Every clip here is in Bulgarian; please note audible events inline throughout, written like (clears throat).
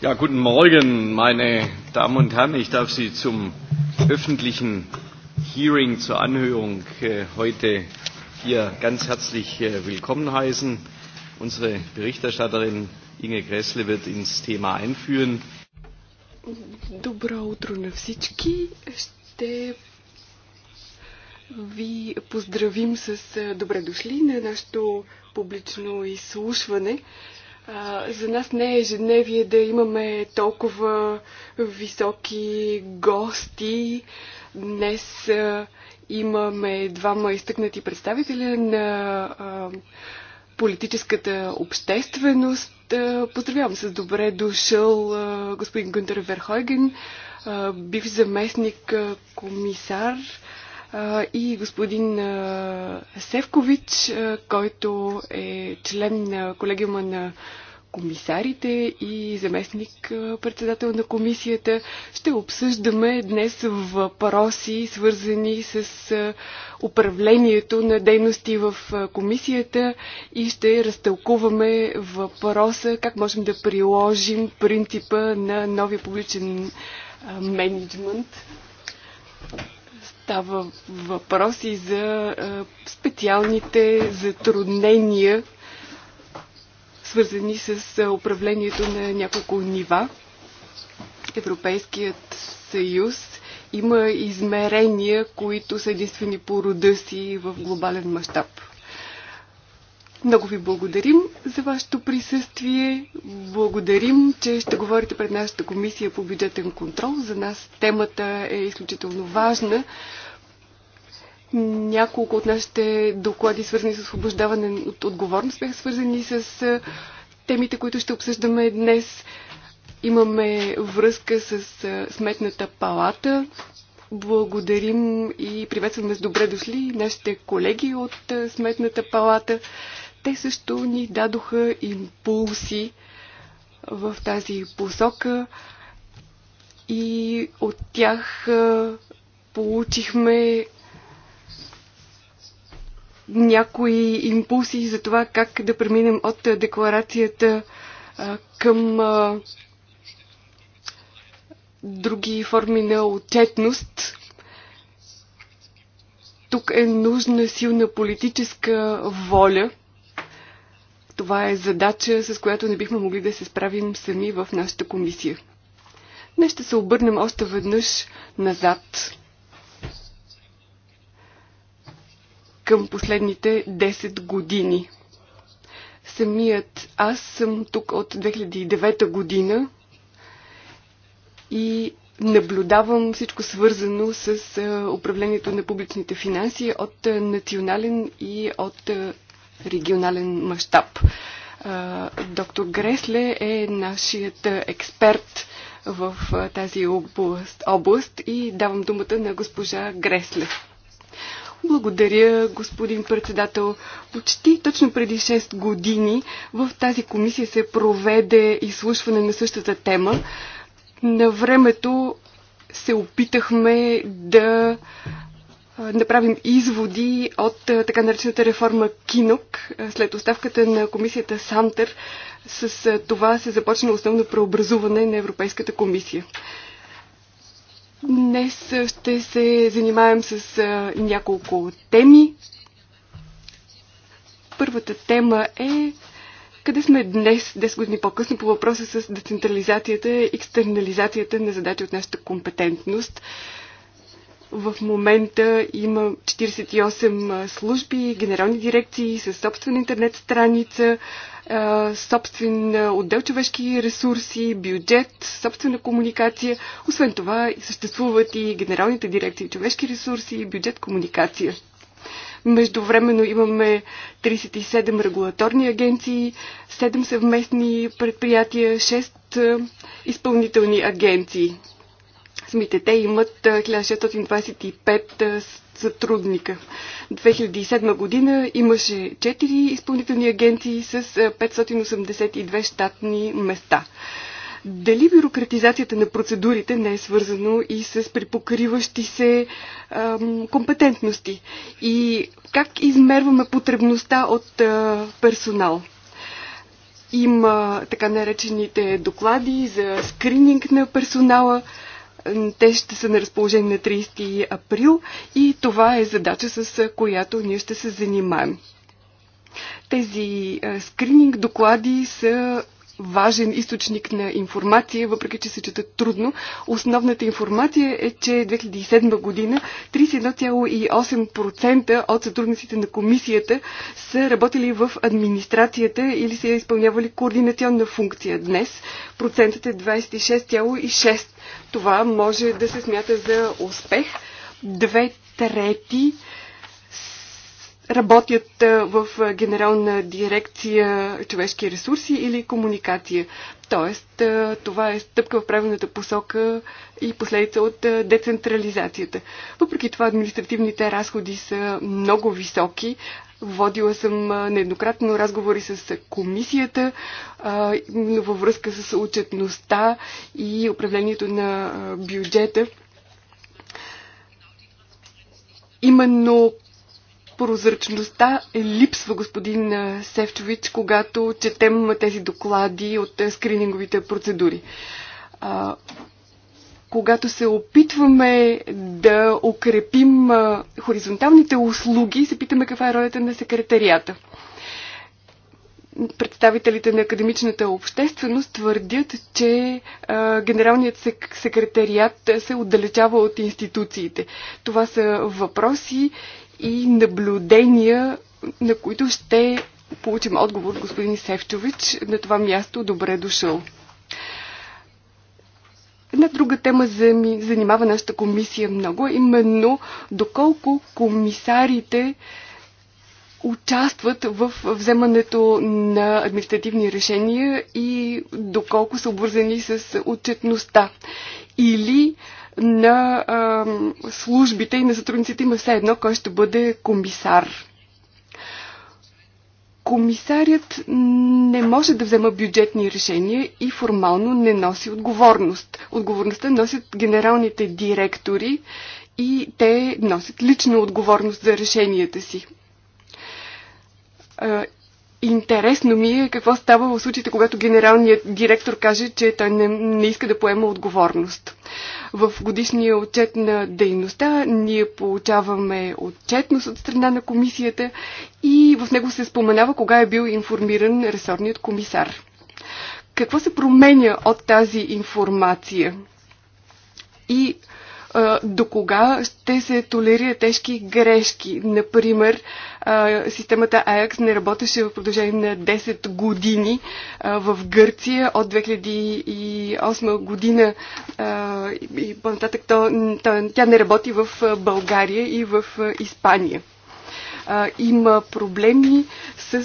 Ja, guten Morgen, meine Damen und Herren. Ich darf Sie zum öffentlichen Hearing zur Anhörung äh, heute hier ganz herzlich äh, willkommen heißen. Unsere Berichterstatterin Inge Gressle wird ins Thema einführen. Добро утро на всички. Ще ви поздравим с добре дошли на нашето публично изслушване. Uh, за нас не е ежедневие да имаме толкова високи гости. Днес а, имаме двама изтъкнати представители на а, политическата общественост. Поздравявам с добре дошъл господин Гунтер Верхойген, бив заместник комисар и господин Севкович, който е член на колегиума на комисарите и заместник председател на комисията. Ще обсъждаме днес въпроси, свързани с управлението на дейности в комисията и ще разтълкуваме въпроса как можем да приложим принципа на новия публичен менеджмент Става въпрос и за специалните затруднения, свързани с управлението на няколко нива. Европейският съюз има измерения, които са единствени по рода си в глобален мащаб. Много ви благодарим за вашето присъствие. Благодарим, че ще говорите пред нашата комисия по бюджетен контрол. За нас темата е изключително важна. Няколко от нашите доклади, свързани с освобождаване от отговорност, бяха свързани с темите, които ще обсъждаме днес. Имаме връзка с Сметната палата. Благодарим и приветстваме с добре дошли нашите колеги от Сметната палата. Те също ни дадоха импулси в тази посока и от тях получихме някои импулси за това как да преминем от декларацията към други форми на отчетност. Тук е нужна силна политическа воля това е задача, с която не бихме могли да се справим сами в нашата комисия. Днес ще се обърнем още веднъж назад към последните 10 години. Самият аз съм тук от 2009 година и наблюдавам всичко свързано с управлението на публичните финанси от национален и от регионален мащаб. Доктор Гресле е нашият експерт в тази област, област и давам думата на госпожа Гресле. Благодаря, господин председател. Почти точно преди 6 години в тази комисия се проведе изслушване на същата тема. На времето се опитахме да направим изводи от така наречената реформа Кинок след оставката на комисията Сантер. С това се започна основно преобразуване на Европейската комисия. Днес ще се занимаем с няколко теми. Първата тема е къде сме днес, 10 години по-късно, по въпроса с децентрализацията и екстернализацията на задачи от нашата компетентност. В момента има 48 служби, генерални дирекции с собствена интернет страница, собствен отдел човешки ресурси, бюджет, собствена комуникация. Освен това съществуват и генералните дирекции човешки ресурси, бюджет, комуникация. Междувременно имаме 37 регулаторни агенции, 7 съвместни предприятия, 6 изпълнителни агенции. Самите те имат 1625 сътрудника. 2007 година имаше 4 изпълнителни агенции с 582 щатни места. Дали бюрократизацията на процедурите не е свързано и с припокриващи се ам, компетентности? И как измерваме потребността от а, персонал? Има така наречените доклади за скрининг на персонала. Те ще са на разположение на 30 април и това е задача, с която ние ще се занимаем. Тези скрининг доклади са важен източник на информация, въпреки че се четат трудно. Основната информация е, че 2007 година 31,8% от сътрудниците на комисията са работили в администрацията или са изпълнявали координационна функция. Днес процентът е 26,6%. Това може да се смята за успех. Две трети работят в Генерална дирекция човешки ресурси или комуникация. Тоест, това е стъпка в правилната посока и последица от децентрализацията. Въпреки това, административните разходи са много високи. Водила съм нееднократно разговори с комисията във връзка с отчетността и управлението на бюджета. Именно Прозрачността е липсва, господин Севчович, когато четем тези доклади от скрининговите процедури. А, когато се опитваме да укрепим хоризонталните услуги, се питаме каква е ролята на секретарията представителите на академичната общественост твърдят, че а, генералният сек- секретариат се отдалечава от институциите. Това са въпроси и наблюдения, на които ще получим отговор господин Севчович. На това място добре дошъл. Една друга тема занимава нашата комисия много, именно доколко комисарите участват в вземането на административни решения и доколко са обвързани с отчетността. Или на а, службите и на сътрудниците има все едно кой ще бъде комисар. Комисарят не може да взема бюджетни решения и формално не носи отговорност. Отговорността носят генералните директори и те носят лична отговорност за решенията си. Интересно ми е какво става в случаите, когато генералният директор каже, че той не, не иска да поема отговорност. В годишния отчет на дейността ние получаваме отчетност от страна на комисията и в него се споменава кога е бил информиран ресорният комисар. Какво се променя от тази информация? И до кога ще се толерира тежки грешки. Например, системата AJAX не работеше в продължение на 10 години в Гърция от 2008 година и по-нататък тя не работи в България и в Испания има проблеми с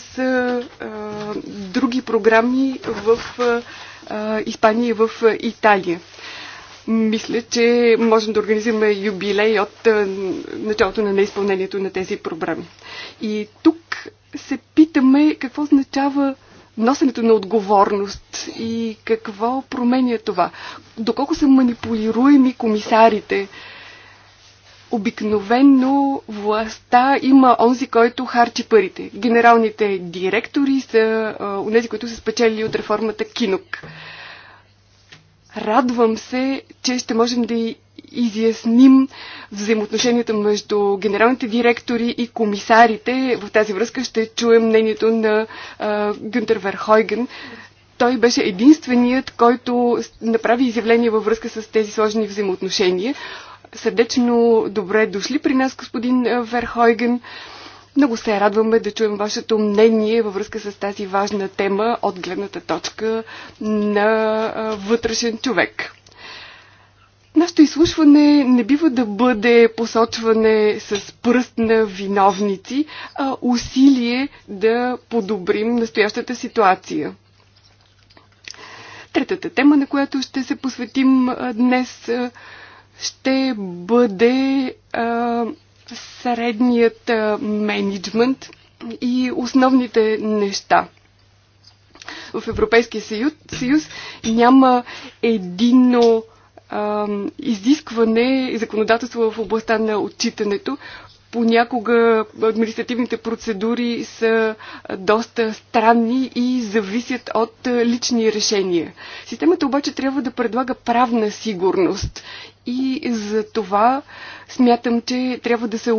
други програми в Испания и в Италия. Мисля, че можем да организираме юбилей от е, началото на неизпълнението на тези програми. И тук се питаме какво означава носенето на отговорност и какво променя това. Доколко са манипулируеми комисарите, обикновенно властта има онзи, който харчи парите. Генералните директори са а, е, унези, които са спечели от реформата Кинок. Радвам се, че ще можем да изясним взаимоотношенията между генералните директори и комисарите. В тази връзка ще чуем мнението на а, Гюнтер Верхойген. Той беше единственият, който направи изявление във връзка с тези сложни взаимоотношения. Сърдечно добре дошли при нас, господин Верхойген. Много се радваме да чуем вашето мнение във връзка с тази важна тема от гледната точка на вътрешен човек. Нашето изслушване не бива да бъде посочване с пръст на виновници, а усилие да подобрим настоящата ситуация. Третата тема, на която ще се посветим днес, ще бъде средният менеджмент и основните неща. В Европейския съюз, съюз няма едино а, изискване и законодателство в областта на отчитането. Понякога административните процедури са доста странни и зависят от лични решения. Системата обаче трябва да предлага правна сигурност и за това смятам, че трябва да се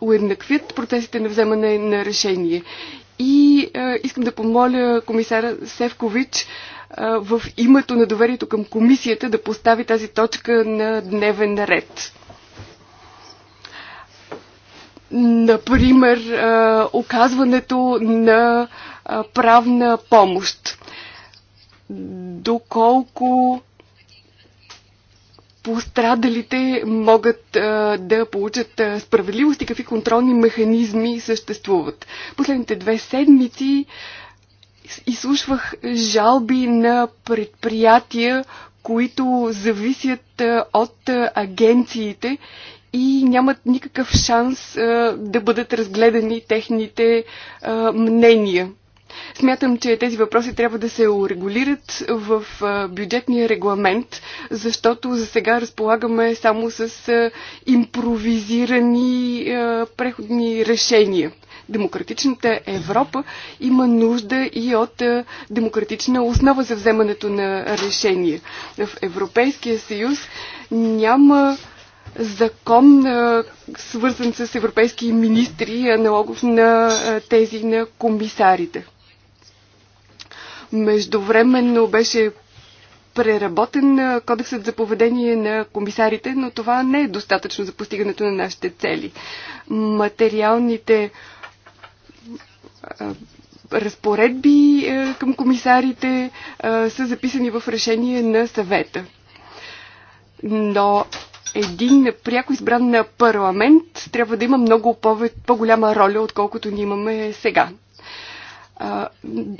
уеднаквят процесите на вземане на решение. И е, искам да помоля комисара Севкович е, в името на доверието към комисията да постави тази точка на дневен ред. Например, е, оказването на е, правна помощ. Доколко пострадалите могат а, да получат а, справедливост и какви контролни механизми съществуват. Последните две седмици изслушвах жалби на предприятия, които зависят а, от а, агенциите и нямат никакъв шанс а, да бъдат разгледани техните а, мнения. Смятам, че тези въпроси трябва да се урегулират в бюджетния регламент, защото за сега разполагаме само с импровизирани преходни решения. Демократичната Европа има нужда и от демократична основа за вземането на решения. В Европейския съюз няма закон, свързан с европейски министри, аналогов на тези на комисарите. Междувременно беше преработен кодексът за поведение на комисарите, но това не е достатъчно за постигането на нашите цели. Материалните разпоредби към комисарите са записани в решение на съвета. Но един пряко избран на парламент трябва да има много по-голяма роля, отколкото ни имаме сега.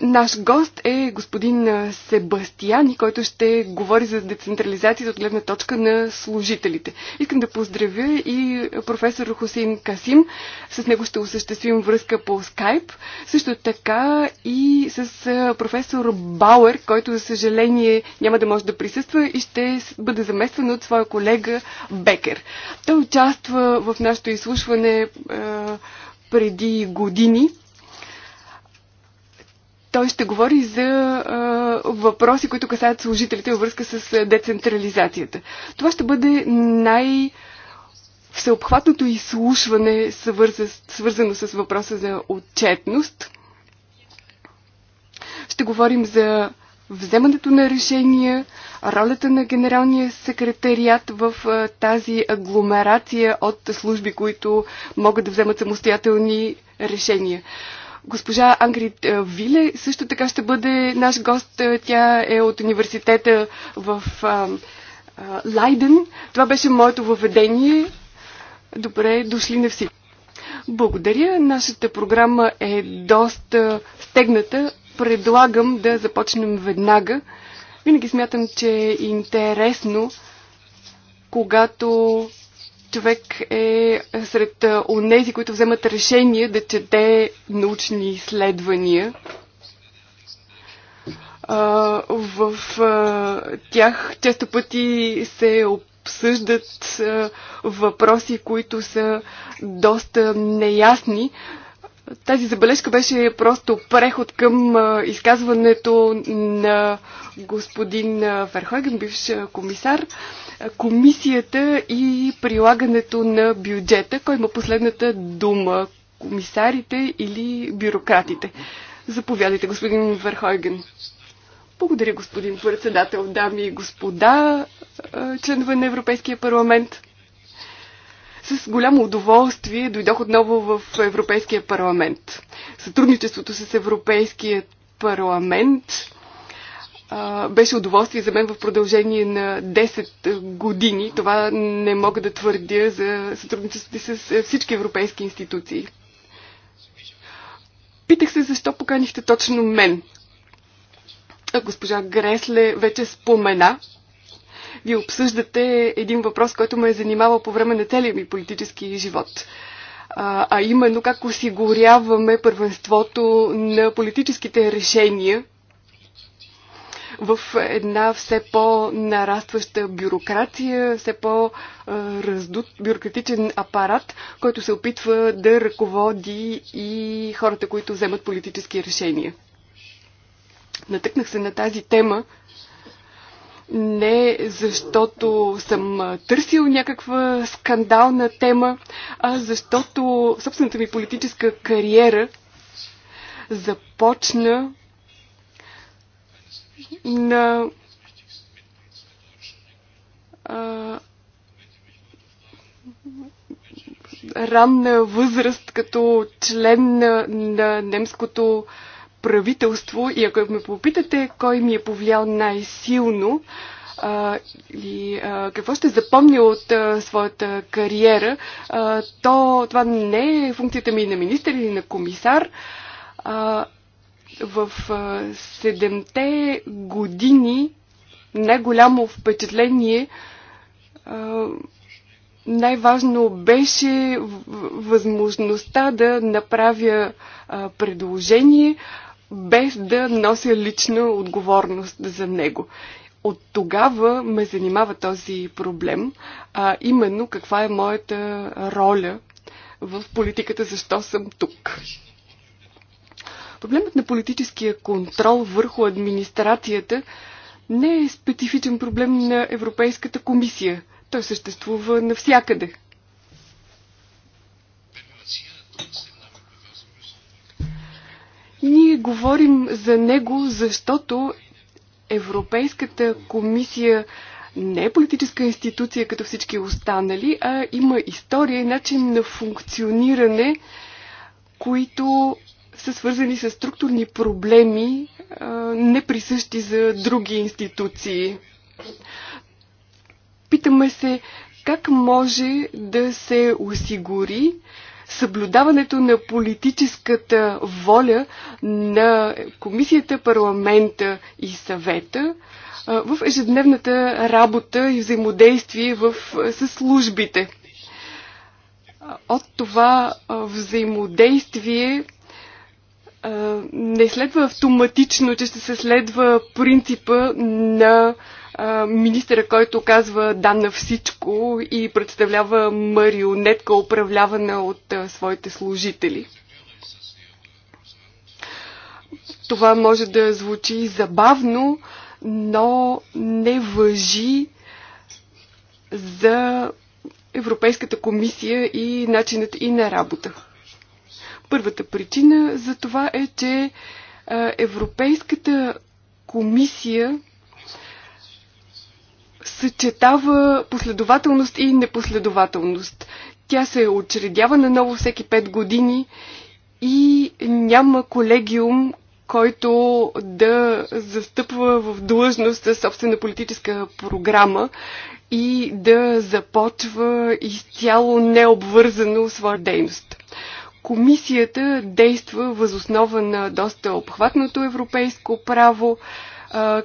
Наш гост е господин Себастияни, който ще говори за децентрализацията от гледна точка на служителите. Искам да поздравя и професор Хусейн Касим. С него ще осъществим връзка по скайп. Също така и с професор Бауер, който за съжаление няма да може да присъства и ще бъде заместван от своя колега Бекер. Той участва в нашето изслушване преди години той ще говори за а, въпроси, които касаят служителите във връзка с децентрализацията. Това ще бъде най- всеобхватното изслушване, свързано с въпроса за отчетност. Ще говорим за вземането на решения, ролята на генералния секретариат в тази агломерация от служби, които могат да вземат самостоятелни решения. Госпожа Ангрид е, Виле също така ще бъде наш гост. Е, тя е от университета в е, Лайден. Това беше моето въведение. Добре, дошли на всички. Благодаря. Нашата програма е доста стегната. Предлагам да започнем веднага. Винаги смятам, че е интересно, когато човек е сред онези, които вземат решение да чете научни изследвания. В тях често пъти се обсъждат въпроси, които са доста неясни. Тази забележка беше просто преход към изказването на господин Верхойген, бивш комисар комисията и прилагането на бюджета. Кой има последната дума? Комисарите или бюрократите? Заповядайте, господин Верхойген. Благодаря, господин председател, дами и господа, членове на Европейския парламент. С голямо удоволствие дойдох отново в Европейския парламент. Сътрудничеството с Европейския парламент беше удоволствие за мен в продължение на 10 години. Това не мога да твърдя за сътрудничеството с всички европейски институции. Питах се защо поканихте точно мен. Госпожа Гресле вече спомена. Вие обсъждате един въпрос, който ме е занимавал по време на целия ми политически живот а, а именно как осигуряваме първенството на политическите решения в една все по-нарастваща бюрокрация, все по-раздут бюрократичен апарат, който се опитва да ръководи и хората, които вземат политически решения. Натъкнах се на тази тема не защото съм търсил някаква скандална тема, а защото собствената ми политическа кариера започна No. ранна възраст като член на, на немското правителство и ако ме попитате кой ми е повлиял най-силно а, и а, какво ще запомня от а, своята кариера, а, то това не е функцията ми на министър или на комисар, а, в седемте години най-голямо впечатление най-важно беше възможността да направя предложение, без да нося лична отговорност за него. От тогава ме занимава този проблем, а именно каква е моята роля в политиката, защо съм тук. Проблемът на политическия контрол върху администрацията не е специфичен проблем на Европейската комисия. Той съществува навсякъде. Ние говорим за него, защото Европейската комисия не е политическа институция като всички останали, а има история и начин на функциониране, които са свързани с структурни проблеми, неприсъщи за други институции. Питаме се как може да се осигури съблюдаването на политическата воля на комисията, парламента и съвета в ежедневната работа и взаимодействие в, с службите. От това взаимодействие не следва автоматично, че ще се следва принципа на министъра, който казва да на всичко и представлява марионетка, управлявана от своите служители. Това може да звучи забавно, но не въжи за Европейската комисия и начинът и на работа. Първата причина за това е, че Европейската комисия съчетава последователност и непоследователност. Тя се очредява наново всеки 5 години и няма колегиум, който да застъпва в длъжност със собствена политическа програма и да започва изцяло необвързано своя дейност комисията действа възоснова на доста обхватното европейско право.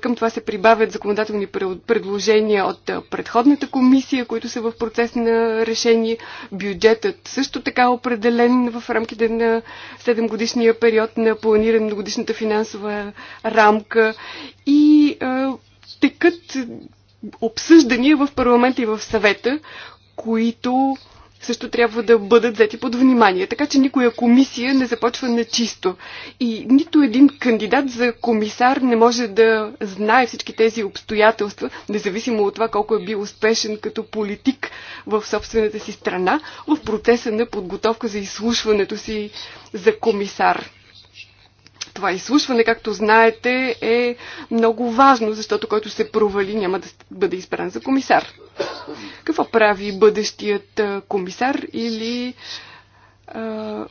Към това се прибавят законодателни предложения от предходната комисия, които са в процес на решение. Бюджетът също така е определен в рамките на 7-годишния период на планиране на годишната финансова рамка и а, текат обсъждания в парламента и в съвета, които също трябва да бъдат взети под внимание. Така че никоя комисия не започва на чисто. И нито един кандидат за комисар не може да знае всички тези обстоятелства, независимо от това колко е бил успешен като политик в собствената си страна, в процеса на подготовка за изслушването си за комисар. Това изслушване, както знаете, е много важно, защото който се провали няма да бъде избран за комисар. Какво прави бъдещият комисар или а,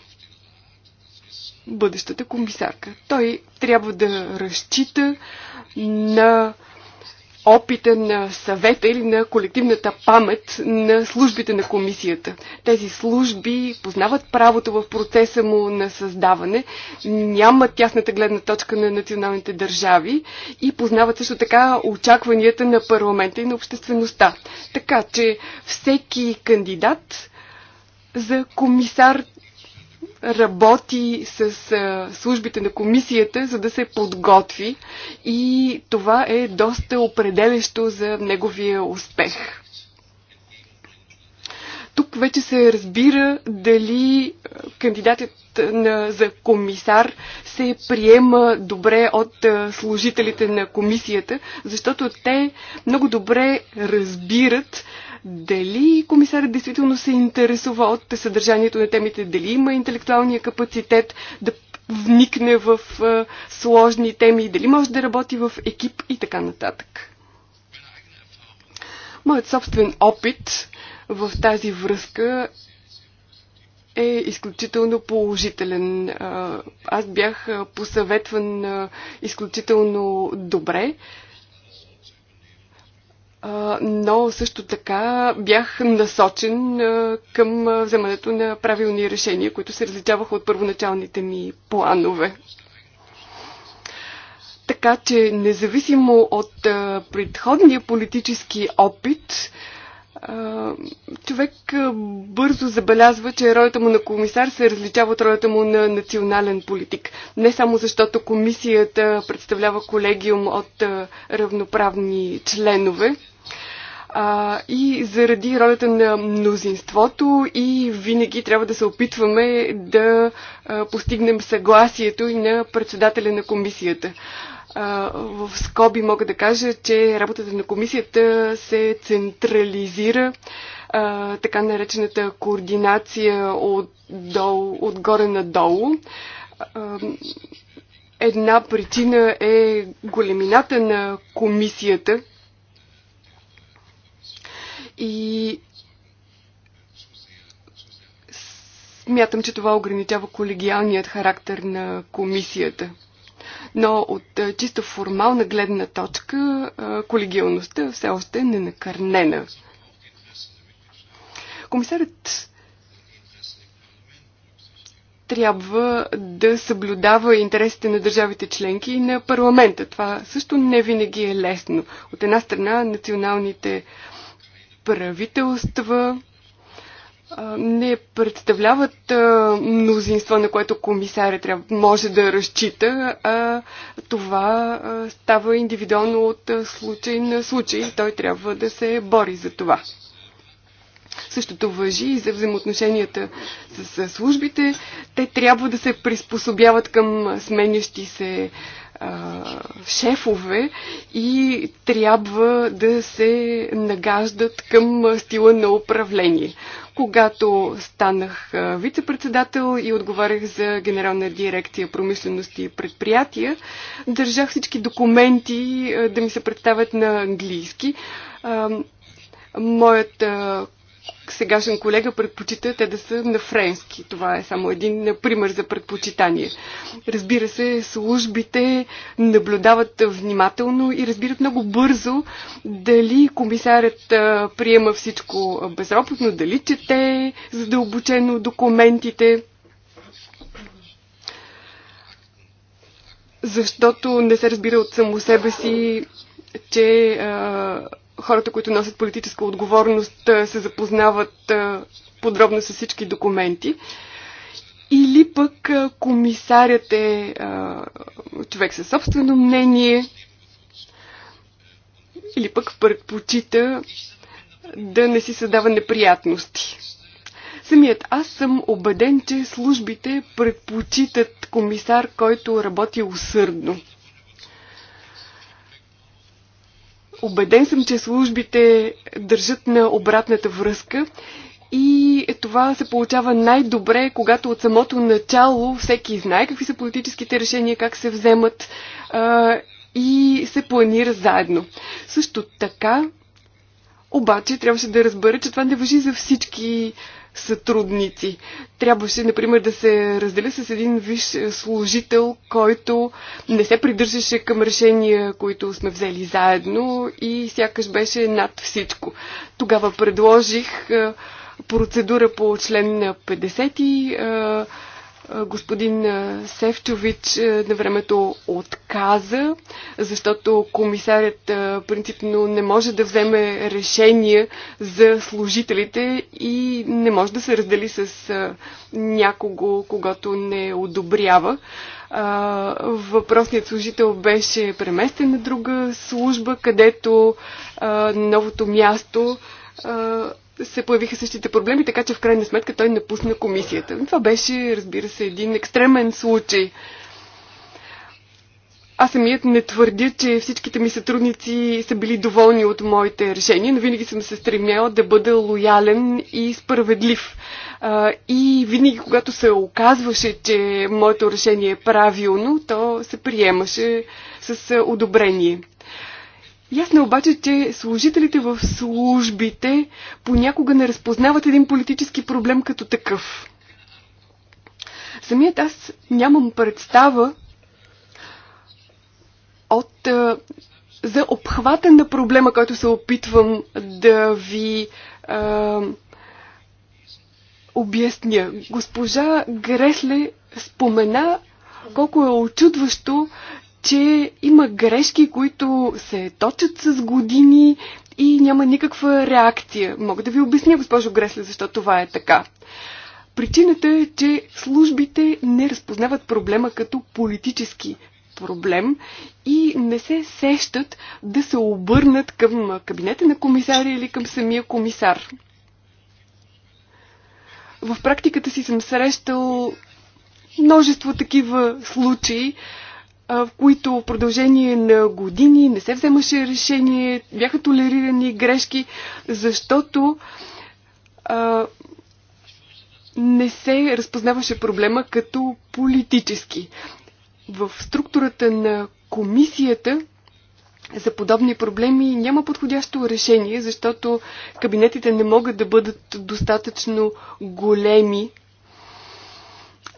бъдещата комисарка? Той трябва да разчита на опита на съвета или на колективната памет на службите на комисията. Тези служби познават правото в процеса му на създаване, нямат тясната гледна точка на националните държави и познават също така очакванията на парламента и на обществеността. Така че всеки кандидат за комисар работи с службите на комисията, за да се подготви и това е доста определящо за неговия успех. Тук вече се разбира дали кандидатът на, за комисар се приема добре от служителите на комисията, защото те много добре разбират дали комисарът действително се интересува от съдържанието на темите, дали има интелектуалния капацитет да вникне в е, сложни теми, дали може да работи в екип и така нататък. Моят собствен опит в тази връзка е изключително положителен. Е, аз бях посъветван е, изключително добре но също така бях насочен към вземането на правилни решения, които се различаваха от първоначалните ми планове. Така че, независимо от предходния политически опит, човек бързо забелязва, че ролята му на комисар се различава от ролята му на национален политик. Не само защото комисията представлява колегиум от равноправни членове, а, и заради ролята на мнозинството и винаги трябва да се опитваме да а, постигнем съгласието и на председателя на комисията. А, в скоби мога да кажа, че работата на комисията се централизира а, така наречената координация от долу, отгоре надолу. А, една причина е големината на комисията, и смятам, че това ограничава колегиалният характер на комисията. Но от чисто формална гледна точка колегиалността все още е ненакърнена. Комисарът трябва да съблюдава интересите на държавите членки и на парламента. Това също не винаги е лесно. От една страна националните правителства не представляват мнозинство, на което комисаря трябва, може да разчита, а това става индивидуално от случай на случай. Той трябва да се бори за това. Същото въжи и за взаимоотношенията с службите. Те трябва да се приспособяват към сменящи се шефове и трябва да се нагаждат към стила на управление. Когато станах вице-председател и отговарях за Генерална дирекция промишленост и предприятия, държах всички документи да ми се представят на английски. Моят сегашен колега предпочита те да са на френски. Това е само един пример за предпочитание. Разбира се, службите наблюдават внимателно и разбират много бързо дали комисарят приема всичко безропотно, дали чете задълбочено документите. Защото не се разбира от само себе си, че хората, които носят политическа отговорност, е, се запознават е, подробно с всички документи. Или пък е, комисарят е човек със собствено мнение, или пък предпочита да не си създава неприятности. Самият аз съм убеден, че службите предпочитат комисар, който работи усърдно. Обеден съм, че службите държат на обратната връзка и това се получава най-добре, когато от самото начало всеки знае какви са политическите решения, как се вземат а, и се планира заедно. Също така, обаче, трябваше да разбера, че това не въжи за всички сътрудници. Трябваше, например, да се раздели с един виш служител, който не се придържаше към решения, които сме взели заедно и сякаш беше над всичко. Тогава предложих процедура по член 50 господин Севчович на времето отказа, защото комисарят принципно не може да вземе решение за служителите и не може да се раздели с някого, когато не одобрява. Въпросният служител беше преместен на друга служба, където новото място се появиха същите проблеми, така че в крайна сметка той напусна комисията. Това беше, разбира се, един екстремен случай. Аз самият не твърдя, че всичките ми сътрудници са били доволни от моите решения, но винаги съм се стремяла да бъда лоялен и справедлив. И винаги, когато се оказваше, че моето решение е правилно, то се приемаше с одобрение. Ясно е обаче, че служителите в службите понякога не разпознават един политически проблем като такъв. Самият аз нямам представа от, за обхвата на проблема, който се опитвам да ви е, обясня. Госпожа Гресле спомена колко е очудващо, че има грешки, които се точат с години и няма никаква реакция. Мога да ви обясня, госпожо Гресле, защо това е така. Причината е, че службите не разпознават проблема като политически проблем и не се сещат да се обърнат към кабинета на комисаря или към самия комисар. В практиката си съм срещал множество такива случаи, в които в продължение на години не се вземаше решение, бяха толерирани грешки, защото а, не се разпознаваше проблема като политически. В структурата на комисията за подобни проблеми няма подходящо решение, защото кабинетите не могат да бъдат достатъчно големи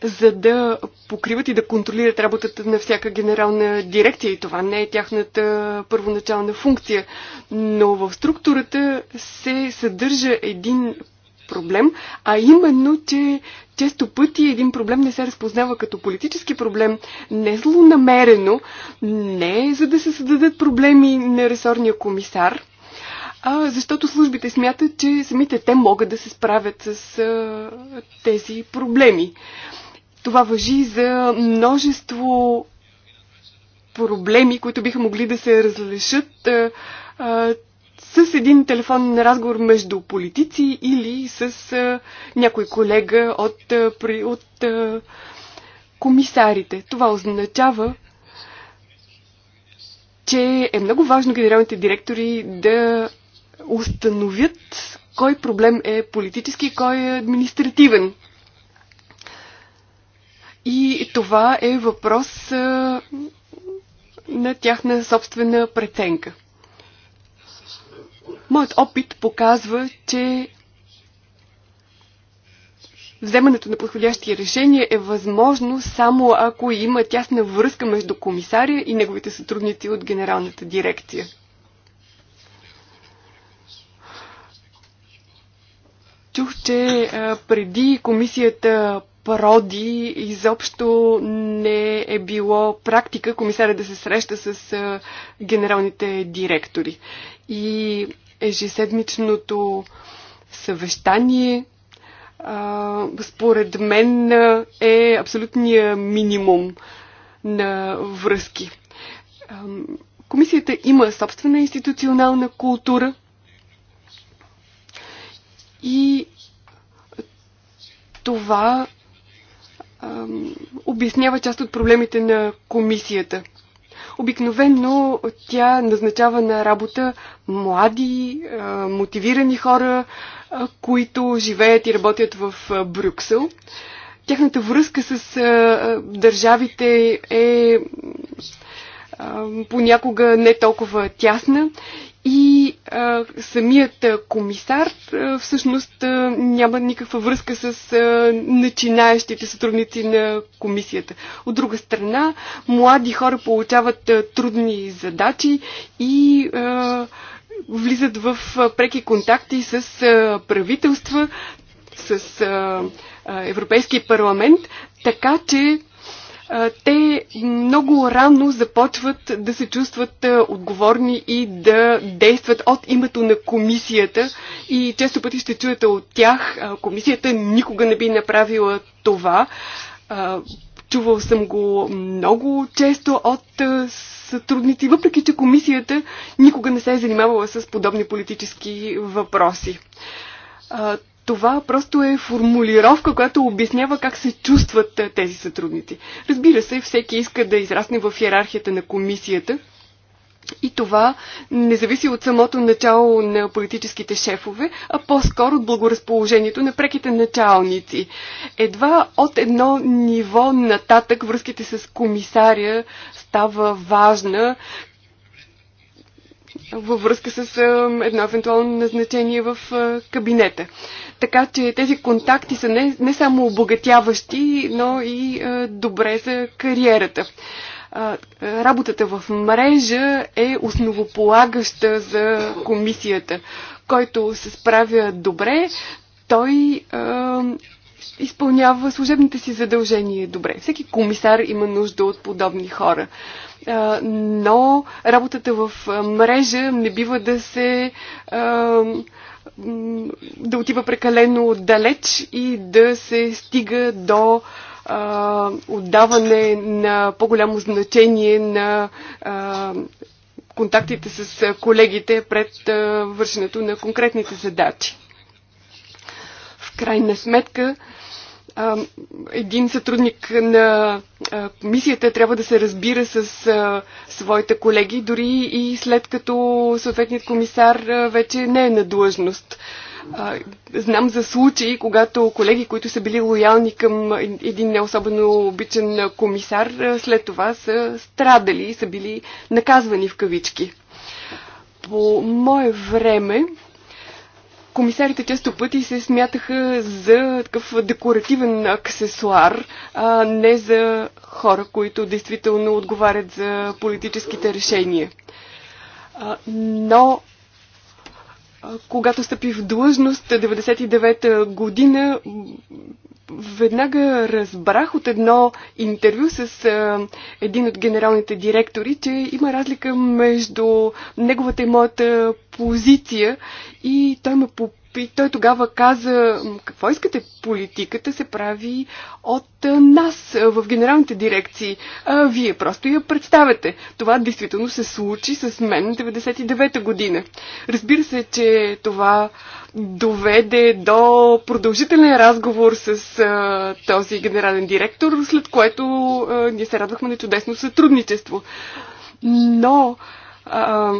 за да покриват и да контролират работата на всяка генерална дирекция. И това не е тяхната първоначална функция. Но в структурата се съдържа един проблем, а именно, че често пъти един проблем не се разпознава като политически проблем, не злонамерено, не за да се създадат проблеми на ресорния комисар, а защото службите смятат, че самите те могат да се справят с а, тези проблеми. Това въжи за множество проблеми, които биха могли да се разрешат а, с един телефонен разговор между политици или с а, някой колега от, а, при, от а, комисарите. Това означава, че е много важно генералните директори да установят кой проблем е политически, кой е административен. И това е въпрос на тяхна собствена преценка. Моят опит показва, че вземането на подходящи решения е възможно само ако има тясна връзка между комисаря и неговите сътрудници от генералната дирекция. Чух, че преди комисията пароди изобщо не е било практика комисаря да се среща с генералните директори. И ежеседмичното съвещание, според мен, е абсолютния минимум на връзки. Комисията има собствена институционална култура и това обяснява част от проблемите на комисията. Обикновенно тя назначава на работа млади, мотивирани хора, които живеят и работят в Брюксел. Тяхната връзка с държавите е понякога не толкова тясна и а, самият комисар а, всъщност а, няма никаква връзка с а, начинаещите сътрудници на комисията. От друга страна, млади хора получават а, трудни задачи и а, влизат в а, преки контакти с а, правителства, с а, а, Европейския парламент, така че те много рано започват да се чувстват отговорни и да действат от името на комисията и често пъти ще чуете от тях, комисията никога не би направила това. Чувал съм го много често от сътрудници, въпреки че комисията никога не се е занимавала с подобни политически въпроси. Това просто е формулировка, която обяснява как се чувстват тези сътрудници. Разбира се, всеки иска да израсне в иерархията на комисията, и това не зависи от самото начало на политическите шефове, а по-скоро от благоразположението на преките началници. Едва от едно ниво нататък връзките с комисаря става важна, във връзка с едно евентуално назначение в кабинета. Така че тези контакти са не, не само обогатяващи, но и добре за кариерата. Работата в мрежа е основополагаща за комисията. Който се справя добре, той изпълнява служебните си задължения добре. Всеки комисар има нужда от подобни хора но работата в мрежа не бива да се да отива прекалено далеч и да се стига до отдаване на по-голямо значение на контактите с колегите пред вършенето на конкретните задачи. В крайна сметка, един сътрудник на комисията трябва да се разбира с своите колеги, дори и след като съответният комисар вече не е на длъжност. Знам за случаи, когато колеги, които са били лоялни към един не особено обичан комисар, след това са страдали и са били наказвани в кавички. По мое време Комисарите често пъти се смятаха за такъв декоративен аксесуар, а не за хора, които действително отговарят за политическите решения. Но когато стъпи в длъжност 99-та година, веднага разбрах от едно интервю с а, един от генералните директори, че има разлика между неговата и моята позиция и той ме попита и той тогава каза, какво искате? Политиката се прави от нас в генералните дирекции. А вие просто я представяте. Това действително се случи с мен 99-та година. Разбира се, че това доведе до продължителен разговор с а, този генерален директор, след което а, ние се радвахме на чудесно сътрудничество. Но... А,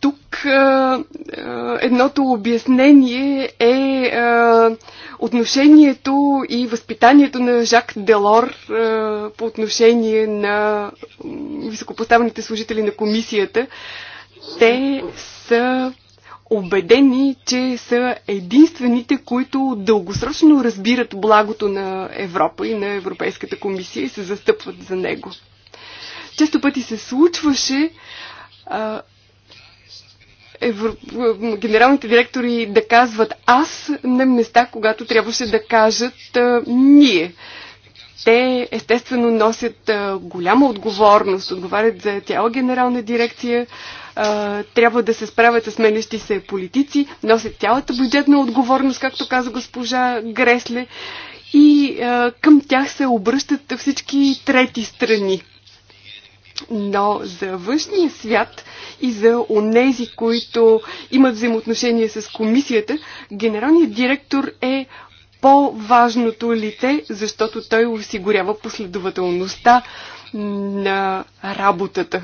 тук едното обяснение е отношението и възпитанието на Жак Делор по отношение на високопоставените служители на комисията. Те са убедени, че са единствените, които дългосрочно разбират благото на Европа и на Европейската комисия и се застъпват за него. Често пъти се случваше евро... генералните директори да казват аз на места, когато трябваше да кажат а, ние. Те естествено носят а, голяма отговорност, отговарят за цяла генерална дирекция, а, трябва да се справят с менещи се политици, носят цялата бюджетна отговорност, както каза госпожа Гресле, и а, към тях се обръщат всички трети страни но за външния свят и за онези, които имат взаимоотношение с комисията, генералният директор е по-важното лице, защото той осигурява последователността на работата.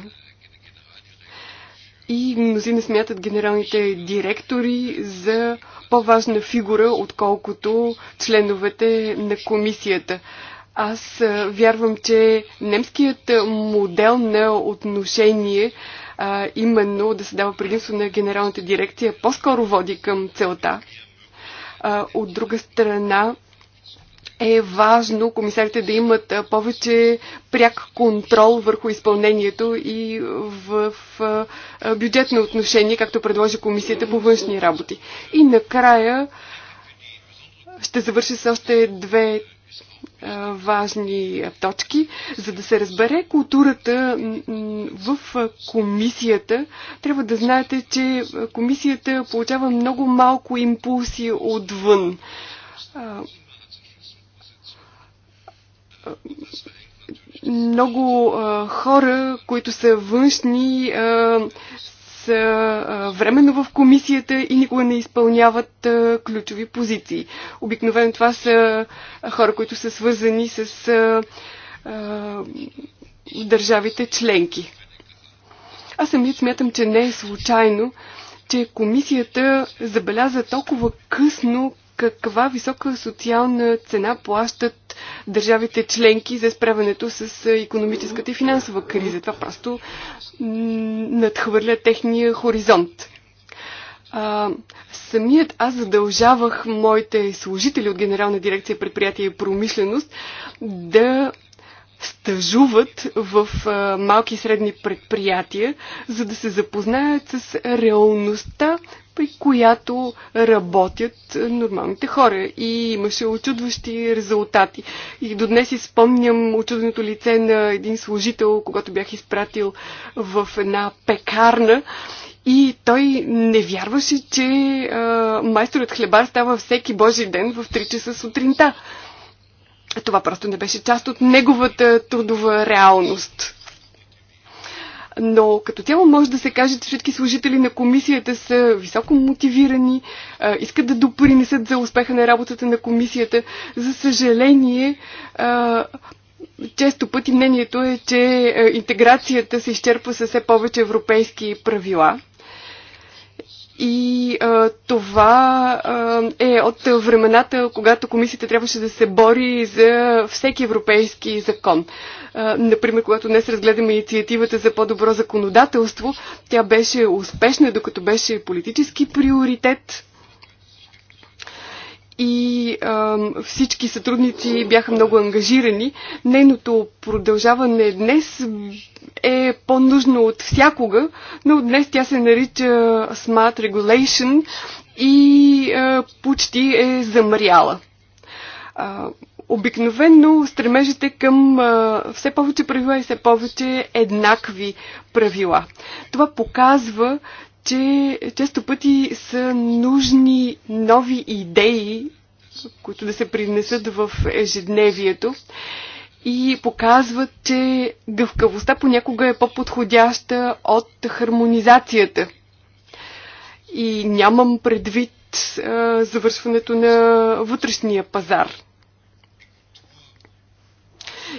И мнозина смятат генералните директори за по-важна фигура, отколкото членовете на комисията. Аз вярвам, че немският модел на отношение, а, именно да се дава предимство на генералната дирекция, по-скоро води към целта. А, от друга страна, е важно комисарите да имат повече пряк контрол върху изпълнението и в бюджетно отношение, както предложи комисията по външни работи. И накрая ще завърши с още две важни точки, за да се разбере културата в комисията. Трябва да знаете, че комисията получава много малко импулси отвън. Много хора, които са външни, са временно в комисията и никога не изпълняват ключови позиции. Обикновено това са хора, които са свързани с държавите членки. Аз самият смятам, че не е случайно, че комисията забеляза толкова късно каква висока социална цена плащат държавите членки за справянето с економическата и финансова криза. Това просто надхвърля техния хоризонт. А, самият аз задължавах моите служители от Генерална дирекция предприятия и промишленост да стажуват в а, малки и средни предприятия, за да се запознаят с реалността при която работят нормалните хора. И имаше очудващи резултати. И до днес изпомням очудното лице на един служител, когато бях изпратил в една пекарна. И той не вярваше, че а, майсторът хлебар става всеки божи ден в 3 часа сутринта. Това просто не беше част от неговата трудова реалност но като цяло може да се каже, че всички служители на комисията са високо мотивирани, искат да допринесат за успеха на работата на комисията. За съжаление, често пъти мнението е, че интеграцията се изчерпва с все повече европейски правила и а, това а, е от времената, когато комисията трябваше да се бори за всеки европейски закон. А, например, когато днес разгледаме инициативата за по-добро законодателство, тя беше успешна, докато беше политически приоритет и а, всички сътрудници бяха много ангажирани. Нейното продължаване днес е по-нужно от всякога, но днес тя се нарича Smart Regulation и а, почти е замряла. А, обикновенно стремежите към а, все повече правила и все повече еднакви правила. Това показва, че често пъти са нужни нови идеи, които да се принесат в ежедневието и показват, че гъвкавостта понякога е по-подходяща от хармонизацията. И нямам предвид а, завършването на вътрешния пазар.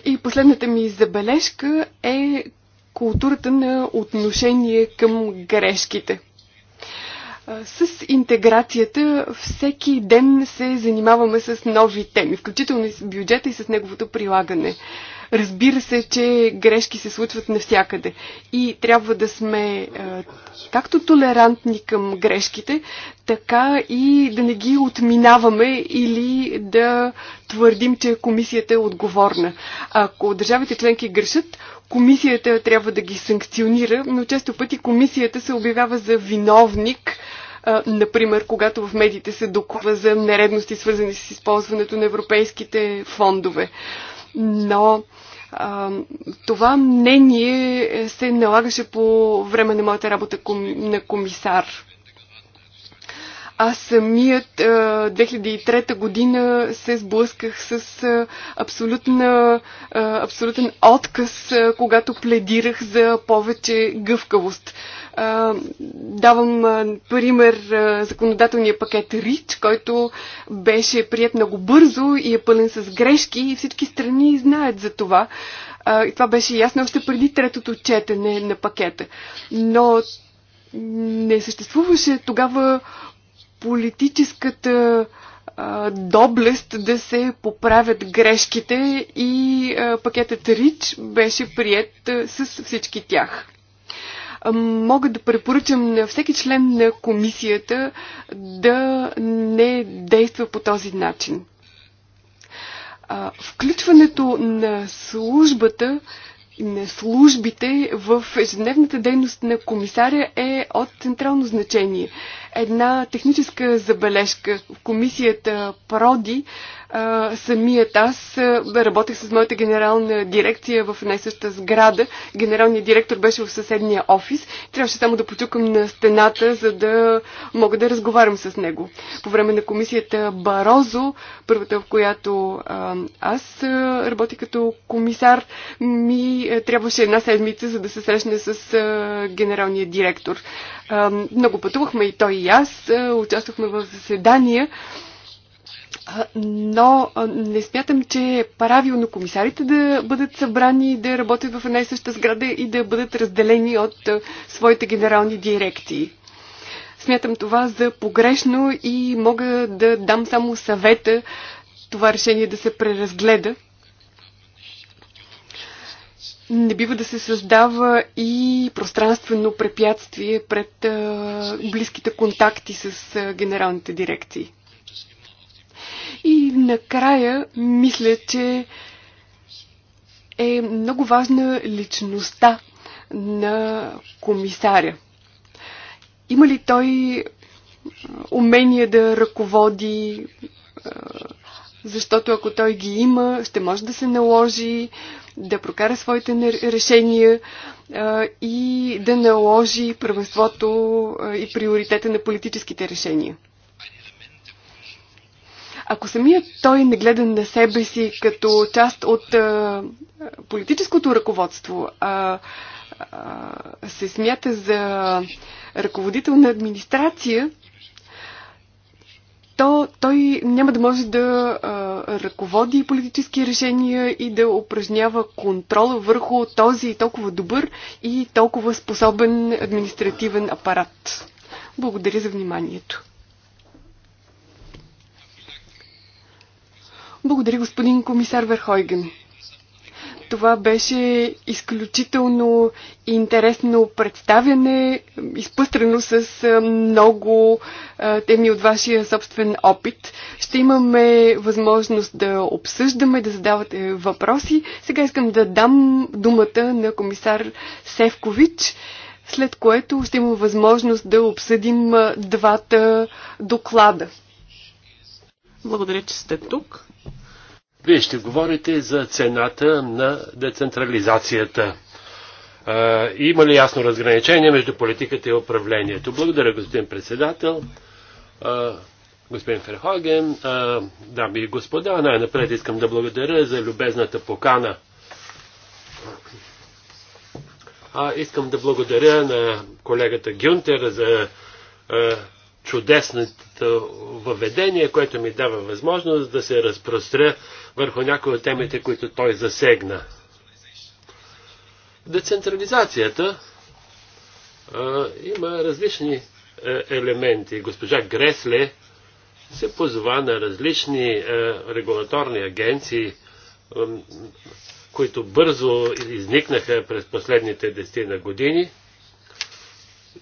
И последната ми забележка е културата на отношение към грешките. С интеграцията всеки ден се занимаваме с нови теми, включително и с бюджета и с неговото прилагане. Разбира се, че грешки се случват навсякъде и трябва да сме както толерантни към грешките, така и да не ги отминаваме или да твърдим, че комисията е отговорна. Ако държавите членки грешат, комисията трябва да ги санкционира, но често пъти комисията се обявява за виновник, например, когато в медиите се докува за нередности, свързани с използването на европейските фондове. Но това мнение се налагаше по време на моята работа на комисар аз самият 2003 година се сблъсках с абсолютна, абсолютен отказ, когато пледирах за повече гъвкавост. Давам пример законодателния пакет РИЧ, който беше прият много бързо и е пълен с грешки и всички страни знаят за това. И това беше ясно още преди третото четене на пакета. Но не съществуваше тогава политическата доблест да се поправят грешките и пакетът РИЧ беше прият с всички тях. Мога да препоръчам на всеки член на комисията да не действа по този начин. Включването на службата на службите в ежедневната дейност на комисаря е от централно значение една техническа забележка. В комисията Проди самият аз работех с моята генерална дирекция в най сграда. Генералният директор беше в съседния офис. Трябваше само да почукам на стената, за да мога да разговарям с него. По време на комисията Барозо, първата в която аз работи работих като комисар, ми трябваше една седмица, за да се срещне с генералния директор. много пътувахме и той и аз е, участвахме в заседания, е, но е, не смятам, че е правилно комисарите да бъдат събрани, да работят в една и съща сграда и да бъдат разделени от своите генерални дирекции. Смятам това за погрешно и мога да дам само съвета това решение да се преразгледа не бива да се създава и пространствено препятствие пред а, близките контакти с а, генералните дирекции. И накрая мисля, че е много важна личността на комисаря. Има ли той умение да ръководи, защото ако той ги има, ще може да се наложи да прокара своите решения и да наложи първенството и приоритета на политическите решения. Ако самият той не гледа на себе си като част от политическото ръководство, а се смята за ръководител на администрация, то той няма да може да а, ръководи политически решения и да упражнява контрол върху този толкова добър и толкова способен административен апарат. Благодаря за вниманието. Благодаря, господин комисар Верхойген. Това беше изключително интересно представяне, изпъстрено с много теми от вашия собствен опит. Ще имаме възможност да обсъждаме, да задавате въпроси. Сега искам да дам думата на комисар Севкович, след което ще имам възможност да обсъдим двата доклада. Благодаря, че сте тук. Вие ще говорите за цената на децентрализацията. Има ли ясно разграничение между политиката и управлението? Благодаря, господин председател. Господин Ферхоген, дами и господа, най-напред искам да благодаря за любезната покана. А, искам да благодаря на колегата Гюнтер за чудесното въведение, което ми дава възможност да се разпростря върху някои от темите, които той засегна. Децентрализацията а, има различни а, е, елементи. Госпожа Гресле се позова на различни а, е, регулаторни агенции, а, които бързо изникнаха през последните десетина години.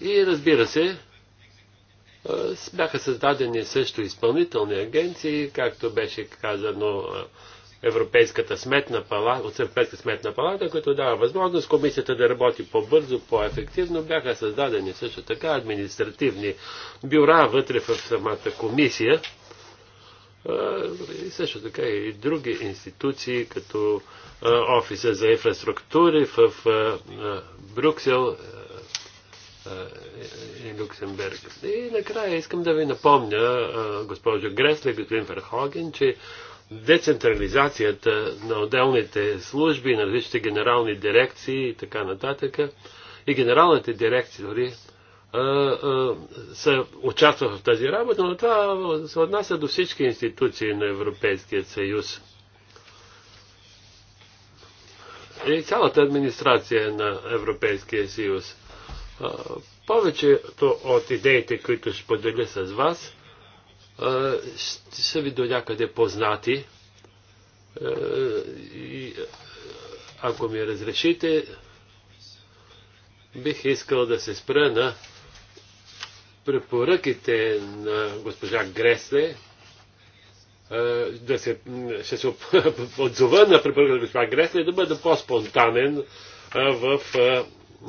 И разбира се, е, бяха създадени също изпълнителни агенции, както беше казано е, Европейската сметна палата, от Европейска сметна палата, като дава възможност комисията да работи по-бързо, по-ефективно. Бяха създадени също така административни бюра вътре в самата комисия е, и също така и други институции, като офиса за инфраструктури в Брюксел, и е, е, е Люксембург. И накрая искам да ви напомня, госпожо Гресле господин Ферхоген, че децентрализацията на отделните служби, на различните генерални дирекции и така нататък, и генералните дирекции дори се участва в тази работа, но това се отнася до всички институции на Европейския съюз. И цялата администрация на Европейския съюз. Повечето от идеите, които ще поделя с вас, са ви до някъде познати. И ако ми разрешите, бих искал да се спра на препоръките на госпожа Гресле, да се, ще се (laughs) отзова на препоръката на госпожа Гресле да бъда по-спонтанен в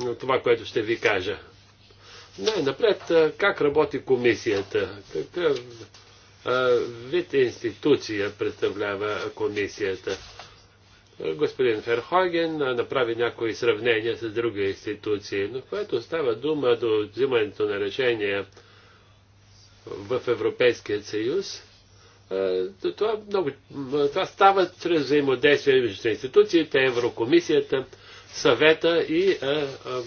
на това, което ще ви кажа. Най-напред, как работи комисията? Какъв вид институция представлява комисията? Господин Ферхоген направи някои сравнения с други институции, но което става дума до взимането на решения в Европейския съюз, това, много, това става чрез взаимодействие между институциите, Еврокомисията, съвета и а, а,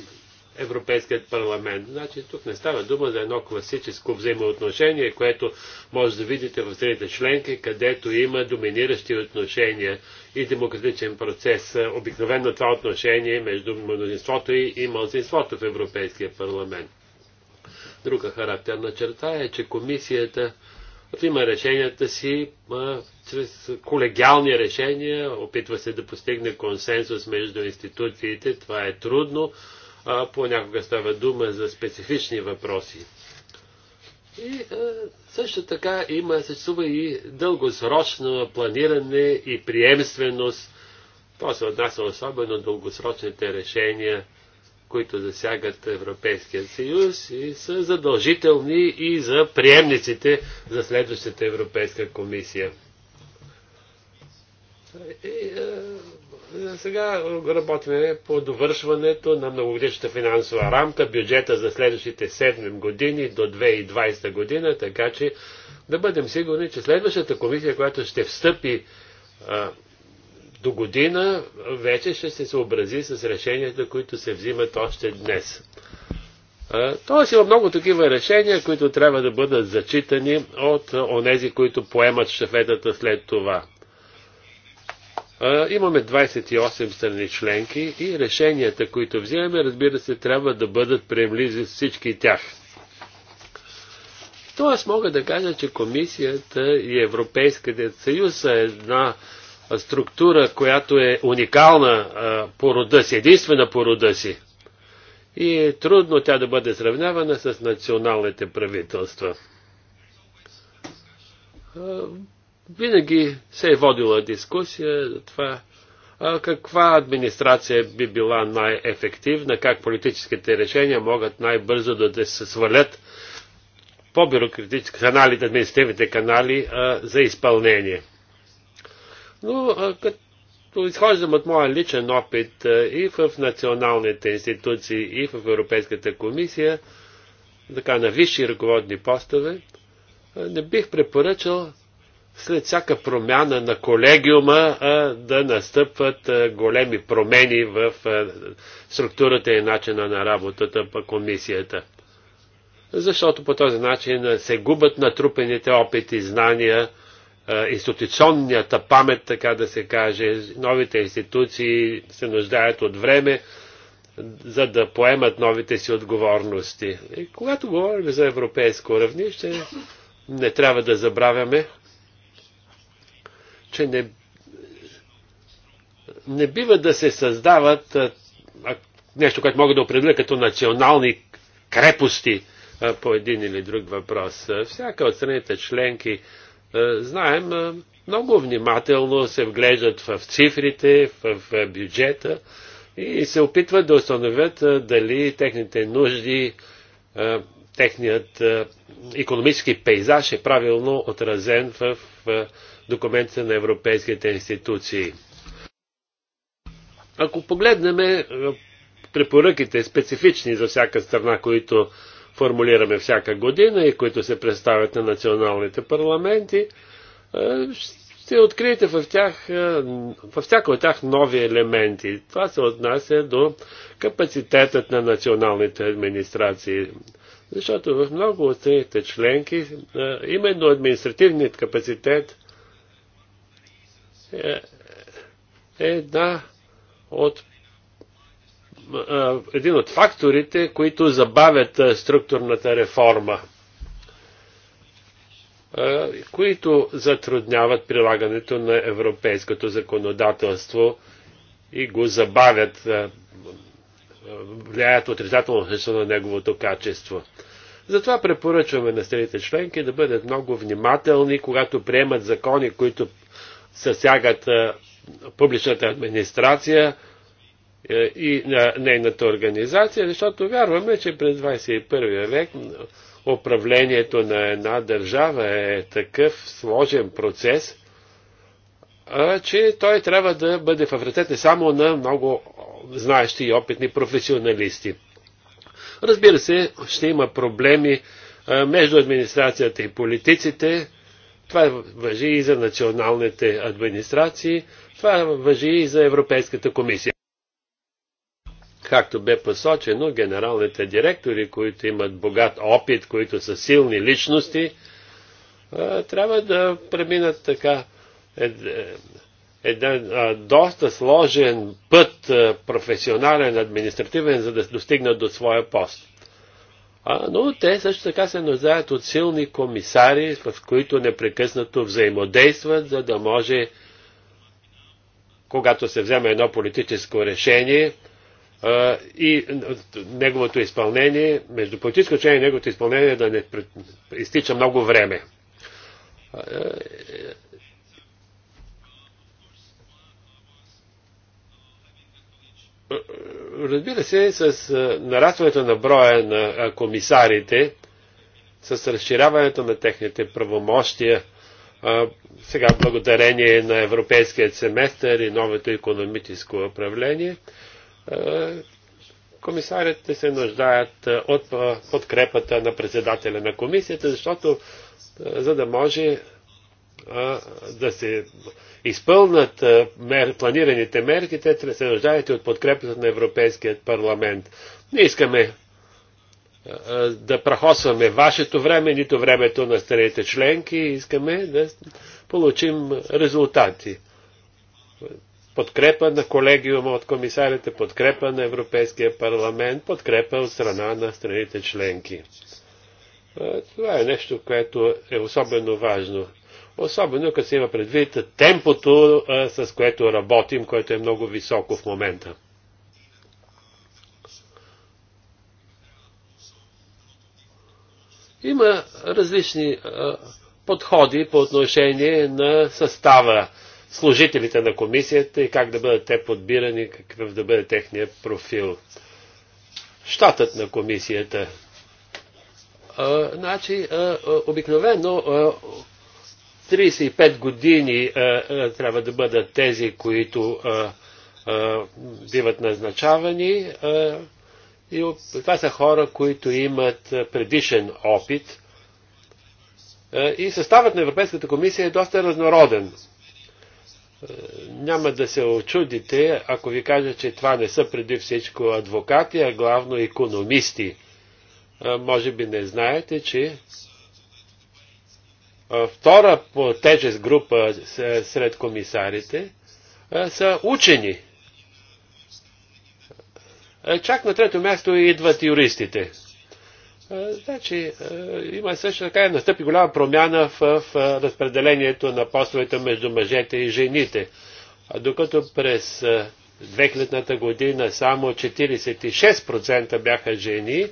Европейският парламент. Значи тук не става дума за едно класическо взаимоотношение, което може да видите в страните членки, където има доминиращи отношения и демократичен процес. Обикновено това отношение между мнозинството и, и мълзинството в Европейския парламент. Друга характерна черта е, че комисията взима решенията си а, чрез колегиални решения, опитва се да постигне консенсус между институциите. Това е трудно. А, понякога става дума за специфични въпроси. И а, също така има, съществува и дългосрочно планиране и приемственост. Това се отнася особено дългосрочните решения – които засягат Европейския съюз и са задължителни и за приемниците за следващата Европейска комисия. И, а, е, е, сега работим по довършването на многогодишната финансова рамка, бюджета за следващите 7 години до 2020 година, така че да бъдем сигурни, че следващата комисия, която ще встъпи а, е, до година вече ще се съобрази с решенията, които се взимат още днес. Тоест има много такива решения, които трябва да бъдат зачитани от онези, които поемат шафетата след това. Имаме 28 страни членки и решенията, които взимаме, разбира се, трябва да бъдат приемлизи всички тях. Тоест мога да кажа, че комисията и Европейският съюз са една структура, която е уникална по рода си, единствена по рода си. И е трудно тя да бъде сравнявана с националните правителства. Винаги се е водила дискусия за това каква администрация би била най-ефективна, как политическите решения могат най-бързо да се свалят по-бюрократически канали, административните канали за изпълнение. Но като изхождам от моя личен опит и в националните институции, и в Европейската комисия, така на висши ръководни постове, не бих препоръчал след всяка промяна на колегиума да настъпват големи промени в структурата и начина на работата по комисията. Защото по този начин се губят натрупените опити, знания, институционната памет, така да се каже. Новите институции се нуждаят от време, за да поемат новите си отговорности. И когато говорим за европейско равнище, не трябва да забравяме, че не, не бива да се създават нещо, което мога да определя като национални крепости по един или друг въпрос. Всяка от страните членки е, знаем, е, много внимателно се вглеждат в цифрите, в бюджета и се опитват да установят е, дали техните нужди, техният економически пейзаж е правилно отразен в документите на европейските институции. Ако погледнем препоръките специфични за всяка страна, които формулираме всяка година и които се представят на националните парламенти, е, ще откриете в тях, е, във всяко от тях нови елементи. Това се отнася до капацитетът на националните администрации. Защото в много от страните членки е, именно административният капацитет е една от един от факторите, които забавят структурната реформа, които затрудняват прилагането на европейското законодателство и го забавят, влияят отрицателно на неговото качество. Затова препоръчваме на страните членки да бъдат много внимателни, когато приемат закони, които съсягат публичната администрация, е, и на нейната организация, защото вярваме, че през 21 век управлението на една държава е такъв сложен процес, че той трябва да бъде в ръцете само на много знаещи и опитни професионалисти. Разбира се, ще има проблеми между администрацията и политиците. Това въжи и за националните администрации, това въжи и за Европейската комисия. Както бе посочено, генералните директори, които имат богат опит, които са силни личности, трябва да преминат така един е, доста сложен път, професионален, административен, за да достигнат до своя пост. А, но те също така се нуждаят от силни комисари, в които непрекъснато взаимодействат, за да може, когато се вземе едно политическо решение, и неговото изпълнение, между политическо учение и неговото изпълнение да не изтича много време. Е, е, разбира се, с нарастването на броя на комисарите, с разширяването на техните правомощия, сега благодарение на европейския семестър и новото економическо управление, е, комисарите се нуждаят е, от е, подкрепата на председателя на комисията, защото за да може да се изпълнат мер, планираните мерки, те се нуждаят от подкрепата на Европейският парламент. Не искаме да прахосваме вашето време, нито времето на страните членки, искаме да получим резултати подкрепа на колегиума от комисарите, подкрепа на Европейския парламент, подкрепа от страна на страните членки. Това е нещо, което е особено важно. Особено като се има предвид темпото, с което работим, което е много високо в момента. Има различни подходи по отношение на състава служителите на комисията и как да бъдат те подбирани, какъв да бъде техния профил. Штатът на комисията. А, значи, а, обикновено а, 35 години а, а, трябва да бъдат тези, които а, а, биват назначавани. А, и това са хора, които имат предишен опит. И съставът на Европейската комисия е доста разнороден няма да се очудите, ако ви кажа, че това не са преди всичко адвокати, а главно економисти. Може би не знаете, че втора по тежест група сред комисарите са учени. Чак на трето място идват юристите. Е, значи, е, има също така настъпи голяма промяна в, в разпределението на постовете между мъжете и жените. А докато през 2000-та е, година само 46% бяха жени,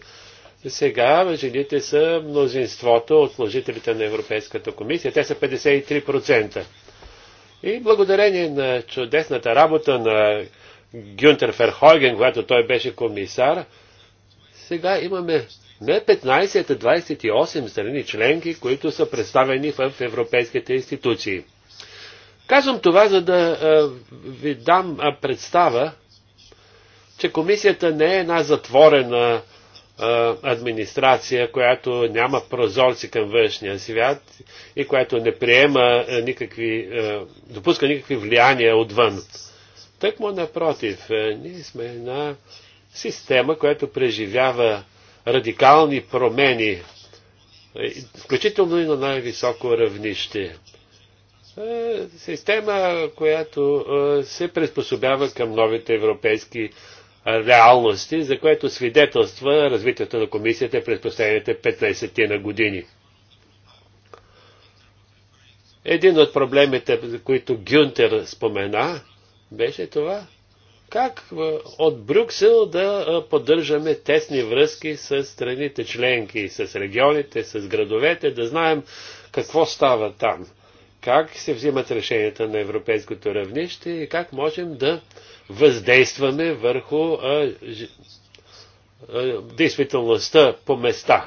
сега жените са мнозинството от служителите на Европейската комисия. Те са 53%. И благодарение на чудесната работа на Гюнтер Ферхойген, когато той беше комисар, сега имаме не 15, а 28 страни членки, които са представени в европейските институции. Казвам това, за да ви дам представа, че комисията не е една затворена администрация, която няма прозорци към външния свят и която не приема никакви, допуска никакви влияния отвън. Тъкмо напротив, ние сме една система, която преживява радикални промени, е, включително и на най-високо равнище. Е, система, която е, се приспособява към новите европейски реалности, за което свидетелства развитието на комисията през последните 15 на години. Един от проблемите, за които Гюнтер спомена, беше това, как от Брюксел да поддържаме тесни връзки с страните членки, с регионите, с градовете, да знаем какво става там, как се взимат решенията на европейското равнище и как можем да въздействаме върху а, ж, а, действителността по места.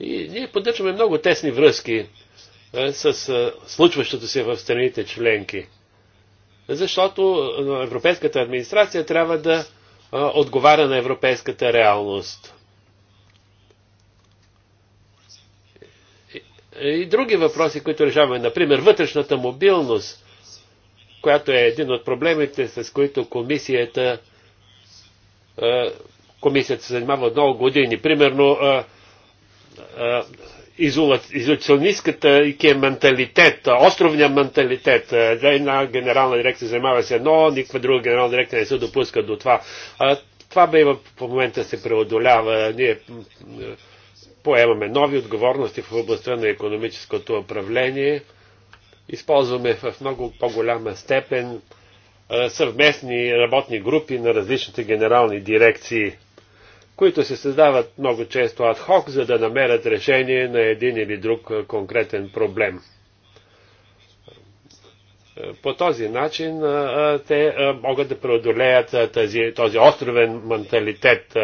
И ние поддържаме много тесни връзки е, с е, случващото се в страните членки. Защото е, европейската администрация трябва да отговаря на европейската реалност. И други въпроси, които решаваме, например вътрешната мобилност, която е един от проблемите, с които комисията, комисията се занимава от много години. Примерно изолационистката менталитет, островния менталитет. Е, една генерална дирекция занимава се едно, никаква друга генерална дирекция не се допуска до това. А, това бе в момента се преодолява. Ние поемаме нови отговорности в областта на економическото управление. Използваме в много по-голяма степен съвместни работни групи на различните генерални дирекции които се създават много често адхок, за да намерят решение на един или друг конкретен проблем. По този начин те могат да преодолеят тази, този островен менталитет,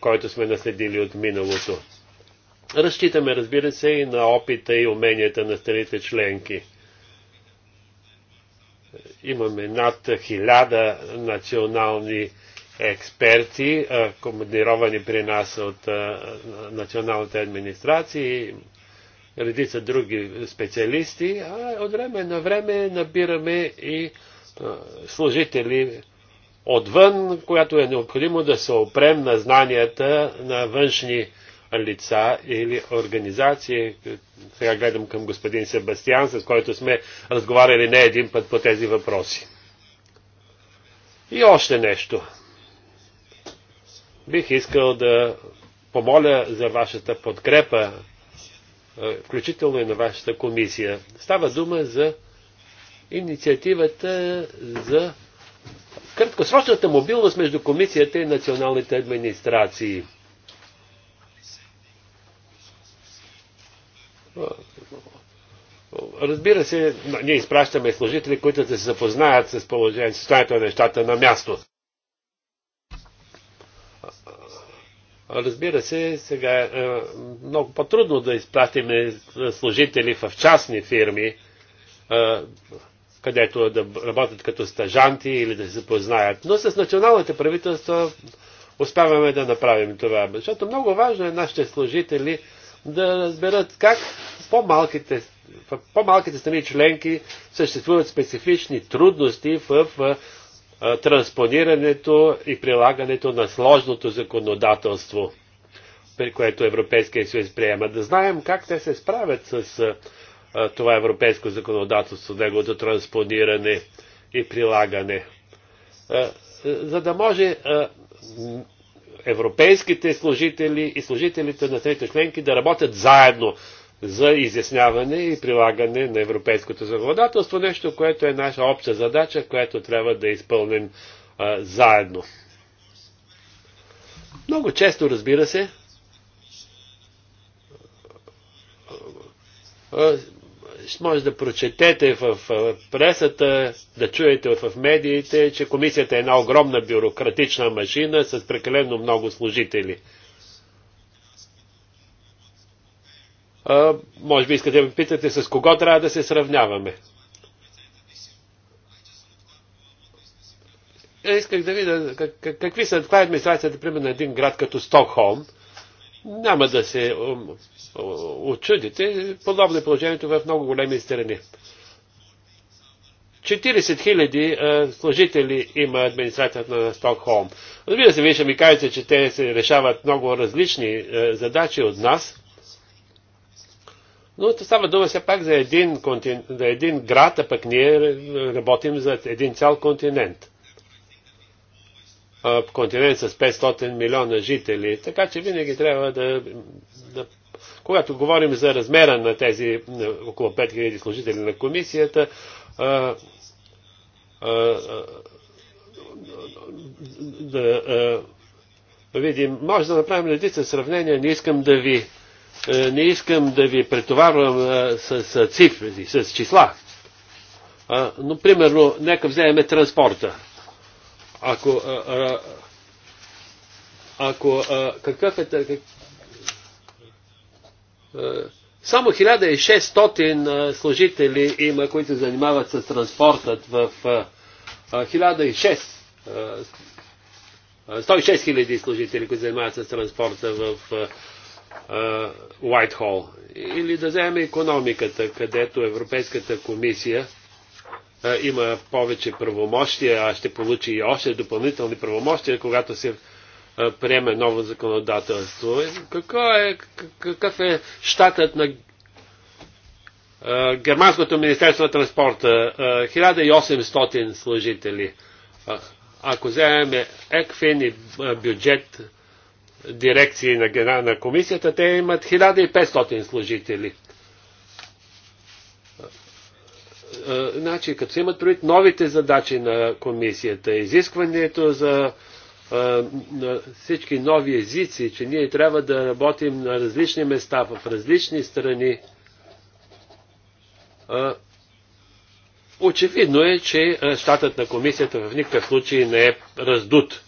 който сме наследили от миналото. Разчитаме, разбира се, и на опита и уменията на страните членки. Имаме над хиляда национални експерти, командировани при нас от националните администрации, редица други специалисти, а от време на време набираме и служители отвън, която е необходимо да се опрем на знанията на външни лица или организации. Сега гледам към господин Себастиан, с който сме разговаряли не един път по тези въпроси. И още нещо. Бих искал да помоля за вашата подкрепа, е, включително и на вашата комисия. Става дума за инициативата за краткосрочната мобилност между комисията и националните администрации. Разбира се, ние изпращаме служители, които да се запознаят с положението, състоянието на нещата на място. Разбира се, сега е, е много по-трудно да изпратиме служители в частни фирми, е, където да работят като стажанти или да се познаят. Но с националните правителства успяваме да направим това. Защото много важно е нашите служители да разберат как по-малките, в по-малките страни членки съществуват специфични трудности в транспонирането и прилагането на сложното законодателство, при което Европейския съюз приема. Да знаем как те се справят с това европейско законодателство, неговото транспониране и прилагане. За да може европейските служители и служителите на страните членки да работят заедно, за изясняване и прилагане на европейското законодателство, нещо, което е наша обща задача, което трябва да изпълним а, заедно. Много често, разбира се, може да прочетете в пресата, да чуете в медиите, че комисията е една огромна бюрократична машина с прекалено много служители – може би искате да ме питате с кого трябва да се сравняваме. Е, исках да видя как, какви са, каква е администрацията, например, на един град като Стокхолм. Няма да се очудите. Подобно е положението в много големи страни. 40 хиляди е, служители има администрацията на Стокхолм. Разбира се, вие ще ми кажете, че те се решават много различни а, е, задачи от нас. Но става дума все пак за един, контин... за един град, а пък ние работим за един цял континент. Континент с 500 милиона жители. Така че винаги трябва да, да когато говорим за размера на тези около 5000 служители на комисията, а, а, а, да видим, може да направим редица сравнения, не искам да ви е, не искам да ви претоварвам е, с цифри, с числа. Но, примерно, нека вземем транспорта. Ако, е, ако какъв е как... Само 1600 служители има, които занимават с транспортът в 1600. 106 хиляди служители, които занимават с транспорта в Уайтхол. Или да вземем економиката, където Европейската комисия а, има повече правомощия, а ще получи и още допълнителни правомощия, когато се а, приеме ново законодателство. Е, какво е, какъв е щатът на а, Германското министерство на транспорта? 1800 служители. Ако вземем екфен и бюджет дирекции на, на комисията, те имат 1500 служители. Е, значи, като се имат предвид новите задачи на комисията, изискването за е, на всички нови езици, че ние трябва да работим на различни места, в различни страни, е, очевидно е, че щатът на комисията в никакъв случай не е раздут.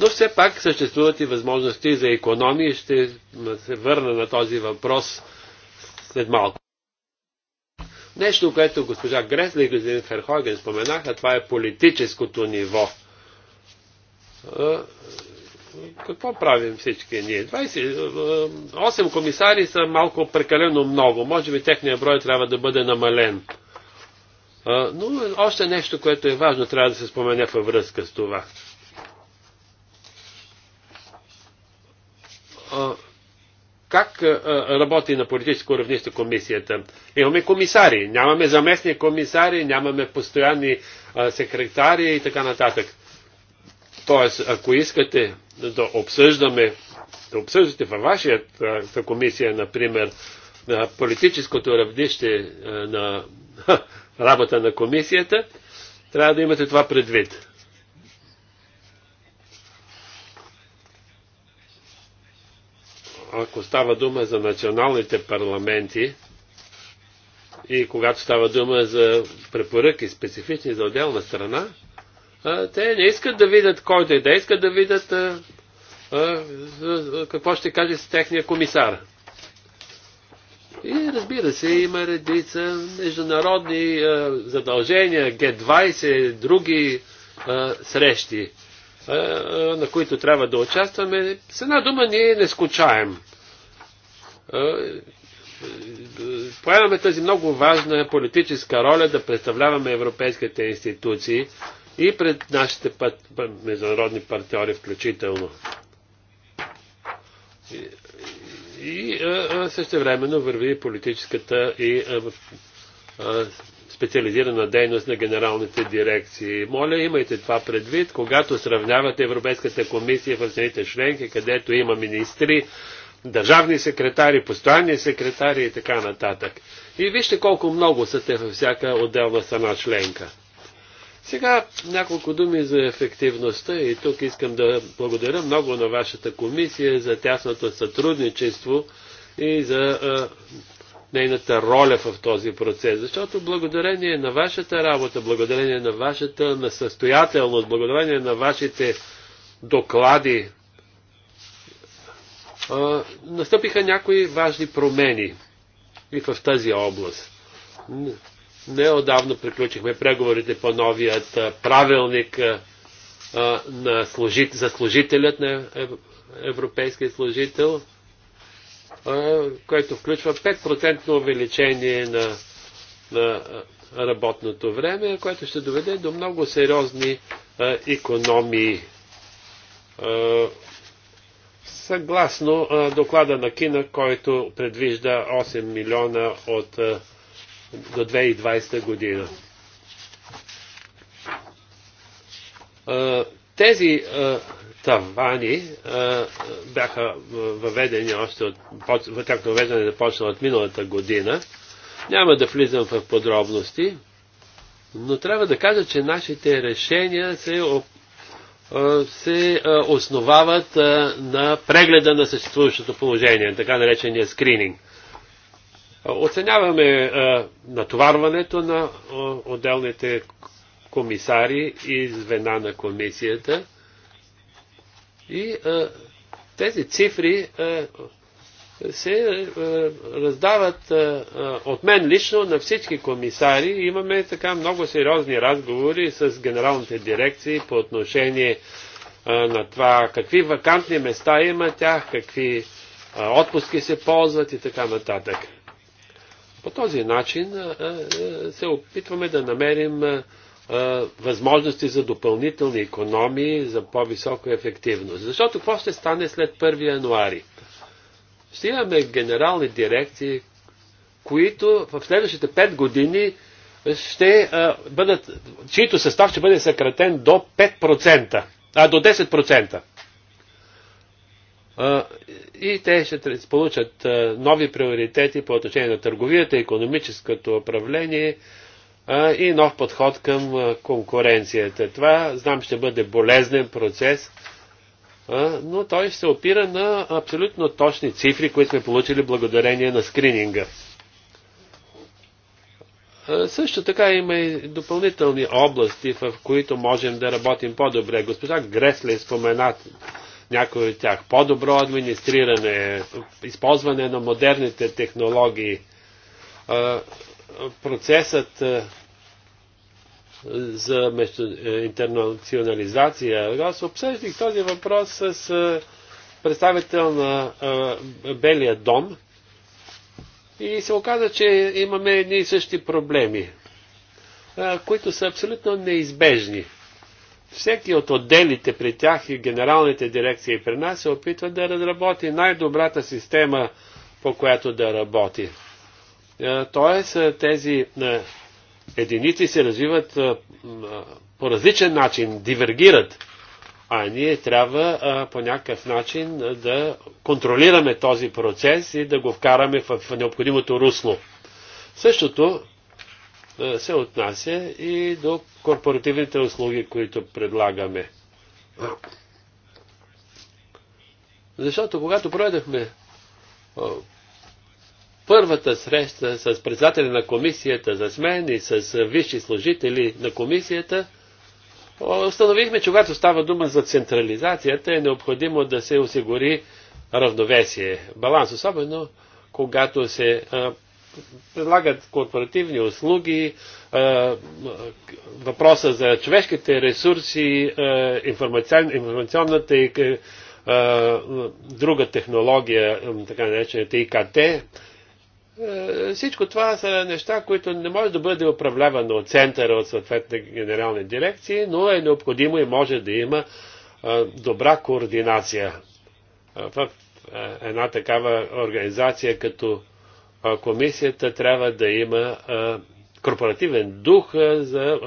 Но все пак съществуват и възможности за економии. Ще се върна на този въпрос след малко. Нещо, което госпожа Гресли и господин Ферхоген споменаха, това е политическото ниво. Какво правим всички ние? 20, 8 комисари са малко прекалено много. Може би техният брой трябва да бъде намален. Но още нещо, което е важно, трябва да се спомене във връзка с това. как работи на политическо равнище комисията. Имаме комисари, нямаме заместни комисари, нямаме постоянни секретари и така нататък. Тоест, ако искате да обсъждаме, да обсъждате във вашата комисия, например, на политическото равнище на (laughs) работа на комисията, трябва да имате това предвид. ако става дума за националните парламенти и когато става дума за препоръки специфични за отделна страна, те не искат да видят който и да е, искат да видят какво ще каже с техния комисар. И разбира се, има редица международни задължения, Г20, други срещи на които трябва да участваме, с една дума ние не скучаем. Е, поемаме тази много важна политическа роля да представляваме европейските институции и пред нашите път, международни партньори включително. И, и също времено върви политическата и специализирана дейност на генералните дирекции. Моля, имайте това предвид, когато сравнявате Европейската комисия в страните членки, където има министри, държавни секретари, постоянни секретари и така нататък. И вижте колко много са те във всяка отделна страна членка. Сега няколко думи за ефективността и тук искам да благодаря много на вашата комисия за тясното сътрудничество и за нейната роля в този процес. Защото благодарение на вашата работа, благодарение на вашата насъстоятелност, благодарение на вашите доклади, настъпиха някои важни промени и в тази област. Неодавно приключихме преговорите по новият правилник на служит, за служителят на европейския служител – което включва 5% увеличение на, на работното време, което ще доведе до много сериозни а, економии. А, съгласно а, доклада на Кина, който предвижда 8 милиона от, а, до 2020 година. А, тези а, тавани а, бяха въведени още от, тяхното да почна от миналата година. Няма да влизам в подробности, но трябва да кажа, че нашите решения се, се основават на прегледа на съществуващото положение, така наречения скрининг. Оценяваме натоварването на отделните комисари и звена на комисията – и а, тези цифри а, се а, раздават а, от мен лично на всички комисари. Имаме така много сериозни разговори с генералните дирекции по отношение а, на това какви вакантни места има тях, какви а, отпуски се ползват и така нататък. По този начин а, а, се опитваме да намерим а, възможности за допълнителни економии, за по-висока ефективност. Защото какво ще стане след 1 януари? Ще имаме генерални дирекции, които в следващите 5 години ще а, бъдат, чието състав ще бъде съкратен до 5%, а до 10%. А, и те ще получат а, нови приоритети по отношение на търговията, економическото управление, и нов подход към конкуренцията. Това, знам, ще бъде болезнен процес, но той се опира на абсолютно точни цифри, които сме получили благодарение на скрининга. Също така има и допълнителни области, в които можем да работим по-добре. Госпожа Гресле споменат някои от тях. По-добро администриране, използване на модерните технологии, процесът за между, е, интернационализация. Аз обсъждах този въпрос с е, представител на е, Белия дом и се оказа, че имаме едни и същи проблеми, които са абсолютно неизбежни. Всеки от отделите при тях и генералните дирекции при нас се опитва да разработи най-добрата система, по която да работи. Тоест тези единици се развиват по различен начин, дивергират. А ние трябва по някакъв начин да контролираме този процес и да го вкараме в необходимото русло. Същото се отнася и до корпоративните услуги, които предлагаме. Защото когато проведахме първата среща с председателя на комисията за смен и с висши служители на комисията, установихме, че когато става дума за централизацията, е необходимо да се осигури равновесие, баланс, особено когато се предлагат корпоративни услуги, въпроса за човешките ресурси, информационната и друга технология, така наречената ИКТ, е, всичко това са неща, които не може да бъде управлявано от центъра, от съответните генерални дирекции, но е необходимо и може да има е, добра координация е, в една такава организация като комисията трябва да има корпоративен дух за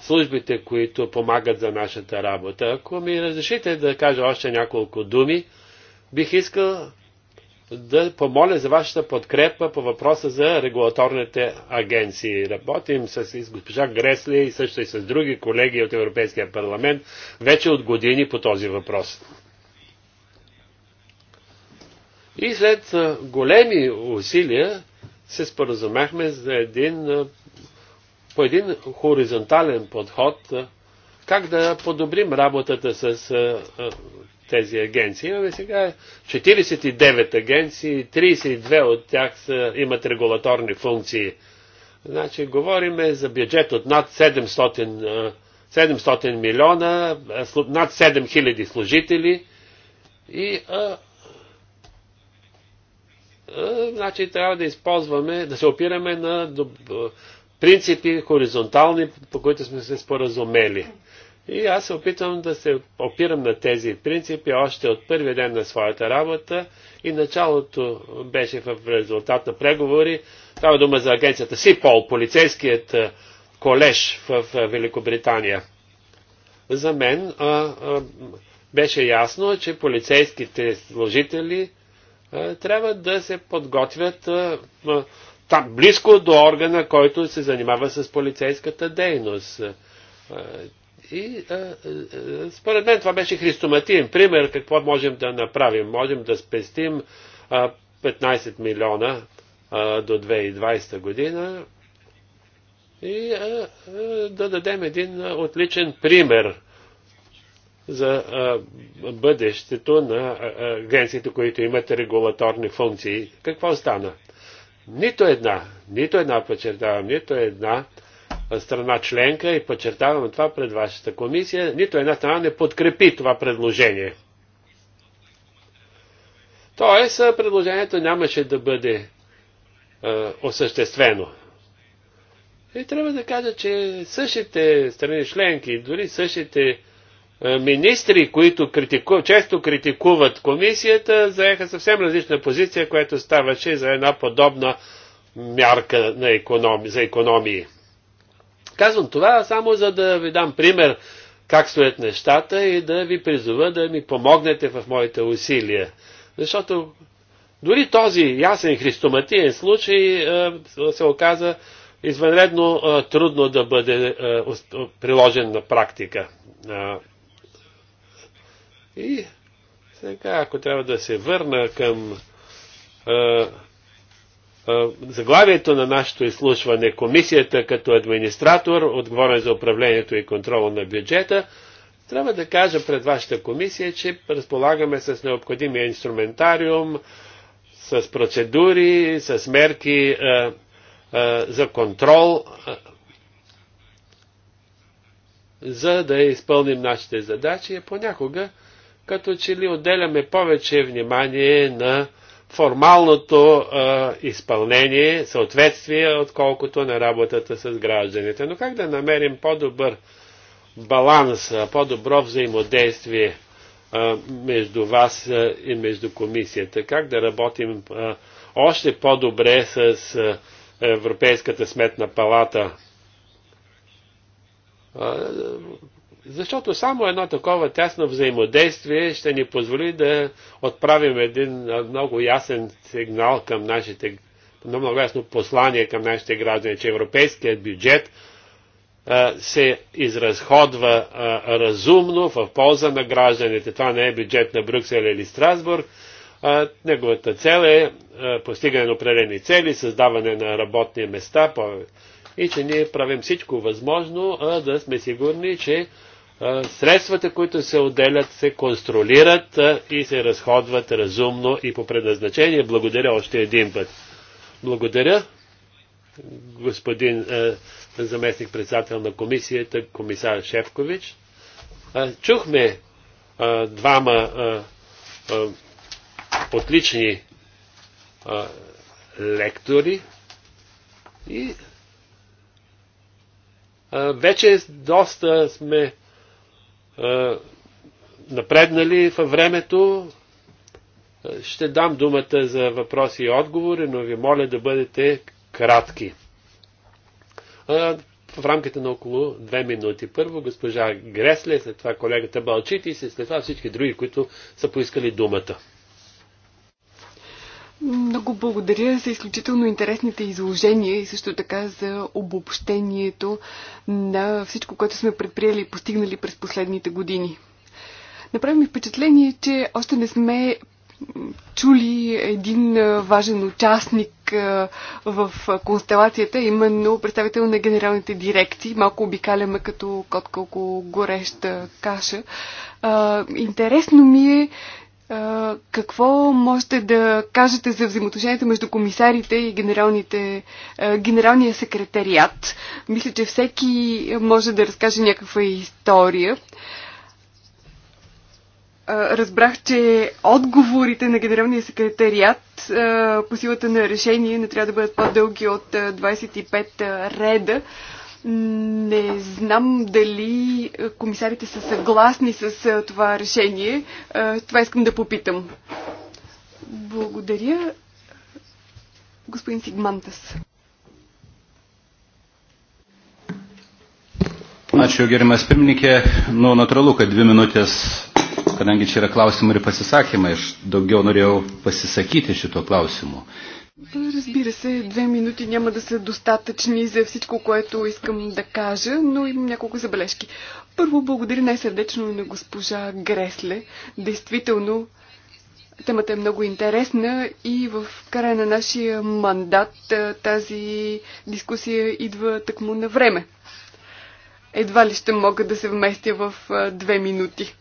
службите, които помагат за нашата работа. Ако ми разрешите да кажа още няколко думи, бих искал да помоля за вашата подкрепа по въпроса за регулаторните агенции. Работим с, госпожа Гресли и също и с други колеги от Европейския парламент вече от години по този въпрос. И след големи усилия се споразумяхме за един, по един хоризонтален подход, как да подобрим работата с тези агенции. Имаме сега 49 агенции, 32 от тях са, имат регулаторни функции. Значи, говориме за бюджет от над 700, 700 милиона, над 7000 служители и а, а, значи, трябва да използваме, да се опираме на принципи хоризонтални, по които сме се споразумели. И аз се опитвам да се опирам на тези принципи още от първия ден на своята работа и началото беше в резултат на преговори. Става дума за агенцията СИПОЛ, полицейският колеж в Великобритания. За мен а, а, беше ясно, че полицейските служители а, трябва да се подготвят а, а, там, близко до органа, който се занимава с полицейската дейност и а, а, според мен това беше христоматиен пример какво можем да направим. Можем да спестим а, 15 милиона а, до 2020 година и а, а, да дадем един а, отличен пример за а, бъдещето на агенциите, които имат регулаторни функции. Какво стана? Нито една, нито една, подчертавам, нито една страна членка и подчертавам това пред вашата комисия, нито една страна не подкрепи това предложение. Тоест, предложението нямаше да бъде а, осъществено. И трябва да кажа, че същите страни членки, дори същите а, министри, които критику... често критикуват комисията, заеха съвсем различна позиция, която ставаше за една подобна мярка на економ... за економии. Казвам това само за да ви дам пример как стоят нещата и да ви призова да ми помогнете в моите усилия. Защото дори този ясен христоматиен случай е, се оказа извънредно е, трудно да бъде е, приложен на практика. И сега, ако трябва да се върна към заглавието на нашето изслушване е комисията като администратор, отговорен за управлението и контрола на бюджета, трябва да кажа пред вашата комисия, че разполагаме с необходимия инструментариум, с процедури, с мерки а, а, за контрол, а, за да изпълним нашите задачи. Понякога, като че ли отделяме повече внимание на формалното а, изпълнение, съответствие, отколкото на работата с гражданите. Но как да намерим по-добър баланс, по-добро взаимодействие а, между вас а, и между комисията? Как да работим а, още по-добре с а, Европейската сметна палата? Защото само едно такова тясно взаимодействие ще ни позволи да отправим един много ясен сигнал към нашите, много ясно послание към нашите граждани, че европейският бюджет се изразходва разумно в полза на гражданите. Това не е бюджет на Брюксел или Страсбург. Неговата цел е постигане на определени цели, създаване на работни места и че ние правим всичко възможно да сме сигурни, че средствата, които се отделят, се контролират и се разходват разумно и по предназначение. Благодаря още един път. Благодаря, господин е, заместник-председател на комисията, комисар Шефкович. Е, чухме е, двама отлични лектори и вече доста сме напреднали във времето. Ще дам думата за въпроси и отговори, но ви моля да бъдете кратки. В рамките на около две минути. Първо госпожа Гресле, след това колегата Балчити и след това всички други, които са поискали думата. Много благодаря за изключително интересните изложения и също така за обобщението на всичко, което сме предприели и постигнали през последните години. Направи ми впечатление, че още не сме чули един важен участник в констелацията, именно представител на генералните дирекции. Малко обикаляме като кот колко гореща каша. Интересно ми е какво можете да кажете за взаимоотношенията между комисарите и генералните, генералния секретариат? Мисля, че всеки може да разкаже някаква история. Разбрах, че отговорите на генералния секретариат по силата на решение не трябва да бъдат по-дълги от 25 реда. Не знам дали комисарите са съгласни с това решение. Това искам да попитам. Благодаря. Господин Сигмантас. Ačiū, gerimas pirmininkė. Nu, natūralu, kad dvi minutės, kadangi čia yra klausimai ir pasisakymai, aš daugiau norėjau pasisakyti šito klausimu. Разбира се, две минути няма да са достатъчни за всичко, което искам да кажа, но имам няколко забележки. Първо, благодаря най-сърдечно на госпожа Гресле. Действително, темата е много интересна и в края на нашия мандат тази дискусия идва тъкмо на време. Едва ли ще мога да се вместя в две минути.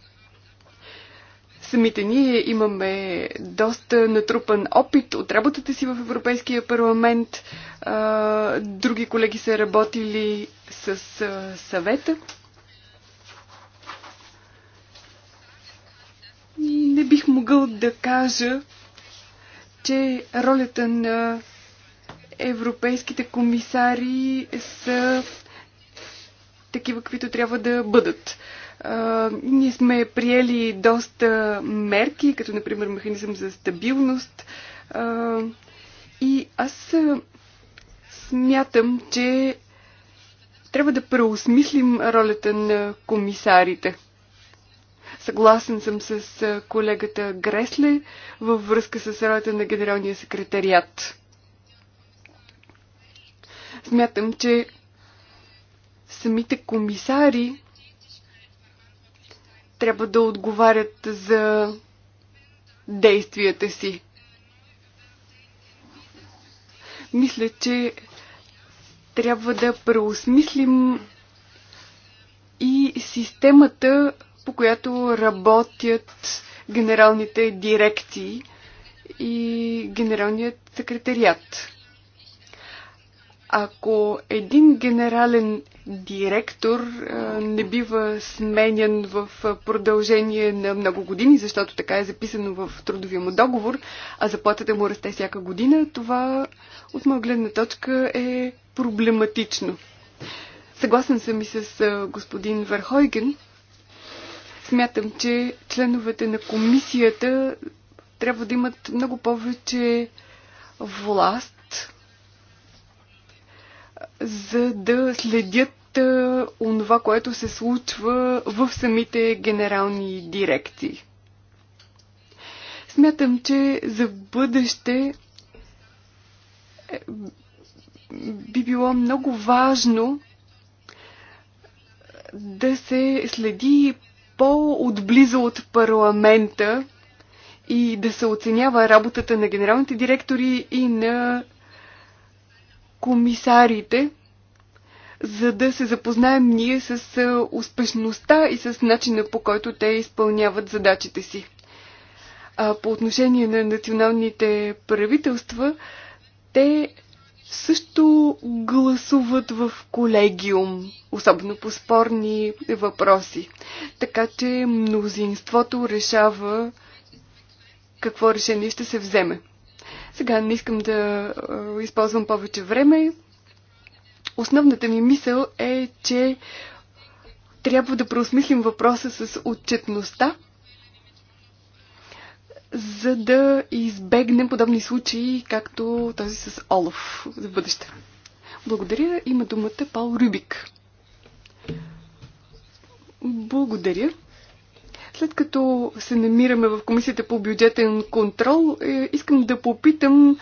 Самите ние имаме доста натрупан опит от работата си в Европейския парламент. Други колеги са работили с съвета. Не бих могъл да кажа, че ролята на европейските комисари са такива, каквито трябва да бъдат. Ние сме приели доста мерки, като например механизъм за стабилност. И аз смятам, че трябва да преосмислим ролята на комисарите. Съгласен съм с колегата Гресле във връзка с ролята на генералния секретариат. Смятам, че самите комисари трябва да отговарят за действията си. Мисля, че трябва да преосмислим и системата, по която работят генералните дирекции и генералният секретариат. Ако един генерален директор не бива сменян в продължение на много години, защото така е записано в трудовия му договор, а заплатата му расте всяка година, това от моя гледна точка е проблематично. Съгласен съм и с господин Верхойген. Смятам, че членовете на комисията трябва да имат много повече власт за да следят онова, което се случва в самите генерални дирекции. Смятам, че за бъдеще е, би било много важно да се следи по-отблизо от парламента и да се оценява работата на генералните директори и на комисарите, за да се запознаем ние с успешността и с начина по който те изпълняват задачите си. А по отношение на националните правителства, те също гласуват в колегиум, особено по спорни въпроси. Така че мнозинството решава какво решение ще се вземе. Сега не искам да използвам повече време. Основната ми мисъл е, че трябва да преосмислим въпроса с отчетността, за да избегнем подобни случаи, както този с Олов за бъдеще. Благодаря. Има думата Пал Рюбик. Благодаря. След като се намираме в Комисията по бюджетен контрол, е, искам да попитам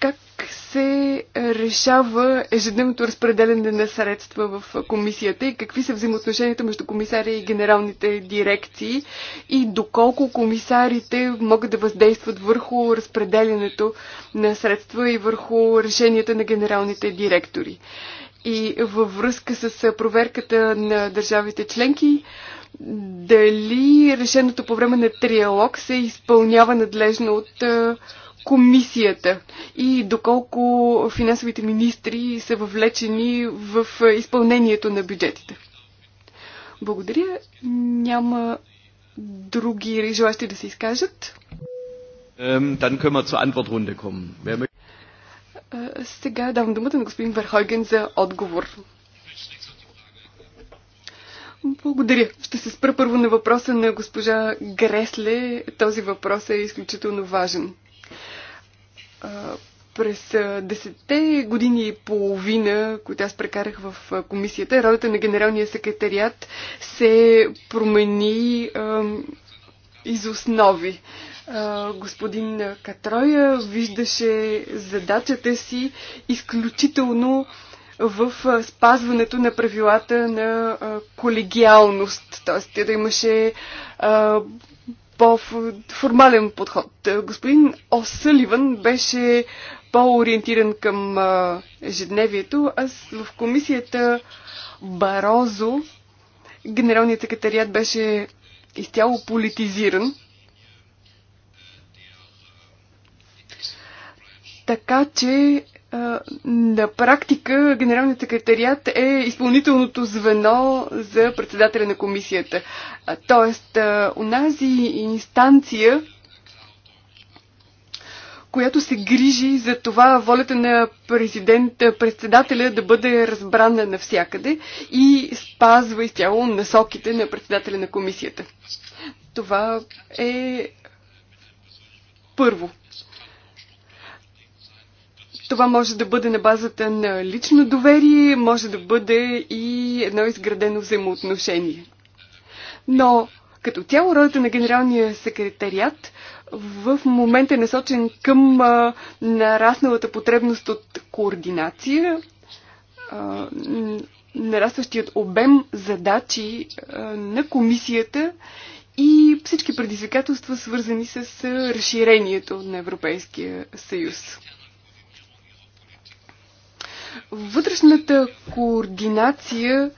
как се решава ежедневното разпределение на средства в комисията и какви са взаимоотношенията между комисаря и генералните дирекции и доколко комисарите могат да въздействат върху разпределянето на средства и върху решенията на генералните директори. И във връзка с проверката на държавите членки, дали решеното по време на триалог се изпълнява надлежно от е, комисията и доколко финансовите министри са въвлечени в е, изпълнението на бюджетите. Благодаря. Няма други желащи да се изкажат. Е, сега давам думата на господин Верхойген за отговор. Благодаря. Ще се спра първо на въпроса на госпожа Гресле. Този въпрос е изключително важен. През десетте години и половина, които аз прекарах в комисията, ролята на генералния секретариат се промени из основи. Господин Катроя виждаше задачата си изключително в спазването на правилата на колегиалност, т.е. да имаше по-формален подход. Господин Осъливан беше по-ориентиран към ежедневието. Аз в комисията Барозо генералният секретариат беше изцяло политизиран. Така че на практика Генералният секретариат е изпълнителното звено за председателя на комисията. Тоест, унази инстанция, която се грижи за това волята на президента, председателя да бъде разбрана навсякъде и спазва изцяло насоките на председателя на комисията. Това е първо. Това може да бъде на базата на лично доверие, може да бъде и едно изградено взаимоотношение. Но като цяло ролята на генералния секретариат в момента е насочен към а, нарасналата потребност от координация, а, нарастващият обем задачи а, на комисията и всички предизвикателства, свързани с разширението на Европейския съюз. Вътрешната координация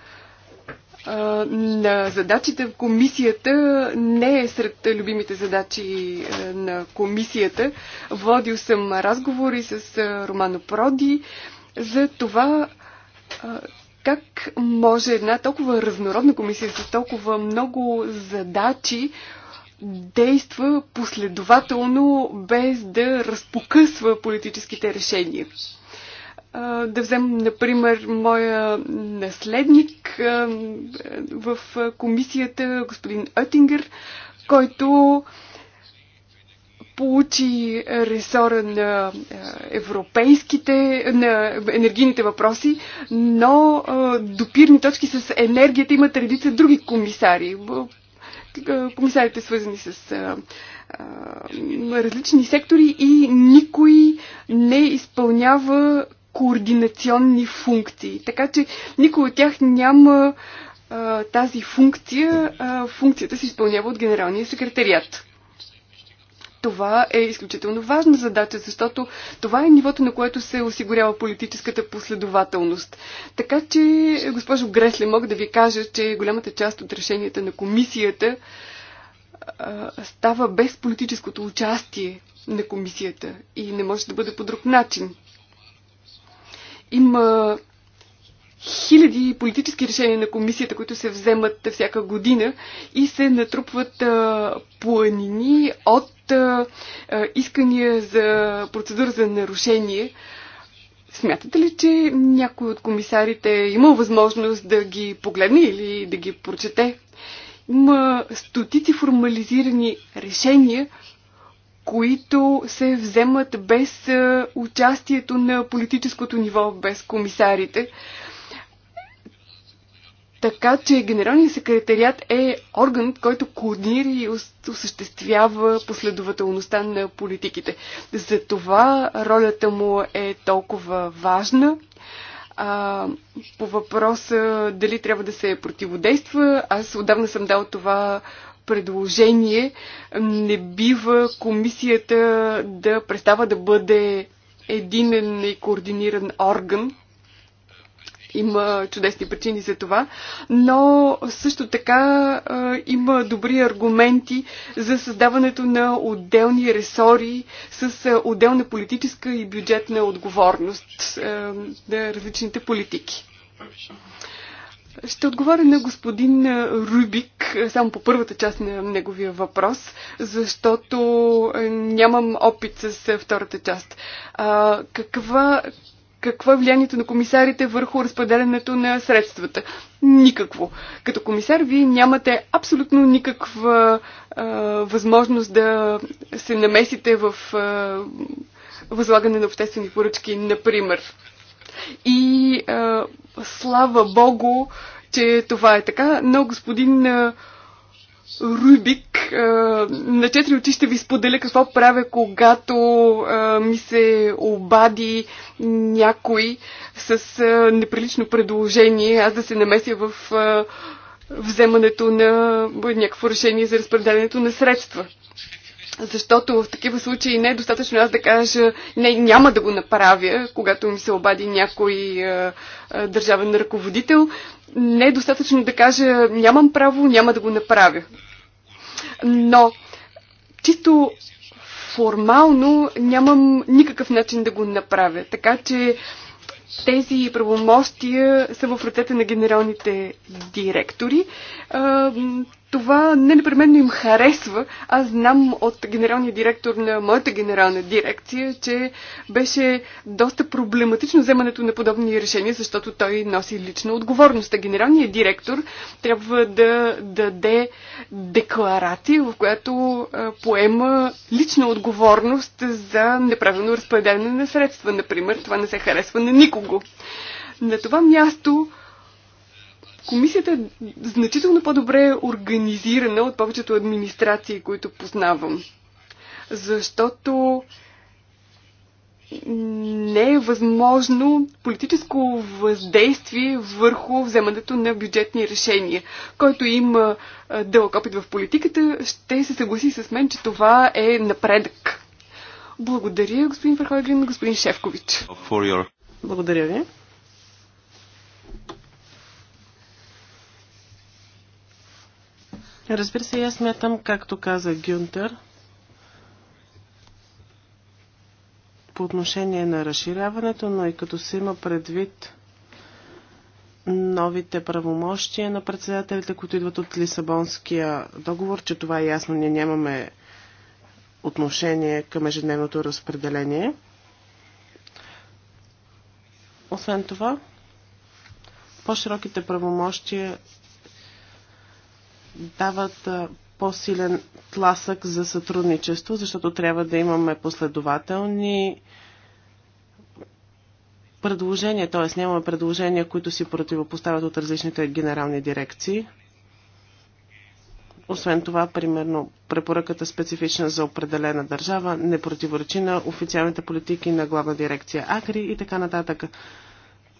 на задачите в комисията не е сред любимите задачи на комисията. Водил съм разговори с Романо Проди за това как може една толкова разнородна комисия с толкова много задачи действа последователно, без да разпокъсва политическите решения да взем, например, моя наследник в комисията, господин Оттингер, който получи ресора на европейските, на енергийните въпроси, но допирни точки с енергията имат редица други комисари. Комисарите свързани с различни сектори и никой не изпълнява координационни функции. Така че никой от тях няма а, тази функция. А, функцията се изпълнява от Генералния секретариат. Това е изключително важна задача, защото това е нивото, на което се осигурява политическата последователност. Така че, госпожо Гресле, мога да ви кажа, че голямата част от решенията на комисията а, става без политическото участие на комисията и не може да бъде по друг начин. Има хиляди политически решения на комисията, които се вземат всяка година и се натрупват а, планини от а, искания за процедура за нарушение. Смятате ли, че някой от комисарите е има възможност да ги погледне или да ги прочете? Има стотици формализирани решения, които се вземат без е, участието на политическото ниво, без комисарите. Така че Генералният секретариат е орган, който координира и осъществява последователността на политиките. Затова ролята му е толкова важна. А, по въпроса дали трябва да се противодейства, аз отдавна съм дал това предложение не бива комисията да престава да бъде единен и координиран орган. Има чудесни причини за това, но също така а, има добри аргументи за създаването на отделни ресори с а, отделна политическа и бюджетна отговорност а, на различните политики. Ще отговоря на господин Рубик само по първата част на неговия въпрос, защото нямам опит с втората част. А, каква, какво е влиянието на комисарите върху разпределянето на средствата? Никакво. Като комисар вие нямате абсолютно никаква а, възможност да се намесите в а, възлагане на обществени поръчки, например. И а, слава Богу, че това е така, но господин а, Рубик, а, на четири очи ще ви споделя какво правя, когато а, ми се обади някой с а, неприлично предложение, аз да се намеся в а, вземането на някакво решение за разпределението на средства защото в такива случаи не е достатъчно аз да кажа не, няма да го направя, когато ми се обади някой а, е, а, е, държавен ръководител. Не е достатъчно да кажа нямам право, няма да го направя. Но чисто формално нямам никакъв начин да го направя. Така че тези правомощия са в ръцете на генералните директори. Е, това не непременно им харесва. Аз знам от генералния директор на моята генерална дирекция, че беше доста проблематично вземането на подобни решения, защото той носи лична отговорност. генералният директор трябва да даде декларация, в която поема лична отговорност за неправилно разпределение на средства, например. Това не се харесва на никого. На това място Комисията е значително по-добре организирана от повечето администрации, които познавам. Защото не е възможно политическо въздействие върху вземането на бюджетни решения. Който има дълъг опит в политиката, ще се съгласи с мен, че това е напредък. Благодаря, господин Върховен, господин Шевкович. Благодаря ви. Разбира се, аз смятам, както каза Гюнтер, по отношение на разширяването, но и като се има предвид новите правомощия на председателите, които идват от Лисабонския договор, че това е ясно, ние нямаме отношение към ежедневното разпределение. Освен това, по-широките правомощия дават по-силен тласък за сътрудничество, защото трябва да имаме последователни предложения, т.е. нямаме предложения, които си противопоставят от различните генерални дирекции. Освен това, примерно, препоръката специфична за определена държава не противоречи на официалните политики на главна дирекция Акри и така нататък.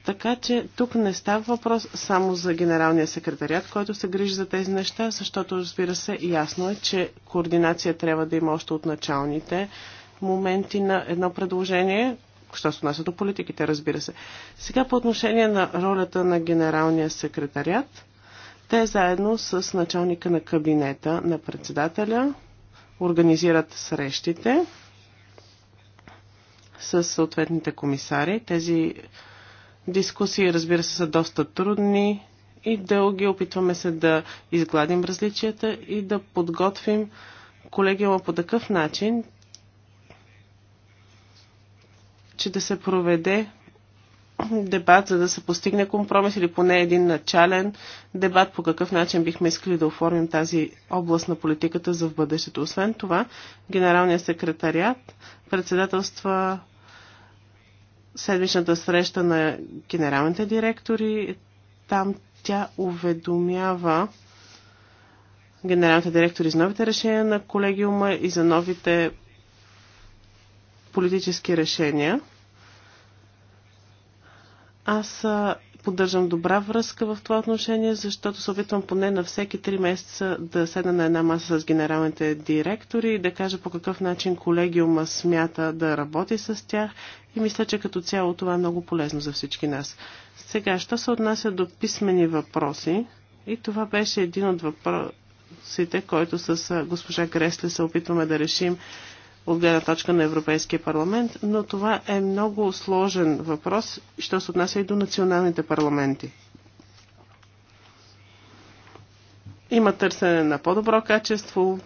Така че тук не става въпрос само за генералния секретариат, който се грижи за тези неща, защото разбира се, ясно е, че координация трябва да има още от началните моменти на едно предложение, що се отнася до политиките, разбира се. Сега по отношение на ролята на генералния секретариат, те заедно с началника на кабинета на председателя организират срещите с съответните комисари. Тези Дискусии, разбира се, са доста трудни и дълги. Опитваме се да изгладим различията и да подготвим колегиума по такъв начин, че да се проведе дебат, за да се постигне компромис или поне един начален дебат по какъв начин бихме искали да оформим тази област на политиката за в бъдещето. Освен това, Генералният секретариат председателства седмичната среща на генералните директори. Там тя уведомява генералните директори за новите решения на колегиума и за новите политически решения. Аз поддържам добра връзка в това отношение, защото се опитвам поне на всеки три месеца да седна на една маса с генералните директори и да кажа по какъв начин колегиума смята да работи с тях и мисля, че като цяло това е много полезно за всички нас. Сега, що се отнася до писмени въпроси, и това беше един от въпросите, който с госпожа Гресли се опитваме да решим от гледна точка на Европейския парламент, но това е много сложен въпрос, що се отнася и до националните парламенти. Има търсене на по-добро качество,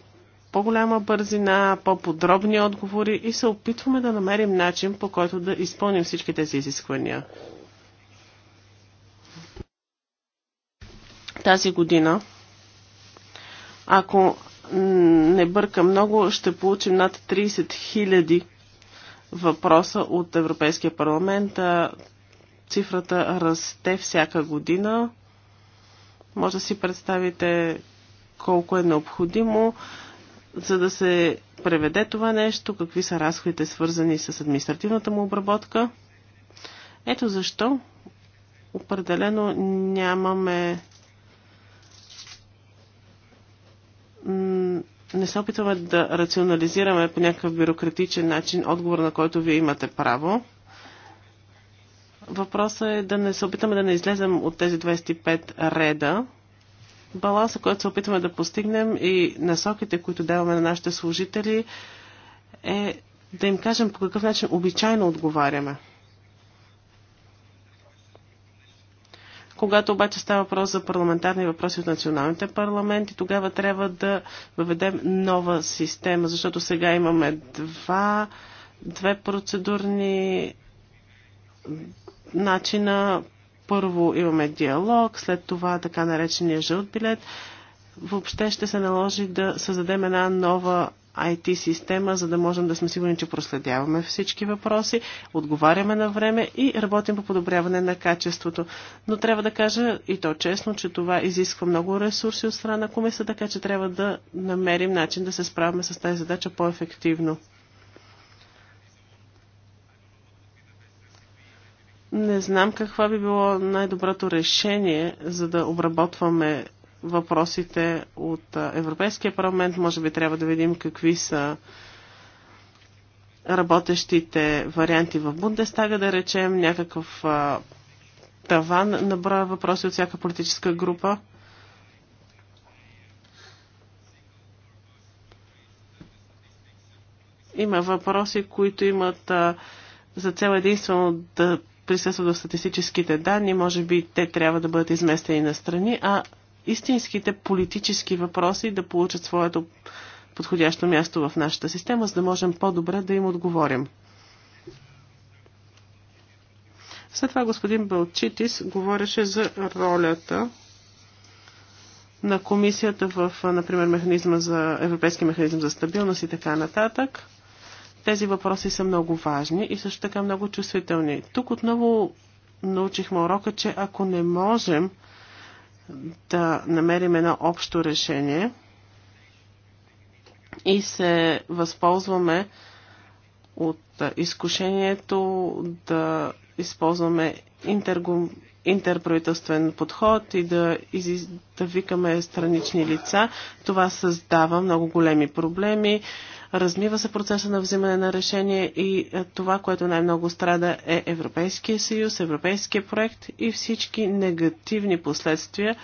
по-голяма бързина, по-подробни отговори и се опитваме да намерим начин, по който да изпълним всички тези изисквания. Тази година, ако не бърка много, ще получим над 30 000 въпроса от Европейския парламент. Цифрата расте всяка година. Може да си представите колко е необходимо, за да се преведе това нещо, какви са разходите свързани с административната му обработка. Ето защо определено нямаме не се опитваме да рационализираме по някакъв бюрократичен начин отговор, на който вие имате право. Въпросът е да не се опитаме да не излезем от тези 25 реда. Баланса, който се опитваме да постигнем и насоките, които даваме на нашите служители, е да им кажем по какъв начин обичайно отговаряме. Когато обаче става въпрос за парламентарни въпроси от националните парламенти, тогава трябва да въведем нова система, защото сега имаме два, две процедурни начина. Първо имаме диалог, след това така наречения жълт билет. Въобще ще се наложи да създадем една нова IT система, за да можем да сме сигурни, че проследяваме всички въпроси, отговаряме на време и работим по подобряване на качеството. Но трябва да кажа и то честно, че това изисква много ресурси от страна на комисията, така че трябва да намерим начин да се справяме с тази задача по-ефективно. Не знам каква би било най-доброто решение, за да обработваме въпросите от Европейския парламент. Може би трябва да видим какви са работещите варианти в Бундестага, да речем, някакъв а, таван на броя въпроси от всяка политическа група. Има въпроси, които имат а, за цел единствено да присъстват в статистическите данни. Може би те трябва да бъдат изместени на страни, а истинските политически въпроси да получат своето подходящо място в нашата система, за да можем по-добре да им отговорим. След това господин Белчитис говореше за ролята на комисията в, например, механизма за, Европейски механизъм за стабилност и така нататък. Тези въпроси са много важни и също така много чувствителни. Тук отново научихме урока, че ако не можем да намерим едно общо решение и се възползваме от изкушението да използваме интерправителствен подход и да, из, да викаме странични лица. Това създава много големи проблеми размива се процеса на взимане на решение и е, това, което най-много страда е Европейския съюз, Европейския проект и всички негативни последствия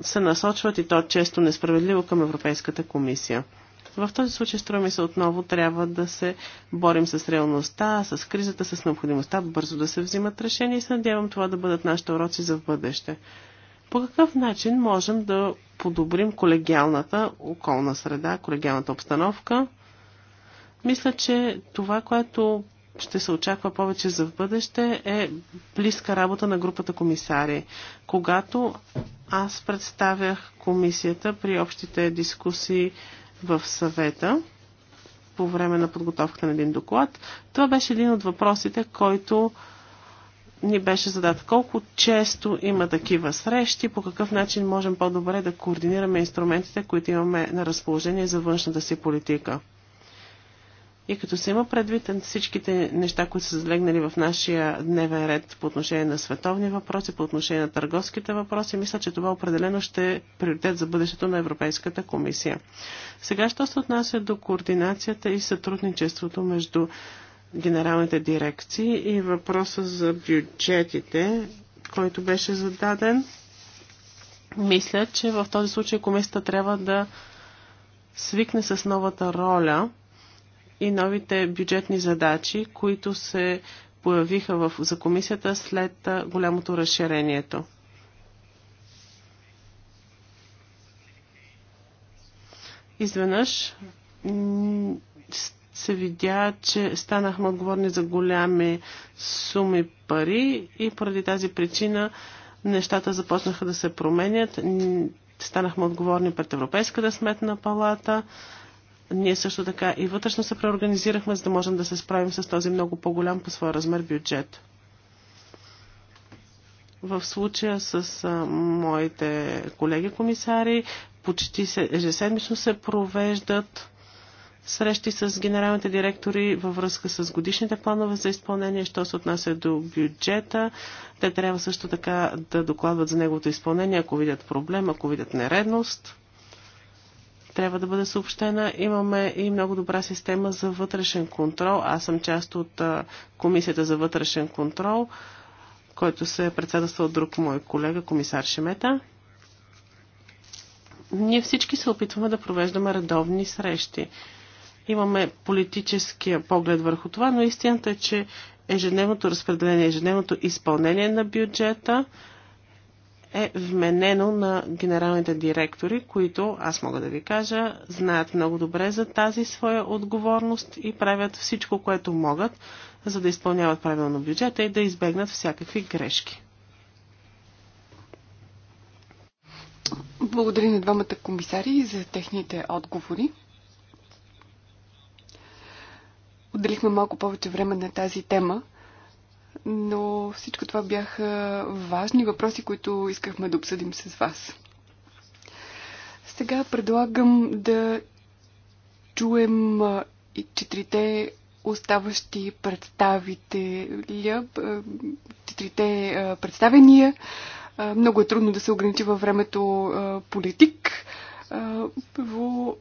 се насочват и то често несправедливо към Европейската комисия. В този случай, струва ми се, отново трябва да се борим с реалността, с кризата, с необходимостта бързо да се взимат решения и се надявам това да бъдат нашите уроци за в бъдеще. По какъв начин можем да подобрим колегиалната околна среда, колегиалната обстановка? Мисля, че това, което ще се очаква повече за в бъдеще е близка работа на групата комисари. Когато аз представях комисията при общите дискусии в съвета, по време на подготовката на един доклад, това беше един от въпросите, който ни беше задат. Колко често има такива срещи, по какъв начин можем по-добре да координираме инструментите, които имаме на разположение за външната си политика. И като се има предвид всичките неща, които са залегнали в нашия дневен ред по отношение на световни въпроси, по отношение на търговските въпроси, мисля, че това определено ще е приоритет за бъдещето на Европейската комисия. Сега, що се отнася до координацията и сътрудничеството между генералните дирекции и въпроса за бюджетите, който беше зададен. Мисля, че в този случай комисията трябва да свикне с новата роля и новите бюджетни задачи, които се появиха в, за комисията след голямото разширението. Изведнъж се видя, че станахме отговорни за голями суми пари и поради тази причина нещата започнаха да се променят. Станахме отговорни пред Европейската сметна палата. Ние също така и вътрешно се преорганизирахме, за да можем да се справим с този много по-голям по своя размер бюджет. В случая с а, моите колеги комисари почти се, ежеседмично се провеждат срещи с генералните директори във връзка с годишните планове за изпълнение, що се отнася до бюджета. Те трябва също така да докладват за неговото изпълнение, ако видят проблем, ако видят нередност. Трябва да бъде съобщена. Имаме и много добра система за вътрешен контрол. Аз съм част от Комисията за вътрешен контрол, който се е председателства от друг мой колега, комисар Шемета ние всички се опитваме да провеждаме редовни срещи имаме политическия поглед върху това, но истината е, че ежедневното разпределение, ежедневното изпълнение на бюджета е вменено на генералните директори, които, аз мога да ви кажа, знаят много добре за тази своя отговорност и правят всичко, което могат, за да изпълняват правилно бюджета и да избегнат всякакви грешки. Благодаря на двамата комисари за техните отговори. Отделихме малко повече време на тази тема, но всичко това бяха важни въпроси, които искахме да обсъдим с вас. Сега предлагам да чуем и четирите оставащи представителя, четирите представения. Много е трудно да се ограничи във времето политик. Първо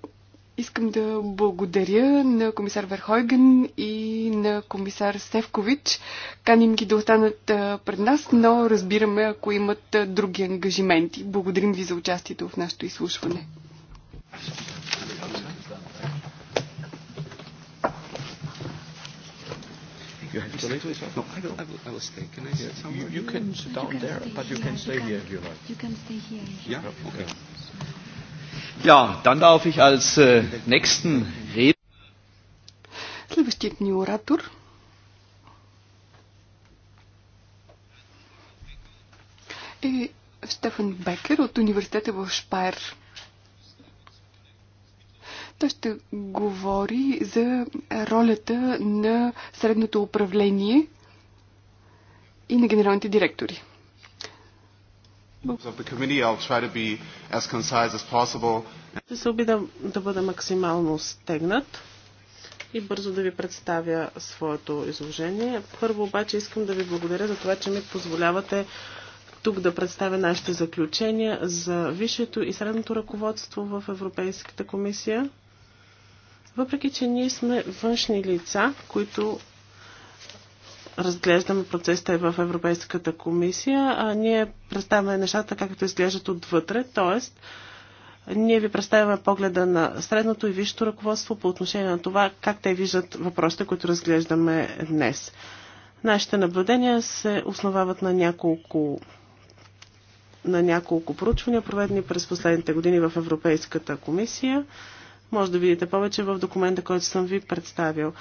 Искам да благодаря на комисар Верхойген и на комисар Севкович. Каним ги да останат пред нас, но разбираме, ако имат други ангажименти. Благодарим ви за участието в нашето изслушване. You can stay here if you like. You can stay here. Yeah? Okay. Ja, dann darf ich als äh, nächsten Redner. ни оратор е Стефан Бекер от университета в Шпайер. Той ще говори за ролята на средното управление и на генералните директори. Ще се обидам да бъда максимално стегнат и бързо да ви представя своето изложение. Първо обаче искам да ви благодаря за това, че ми позволявате тук да представя нашите заключения за висшето и средното ръководство в Европейската комисия. Въпреки, че ние сме външни лица, които разглеждаме процесите в Европейската комисия, а ние представяме нещата както изглеждат отвътре, т.е. ние ви представяме погледа на средното и висшето ръководство по отношение на това как те виждат въпросите, които разглеждаме днес. Нашите наблюдения се основават на няколко на няколко проучвания, проведени през последните години в Европейската комисия. Може да видите повече в документа, който съм ви представил.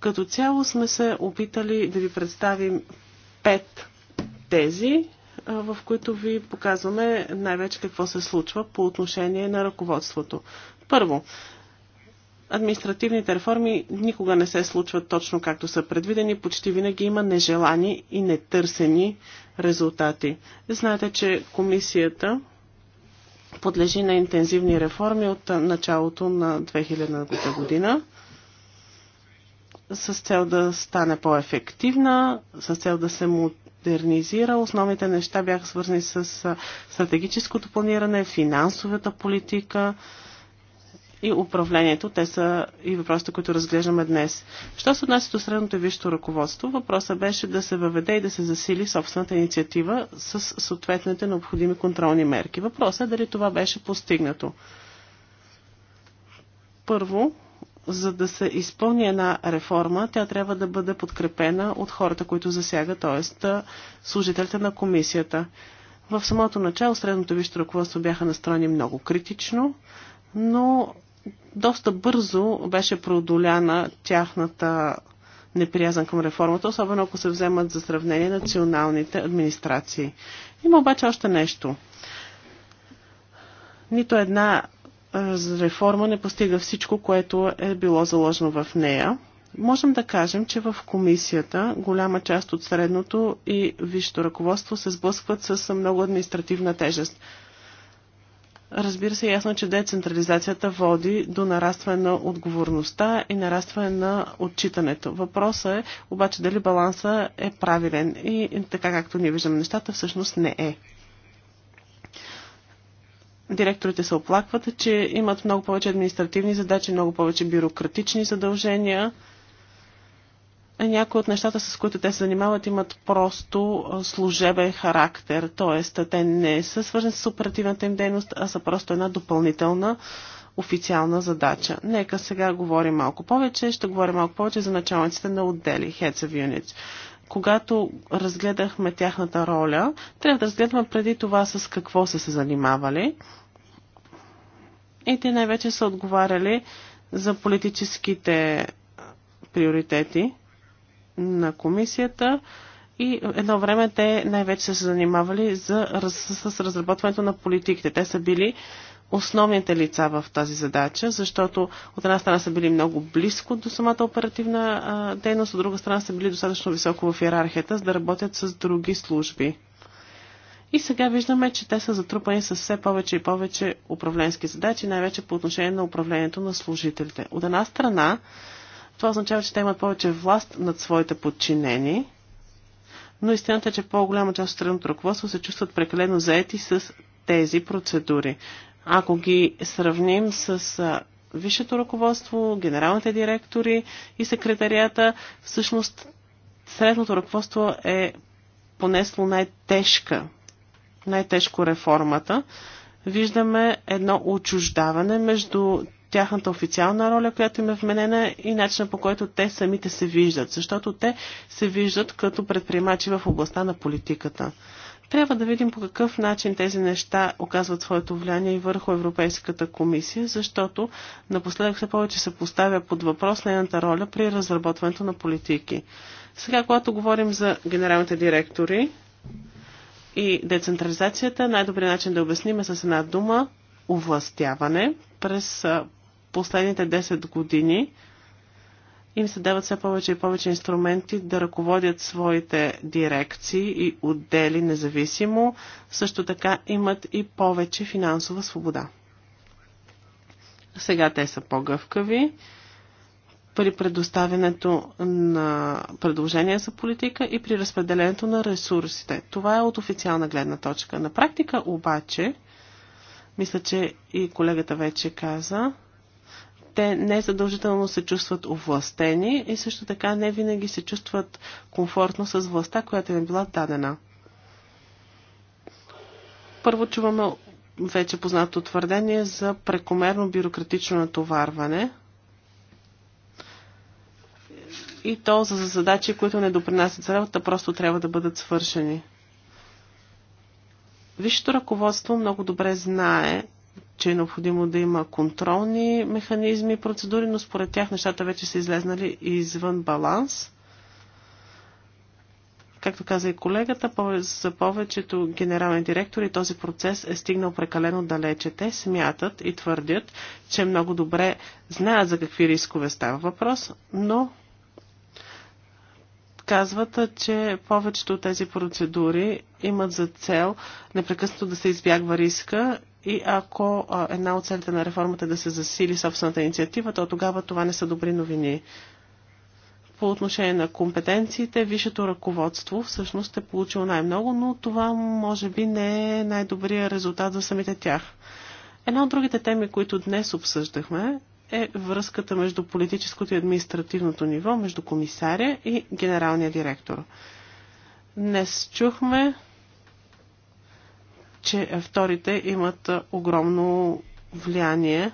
Като цяло сме се опитали да ви представим пет тези, в които ви показваме най-вече какво се случва по отношение на ръководството. Първо, административните реформи никога не се случват точно както са предвидени, почти винаги има нежелани и нетърсени резултати. Знаете, че комисията подлежи на интензивни реформи от началото на 2000 година с цел да стане по-ефективна, с цел да се модернизира. Основните неща бяха свързани с стратегическото планиране, финансовата политика и управлението. Те са и въпросите, които разглеждаме днес. Що се отнася до средното и висшето ръководство, въпросът беше да се въведе и да се засили собствената инициатива с съответните необходими контролни мерки. Въпросът е дали това беше постигнато. Първо, за да се изпълни една реформа, тя трябва да бъде подкрепена от хората, които засяга, т.е. служителите на комисията. В самото начало средното висше ръководство бяха настроени много критично, но доста бързо беше преодоляна тяхната неприязан към реформата, особено ако се вземат за сравнение националните администрации. Има обаче още нещо. Нито една реформа не постига всичко, което е било заложено в нея. Можем да кажем, че в комисията голяма част от средното и висшето ръководство се сблъскват с много административна тежест. Разбира се, ясно, че децентрализацията води до нарастване на отговорността и нарастване на отчитането. Въпросът е обаче дали баланса е правилен и така както ние виждаме нещата, всъщност не е директорите се оплакват, че имат много повече административни задачи, много повече бюрократични задължения. Някои от нещата, с които те се занимават, имат просто служебен характер, т.е. те не са свързани с оперативната им дейност, а са просто една допълнителна официална задача. Нека сега говорим малко повече. Ще говорим малко повече за началниците на отдели, Heads of Units когато разгледахме тяхната роля, трябва да разгледаме преди това с какво са се занимавали. И те най-вече са отговаряли за политическите приоритети на комисията и едно време те най-вече са се занимавали за, с, с разработването на политиките. Те са били основните лица в тази задача, защото от една страна са били много близко до самата оперативна а, дейност, от друга страна са били достатъчно високо в иерархията, за да работят с други служби. И сега виждаме, че те са затрупани с все повече и повече управленски задачи, най-вече по отношение на управлението на служителите. От една страна, това означава, че те имат повече власт над своите подчинени, но истината е, че по-голяма част от средното ръководство се чувстват прекалено заети с тези процедури. Ако ги сравним с висшето ръководство, генералните директори и секретарията, всъщност средното ръководство е понесло най-тежка, най-тежко реформата. Виждаме едно отчуждаване между тяхната официална роля, която им е вменена и начина по който те самите се виждат, защото те се виждат като предприемачи в областта на политиката. Трябва да видим по какъв начин тези неща оказват своето влияние и върху Европейската комисия, защото напоследък все повече се поставя под въпрос нейната роля при разработването на политики. Сега, когато говорим за генералните директори и децентрализацията, най-добрият начин да обясним е с една дума – овластяване. През последните 10 години им се дават все повече и повече инструменти да ръководят своите дирекции и отдели независимо, също така имат и повече финансова свобода. Сега те са по-гъвкави при предоставянето на предложения за политика и при разпределението на ресурсите. Това е от официална гледна точка. На практика обаче, мисля, че и колегата вече каза, те не задължително се чувстват овластени и също така не винаги се чувстват комфортно с властта, която им е била дадена. Първо чуваме вече познато твърдение за прекомерно бюрократично натоварване и то за задачи, които не допринасят за работа, просто трябва да бъдат свършени. Висшето ръководство много добре знае че е необходимо да има контролни механизми и процедури, но според тях нещата вече са излезнали извън баланс. Както каза и колегата, за повечето генерални директори този процес е стигнал прекалено далече. Те смятат и твърдят, че много добре знаят за какви рискове става въпрос, но казват, че повечето от тези процедури имат за цел непрекъснато да се избягва риска и ако една от целите на реформата е да се засили собствената инициатива, то тогава това не са добри новини. По отношение на компетенциите, висшето ръководство всъщност е получило най-много, но това може би не е най-добрият резултат за самите тях. Една от другите теми, които днес обсъждахме, е връзката между политическото и административното ниво, между комисаря и генералния директор. Днес чухме че вторите имат огромно влияние.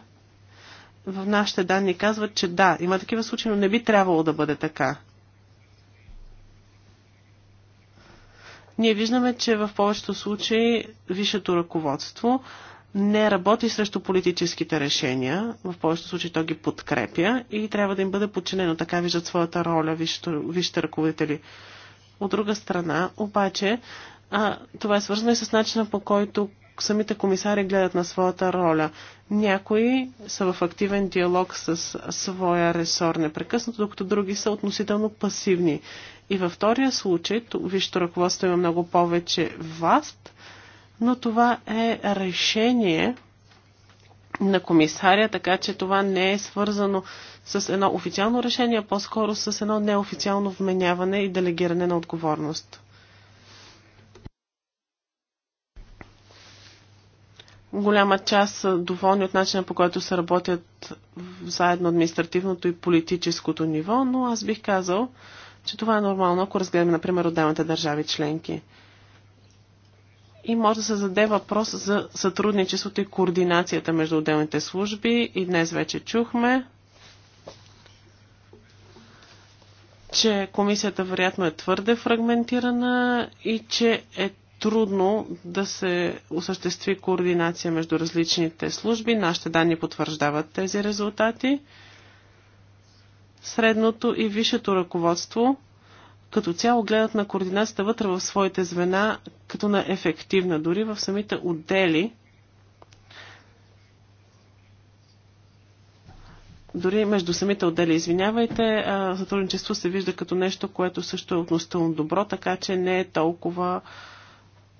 В нашите данни казват, че да, има такива случаи, но не би трябвало да бъде така. Ние виждаме, че в повечето случаи висшето ръководство не работи срещу политическите решения, в повечето случаи то ги подкрепя и трябва да им бъде подчинено. Така виждат своята роля висшите ръководители. От друга страна, обаче, а, това е свързано и с начина по който самите комисари гледат на своята роля. Някои са в активен диалог с своя ресор непрекъснато, докато други са относително пасивни. И във втория случай, вижте, ръководство има много повече власт, но това е решение на комисаря, така че това не е свързано с едно официално решение, а по-скоро с едно неофициално вменяване и делегиране на отговорност. голяма част са доволни от начина по който се работят заедно административното и политическото ниво, но аз бих казал, че това е нормално, ако разгледаме, например, отделните държави членки. И може да се зададе въпрос за сътрудничеството и координацията между отделните служби. И днес вече чухме, че комисията вероятно е твърде фрагментирана и че е трудно да се осъществи координация между различните служби. Нашите данни потвърждават тези резултати. Средното и висшето ръководство като цяло гледат на координацията вътре в своите звена като на ефективна, дори в самите отдели. Дори между самите отдели, извинявайте, сътрудничество се вижда като нещо, което също е относително добро, така че не е толкова а,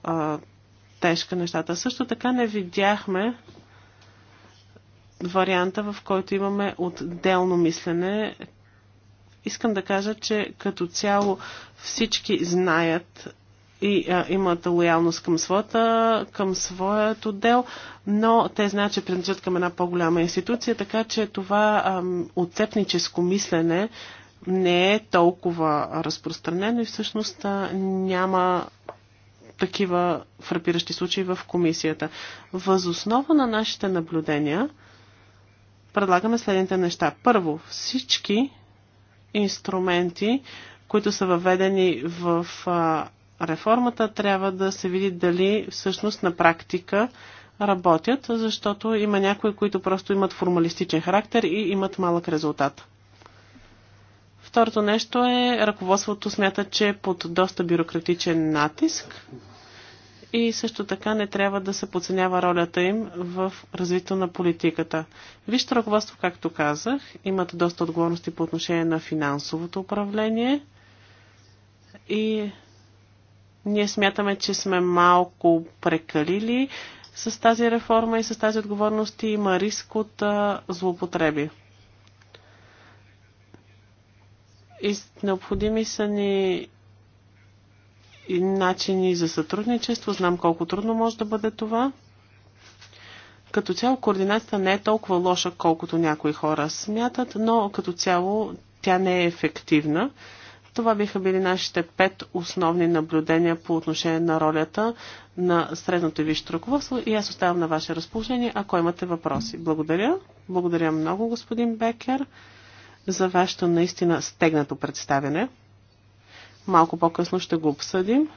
а, тежка нещата. Също така не видяхме варианта, в който имаме отделно мислене. Искам да кажа, че като цяло всички знаят и а, имат лоялност към своята, към своят отдел, но те знаят, че принадлежат към една по-голяма институция, така че това ам, отцепническо мислене не е толкова разпространено и всъщност а, няма такива фрапиращи случаи в комисията. Възоснова на нашите наблюдения предлагаме следните неща. Първо, всички инструменти, които са въведени в а, реформата, трябва да се види дали всъщност на практика работят, защото има някои, които просто имат формалистичен характер и имат малък резултат. Второто нещо е, ръководството смята, че е под доста бюрократичен натиск и също така не трябва да се подценява ролята им в развитието на политиката. Вижте ръководство, както казах, имат доста отговорности по отношение на финансовото управление и ние смятаме, че сме малко прекалили с тази реформа и с тази отговорност и има риск от а, злоупотреби. Необходими са ни начини за сътрудничество. Знам колко трудно може да бъде това. Като цяло координацията не е толкова лоша, колкото някои хора смятат, но като цяло тя не е ефективна. Това биха били нашите пет основни наблюдения по отношение на ролята на средното и висшето ръководство и аз оставам на ваше разположение, ако имате въпроси. Благодаря. Благодаря много, господин Бекер за вашето наистина стегнато представяне. Малко по-късно ще го обсъдим.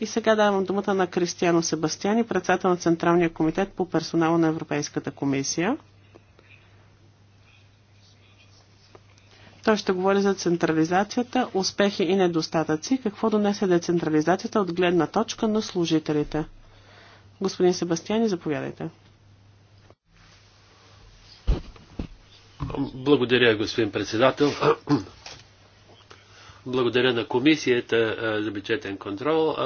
И сега давам думата на Кристиано Себастияни, председател на Централния комитет по персонала на Европейската комисия. Той ще говори за централизацията, успехи и недостатъци, какво донесе децентрализацията от гледна точка на служителите. Господин Себастиани, заповядайте. Благодаря, господин председател. Благодаря на комисията за бюджетен контрол,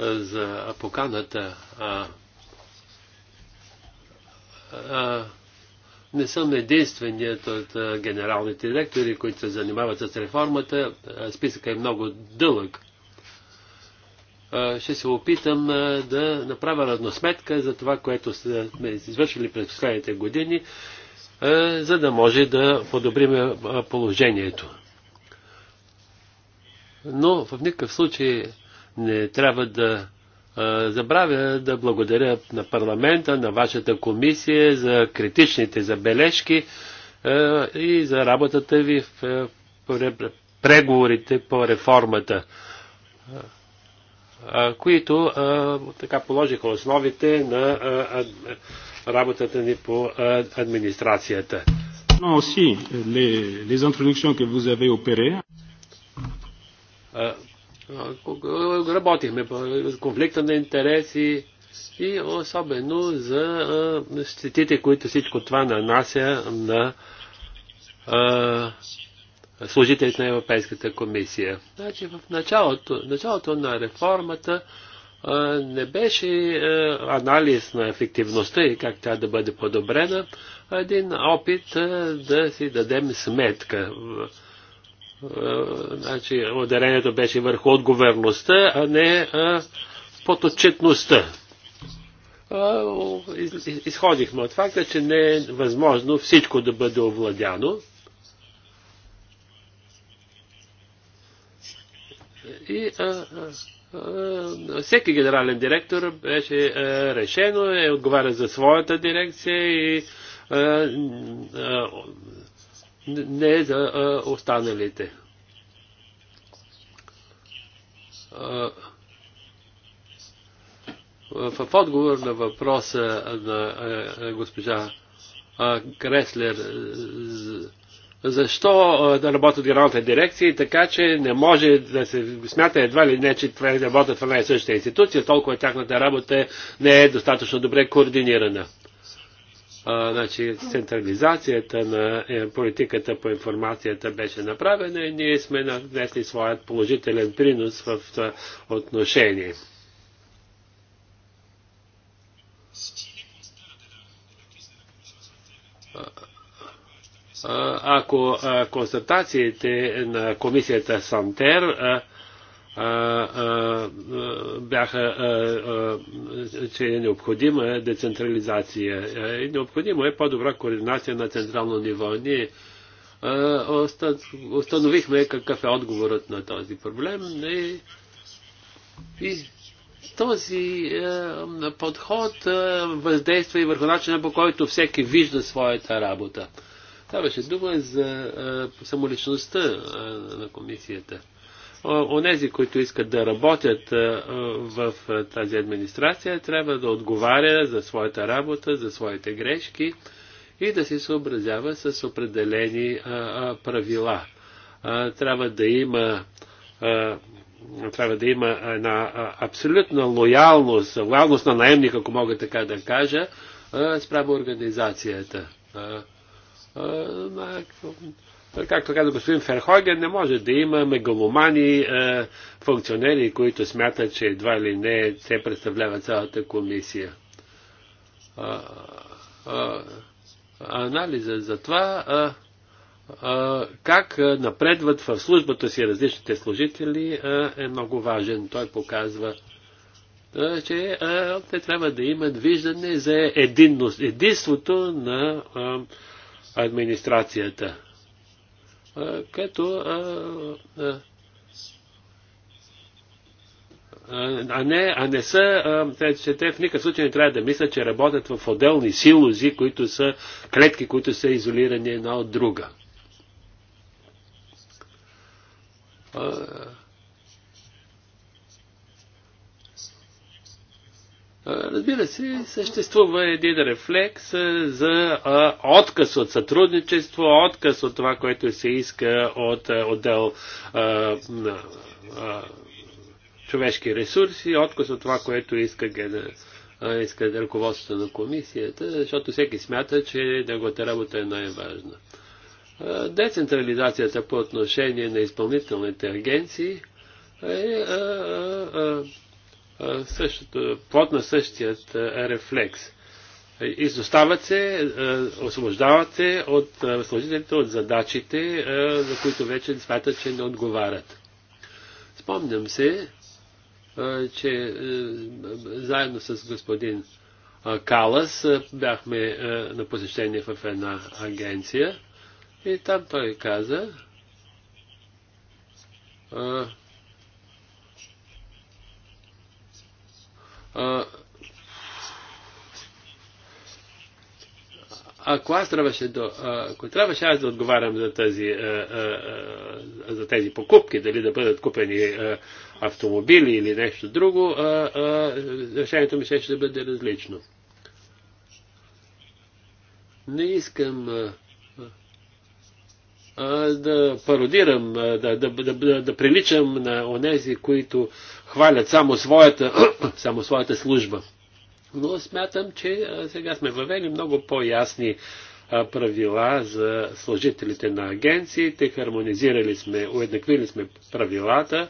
за поканата. Не съм единственият от генералните директори, които се занимават с реформата. Списъкът е много дълъг. Ще се опитам да направя равносметка за това, което сме извършили през последните години е, за да може да подобрим е, положението. Но в никакъв случай не трябва да е, забравя да благодаря на парламента, на вашата комисия за критичните забележки и за работата ви в преговорите по реформата, които така положиха основите на работата ни по администрацията. Но си, les, introductions que vous avez Работихме по конфликта на интереси и особено за щетите, които всичко това нанася на служителите на Европейската комисия. Значи в началото, началото на реформата не беше анализ на ефективността и как тя да бъде подобрена, а един опит да си дадем сметка. Значи, ударението беше върху отговорността, а не под отчетността. Изходихме от факта, че не е възможно всичко да бъде овладяно. И а, е, всеки генерален директор беше е, решено, е отговаря за своята дирекция и е, не за останалите. В отговор на въпроса на госпожа Креслер защо да работят генералната дирекция, така че не може да се смята едва ли не, че това е работят в една и същата институция, толкова е тяхната работа не е достатъчно добре координирана. А, значи, централизацията на е, политиката по информацията беше направена и ние сме внесли своят положителен принос в това отношение. ако констатациите на комисията Сантер бяха, че е необходима децентрализация и необходимо е по-добра координация на централно ниво. Ние установихме какъв е отговорът на този проблем и, и този е, подход е, въздейства и върху начина по който всеки вижда своята работа. Това беше дума за самоличността на комисията. Онези, които искат да работят в тази администрация, трябва да отговаря за своята работа, за своите грешки и да се съобразява с определени правила. Трябва да има трябва да има една абсолютна лоялност, лоялност на наемника, ако мога така да кажа, спрямо организацията. Както каза господин Ферхоген, не може да има мегаломани функционери, които смятат, че едва ли не се представлява цялата комисия. Анализа за това как напредват в службата си различните служители е много важен. Той показва, че те трябва да имат виждане за единност, единството на администрацията. Като а не, а не са, а, че те в никакъв случай не трябва да мислят, че работят в отделни силози, които са клетки, които са изолирани една от друга. А, Разбира се, съществува един рефлекс за отказ от сътрудничество, отказ от това, което се иска от отдел човешки ресурси, отказ от това, което иска, иска ръководството на комисията, защото всеки смята, че неговата работа е най-важна. Децентрализацията по отношение на изпълнителните агенции е същото, плод на същият рефлекс. Изостават се, освобождават се от служителите от задачите, за които вече смятат, че не отговарят. Спомням се, че заедно с господин Калас бяхме на посещение в една агенция и там той каза, ако аз трябваше да, ако трябваше аз да отговарям за, тези, за тези покупки, дали да бъдат купени автомобили или нещо друго, решението ми ще, ще бъде различно. Не искам да пародирам, да, да, да, да, да приличам на онези, които хвалят само своята, (coughs) само своята служба. Но смятам, че сега сме въвели много по-ясни правила за служителите на агенциите, хармонизирали сме, уеднаквили сме правилата,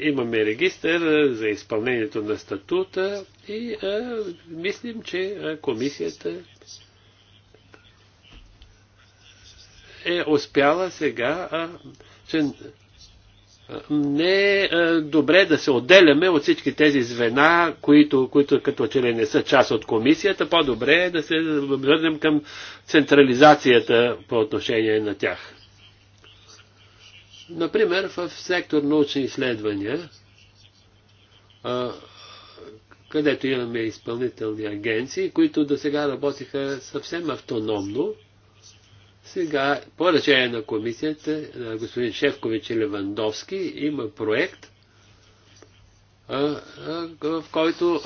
имаме регистър за изпълнението на статута и мислим, че комисията е успяла сега, а, че не е добре да се отделяме от всички тези звена, които, които като че ли не са част от комисията, по-добре е да се върнем към централизацията по отношение на тях. Например, в сектор научни изследвания, където имаме изпълнителни агенции, които до сега работиха съвсем автономно, сега, по решение на комисията, на господин Шевкович и Левандовски, има проект, в който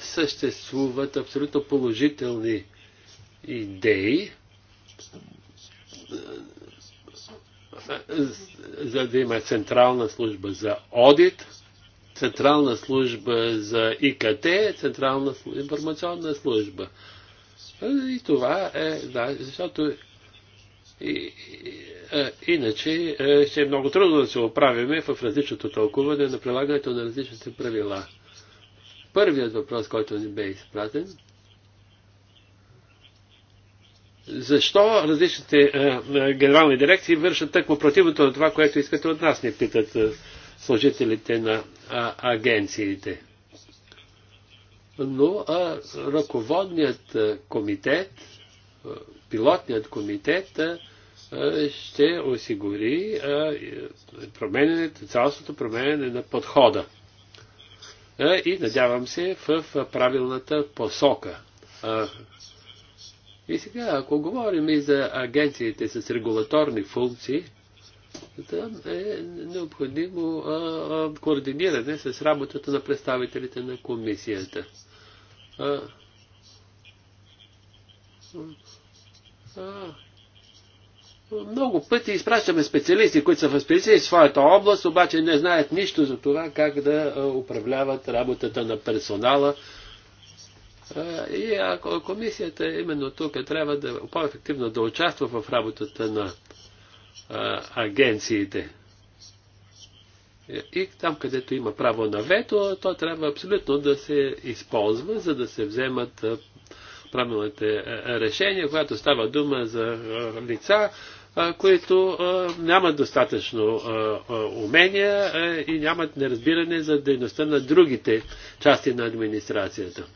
съществуват абсолютно положителни идеи, за да има централна служба за одит, централна служба за ИКТ, централна служба, информационна служба. И това е, да, защото и, и, е, иначе е, ще е много трудно да се оправиме в различното тълкуване на прилагането на различните правила. Първият въпрос, който ни бе изпратен, защо различните е, е, генерални дирекции вършат тъкмо противното на това, което искате от нас, не питат е, служителите на а, агенциите но а, ръководният комитет, пилотният комитет а, ще осигури а, промененето, цялостното променене на подхода. А, и надявам се в правилната посока. А, и сега, ако говорим и за агенциите с регулаторни функции, там е необходимо а, а, координиране с работата на представителите на комисията. А, а, много пъти изпращаме специалисти, които са специалисти в своята област, обаче не знаят нищо за това как да управляват работата на персонала. И ако комисията именно тук трябва да по-ефективно да участва в работата на агенциите. И там, където има право на вето, то трябва абсолютно да се използва, за да се вземат правилните решения, когато става дума за лица, които нямат достатъчно умения и нямат неразбиране за дейността на другите части на администрацията.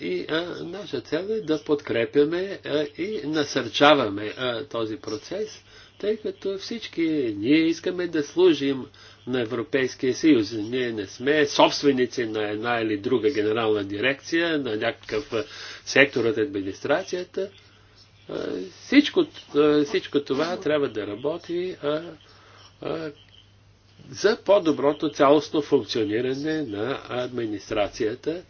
И наша цел е да подкрепяме и насърчаваме този процес, тъй като всички ние искаме да служим на Европейския съюз. Ние не сме собственици на една или друга генерална дирекция, на някакъв сектор от администрацията. Всичко, всичко това трябва да работи за по-доброто цялостно функциониране на администрацията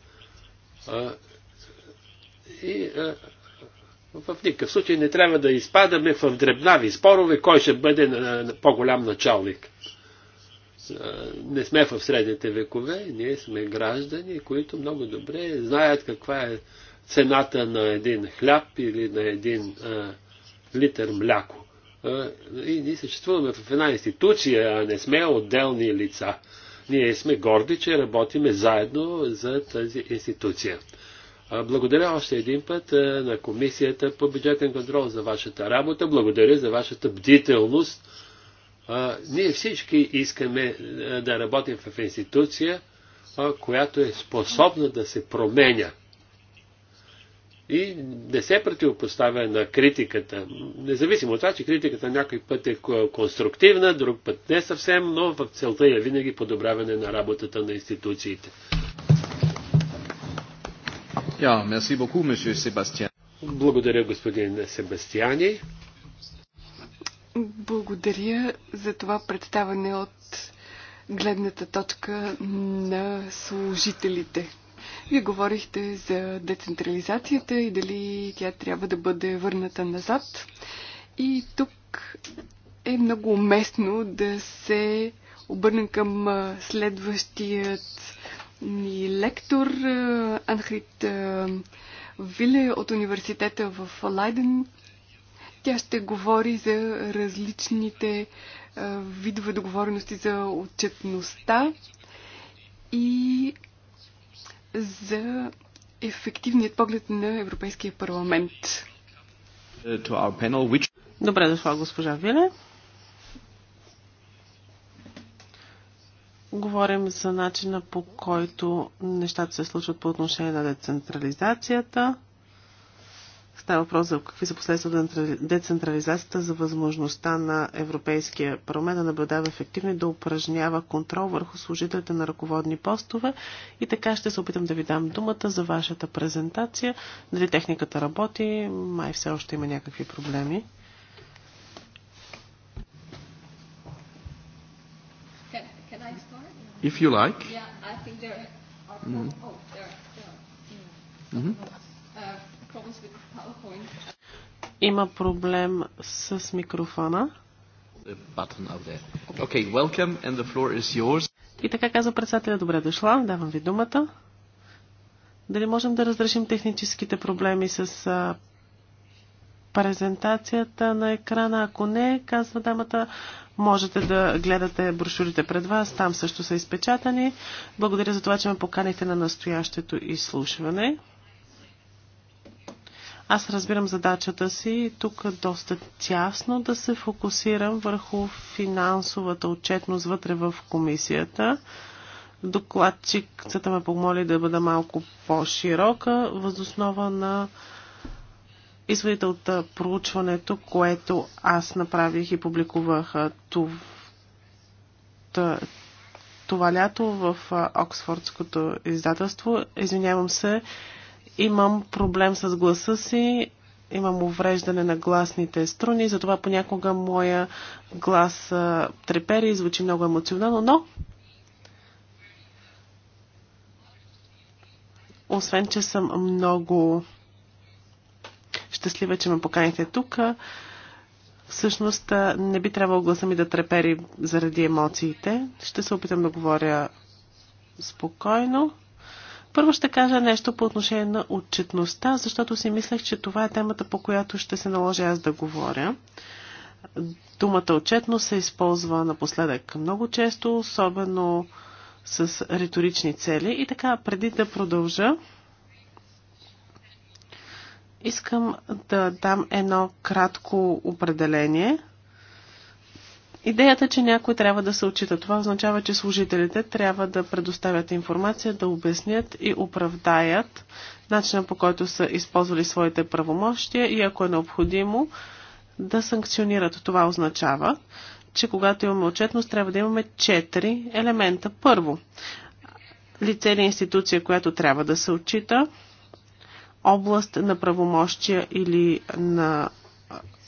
и в никакъв случай не трябва да изпадаме в дребнави спорове, кой ще бъде по-голям началник. Не сме в средните векове, ние сме граждани, които много добре знаят каква е цената на един хляб или на един а, литър мляко. А, и ние съществуваме в една институция, а не сме отделни лица. Ние сме горди, че работиме заедно за тази институция. Благодаря още един път на Комисията по бюджетен контрол за вашата работа. Благодаря за вашата бдителност. Ние всички искаме да работим в институция, която е способна да се променя и не се противопоставя на критиката. Независимо от това, че критиката някой път е конструктивна, друг път не съвсем, но в целта е винаги подобряване на работата на институциите. merci beaucoup, monsieur Sébastien. Благодаря, господин Себастиани. Благодаря за това представане от гледната точка на служителите. Вие говорихте за децентрализацията и дали тя трябва да бъде върната назад. И тук е много уместно да се обърнем към следващият ни лектор Анхрит Виле от университета в Лайден. Тя ще говори за различните видове договорености за отчетността и за ефективният поглед на Европейския парламент. Panel, which... Добре дошла, госпожа Виле. Говорим за начина по който нещата се случват по отношение на децентрализацията. Става въпрос за какви са последствията на децентрализацията за възможността на Европейския парламент да наблюдава ефективно и да упражнява контрол върху служителите на ръководни постове. И така ще се опитам да ви дам думата за вашата презентация. Дали техниката работи, май все още има някакви проблеми. If you like. Yeah, I think there are. Mm-hmm. Oh, there, there. Mm-hmm. Има проблем с микрофона. Okay, welcome and the floor is yours. И така казва председателя, добре дошла, давам ви думата. Дали можем да разрешим техническите проблеми с а, презентацията на екрана? Ако не, казва дамата, можете да гледате брошурите пред вас, там също са изпечатани. Благодаря за това, че ме поканихте на настоящето изслушване. Аз разбирам задачата си тук доста тясно да се фокусирам върху финансовата отчетност вътре в комисията. Докладчикцата ме помоли да бъда малко по-широка, възоснова на изводите от проучването, което аз направих и публикувах това, това лято в Оксфордското издателство. Извинявам се, Имам проблем с гласа си, имам увреждане на гласните струни, затова понякога моя глас трепери и звучи много емоционално, но освен, че съм много щастлива, че ме поканите тук, всъщност не би трябвало гласа ми да трепери заради емоциите. Ще се опитам да говоря спокойно. Първо ще кажа нещо по отношение на отчетността, защото си мислех, че това е темата, по която ще се наложи аз да говоря. Думата отчетност се използва напоследък много често, особено с риторични цели. И така, преди да продължа, искам да дам едно кратко определение – Идеята, е, че някой трябва да се отчита, това означава, че служителите трябва да предоставят информация, да обяснят и оправдаят начина по който са използвали своите правомощия и ако е необходимо да санкционират. Това означава, че когато имаме отчетност, трябва да имаме четири елемента. Първо, лице или институция, която трябва да се отчита, област на правомощия или на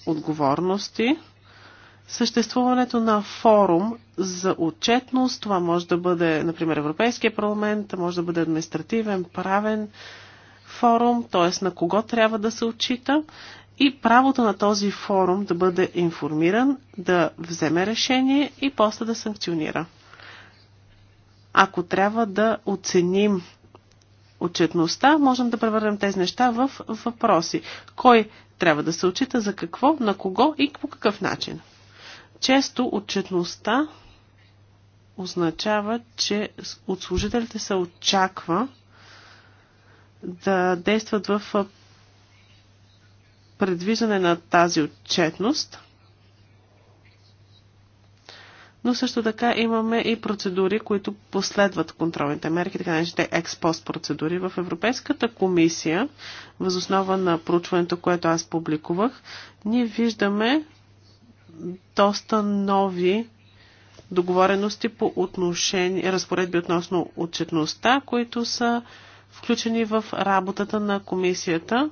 отговорности – Съществуването на форум за отчетност, това може да бъде, например, Европейския парламент, може да бъде административен, правен форум, т.е. на кого трябва да се отчита и правото на този форум да бъде информиран, да вземе решение и после да санкционира. Ако трябва да оценим отчетността, можем да превърнем тези неща в въпроси. Кой трябва да се отчита за какво, на кого и по какъв начин? Често отчетността означава, че от служителите се очаква да действат в предвиждане на тази отчетност. Но също така имаме и процедури, които последват контролните мерки, така наречените експост процедури. В Европейската комисия, възоснова на проучването, което аз публикувах, ние виждаме доста нови договорености по отношение, разпоредби относно отчетността, които са включени в работата на комисията.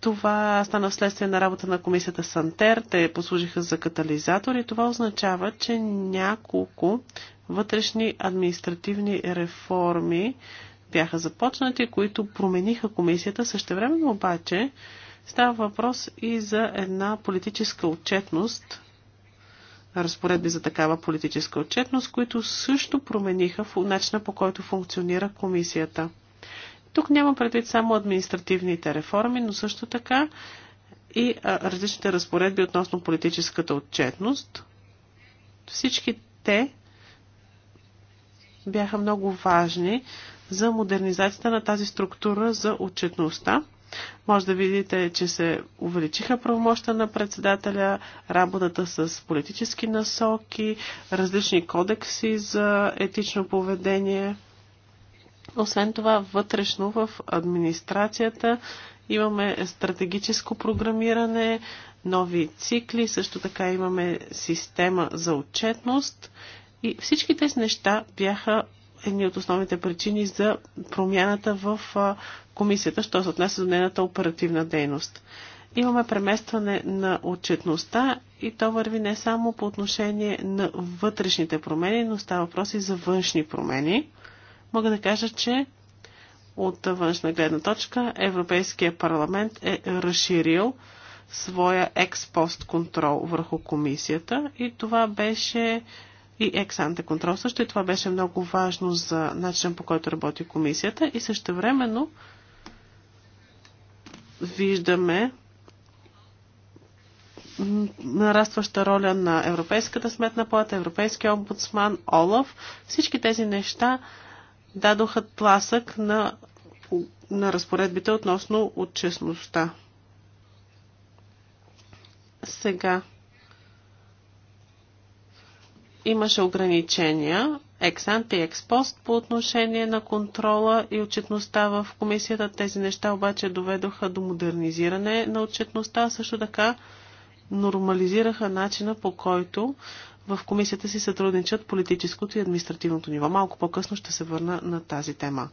Това стана вследствие на работа на комисията Сантер. Те послужиха за катализатор и това означава, че няколко вътрешни административни реформи бяха започнати, които промениха комисията. Същевременно обаче Става въпрос и за една политическа отчетност, разпоредби за такава политическа отчетност, които също промениха в начина по който функционира комисията. Тук няма предвид само административните реформи, но също така и различните разпоредби относно политическата отчетност. Всички те бяха много важни за модернизацията на тази структура за отчетността може да видите, че се увеличиха правомощта на председателя, работата с политически насоки, различни кодекси за етично поведение. Освен това, вътрешно в администрацията имаме стратегическо програмиране, нови цикли, също така имаме система за отчетност. И всички тези неща бяха едни от основните причини за промяната в комисията, що се отнася до нейната оперативна дейност. Имаме преместване на отчетността и то върви не само по отношение на вътрешните промени, но става въпрос и за външни промени. Мога да кажа, че от външна гледна точка Европейския парламент е разширил своя експост контрол върху комисията и това беше и ексанте контрол. Също и това беше много важно за начинът по който работи комисията и също времено виждаме нарастваща роля на Европейската сметна плата, Европейския омбудсман, ОЛАФ. Всички тези неща дадоха тласък на, на разпоредбите относно от честността. Сега имаше ограничения ексант и експост по отношение на контрола и отчетността в комисията. Тези неща обаче доведоха до модернизиране на отчетността, също така нормализираха начина по който в комисията си сътрудничат политическото и административното ниво. Малко по-късно ще се върна на тази тема.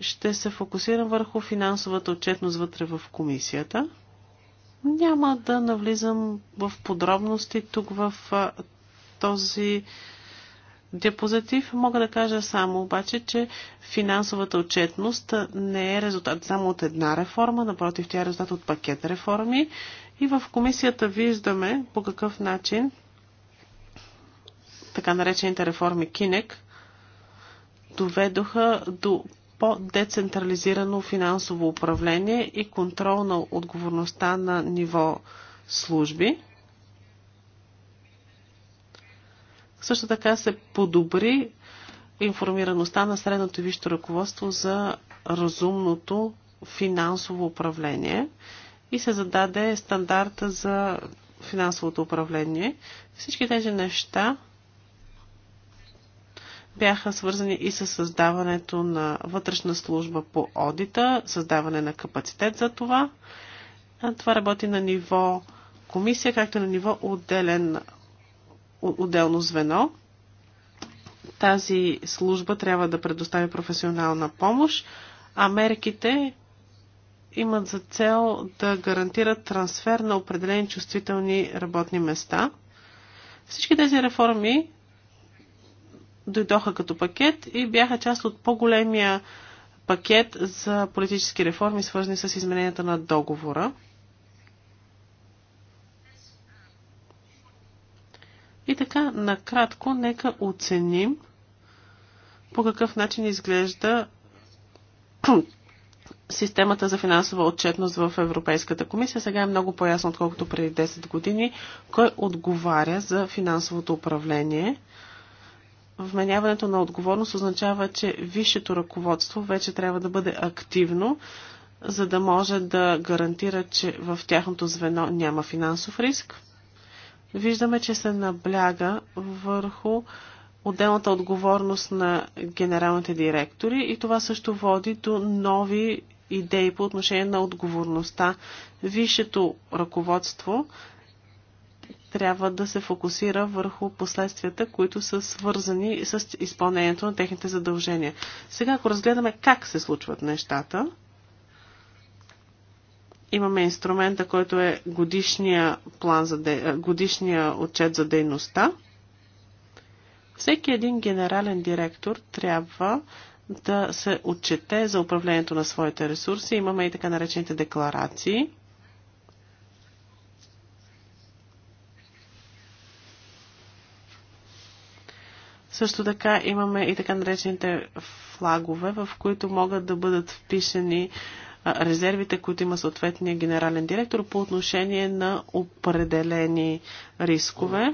Ще се фокусирам върху финансовата отчетност вътре в комисията – няма да навлизам в подробности тук в този Депозитив мога да кажа само обаче, че финансовата отчетност не е резултат само от една реформа, напротив, тя е резултат от пакет реформи. И в комисията виждаме по какъв начин така наречените реформи Кинек доведоха до по-децентрализирано финансово управление и контрол на отговорността на ниво служби. Също така се подобри информираността на средното и висшето ръководство за разумното финансово управление и се зададе стандарта за финансовото управление. Всички тези неща бяха свързани и с създаването на вътрешна служба по одита, създаване на капацитет за това. Това работи на ниво комисия, както на ниво отделен, отделно звено. Тази служба трябва да предостави професионална помощ, а мерките имат за цел да гарантират трансфер на определени чувствителни работни места. Всички тези реформи дойдоха като пакет и бяха част от по-големия пакет за политически реформи, свързани с измененията на договора. И така, накратко, нека оценим по какъв начин изглежда (clears throat) системата за финансова отчетност в Европейската комисия. Сега е много по-ясно, отколкото преди 10 години, кой отговаря за финансовото управление вменяването на отговорност означава, че висшето ръководство вече трябва да бъде активно, за да може да гарантира, че в тяхното звено няма финансов риск. Виждаме, че се набляга върху отделната отговорност на генералните директори и това също води до нови идеи по отношение на отговорността. Висшето ръководство трябва да се фокусира върху последствията, които са свързани с изпълнението на техните задължения. Сега, ако разгледаме как се случват нещата, имаме инструмента, който е годишния, план за де... годишния отчет за дейността. Всеки един генерален директор трябва да се отчете за управлението на своите ресурси. Имаме и така наречените декларации – Също така имаме и така наречените флагове, в които могат да бъдат впишени резервите, които има съответния генерален директор по отношение на определени рискове.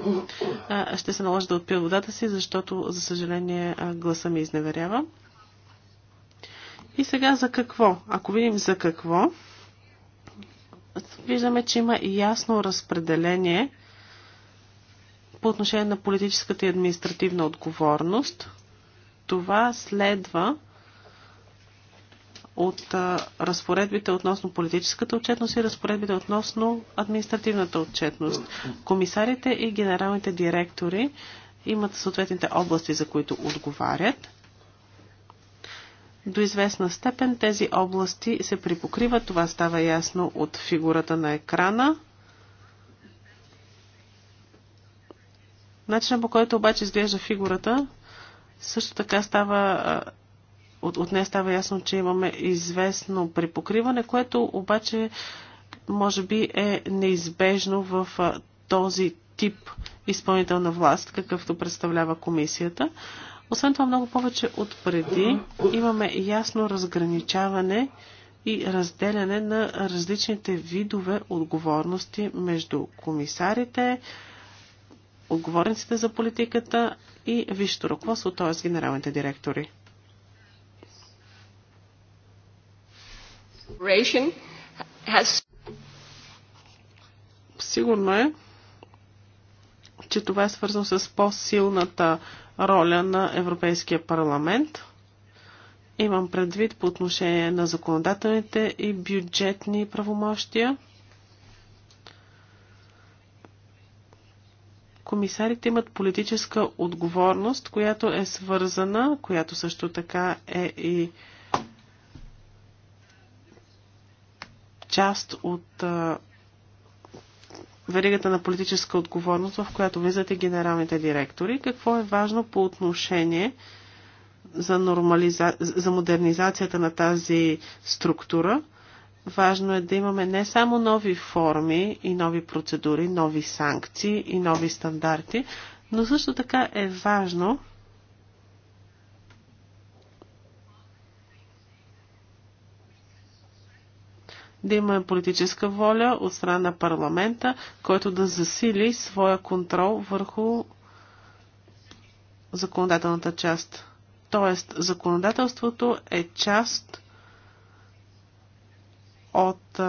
Ще се наложи да отпия водата си, защото, за съжаление, гласа ми изневерява. И сега за какво? Ако видим за какво, виждаме, че има ясно разпределение – по отношение на политическата и административна отговорност. Това следва от а, разпоредбите относно политическата отчетност и разпоредбите относно административната отчетност. Комисарите и генералните директори имат съответните области, за които отговарят. До известна степен тези области се припокриват. Това става ясно от фигурата на екрана. Начинът по който обаче изглежда фигурата, също така става, от, от нея става ясно, че имаме известно припокриване, което обаче може би е неизбежно в този тип изпълнителна власт, какъвто представлява комисията. Освен това, много повече от преди имаме ясно разграничаване и разделяне на различните видове отговорности между комисарите, отговорниците за политиката и висшето ръководство, т.е. генералните директори. Сигурно е, че това е свързано с по-силната роля на Европейския парламент. Имам предвид по отношение на законодателните и бюджетни правомощия. комисарите имат политическа отговорност, която е свързана, която също така е и част от а, веригата на политическа отговорност, в която влизат и генералните директори. Какво е важно по отношение за, нормализа... за модернизацията на тази структура? Важно е да имаме не само нови форми и нови процедури, нови санкции и нови стандарти, но също така е важно да има политическа воля от страна на парламента, който да засили своя контрол върху законодателната част. Тоест, законодателството е част от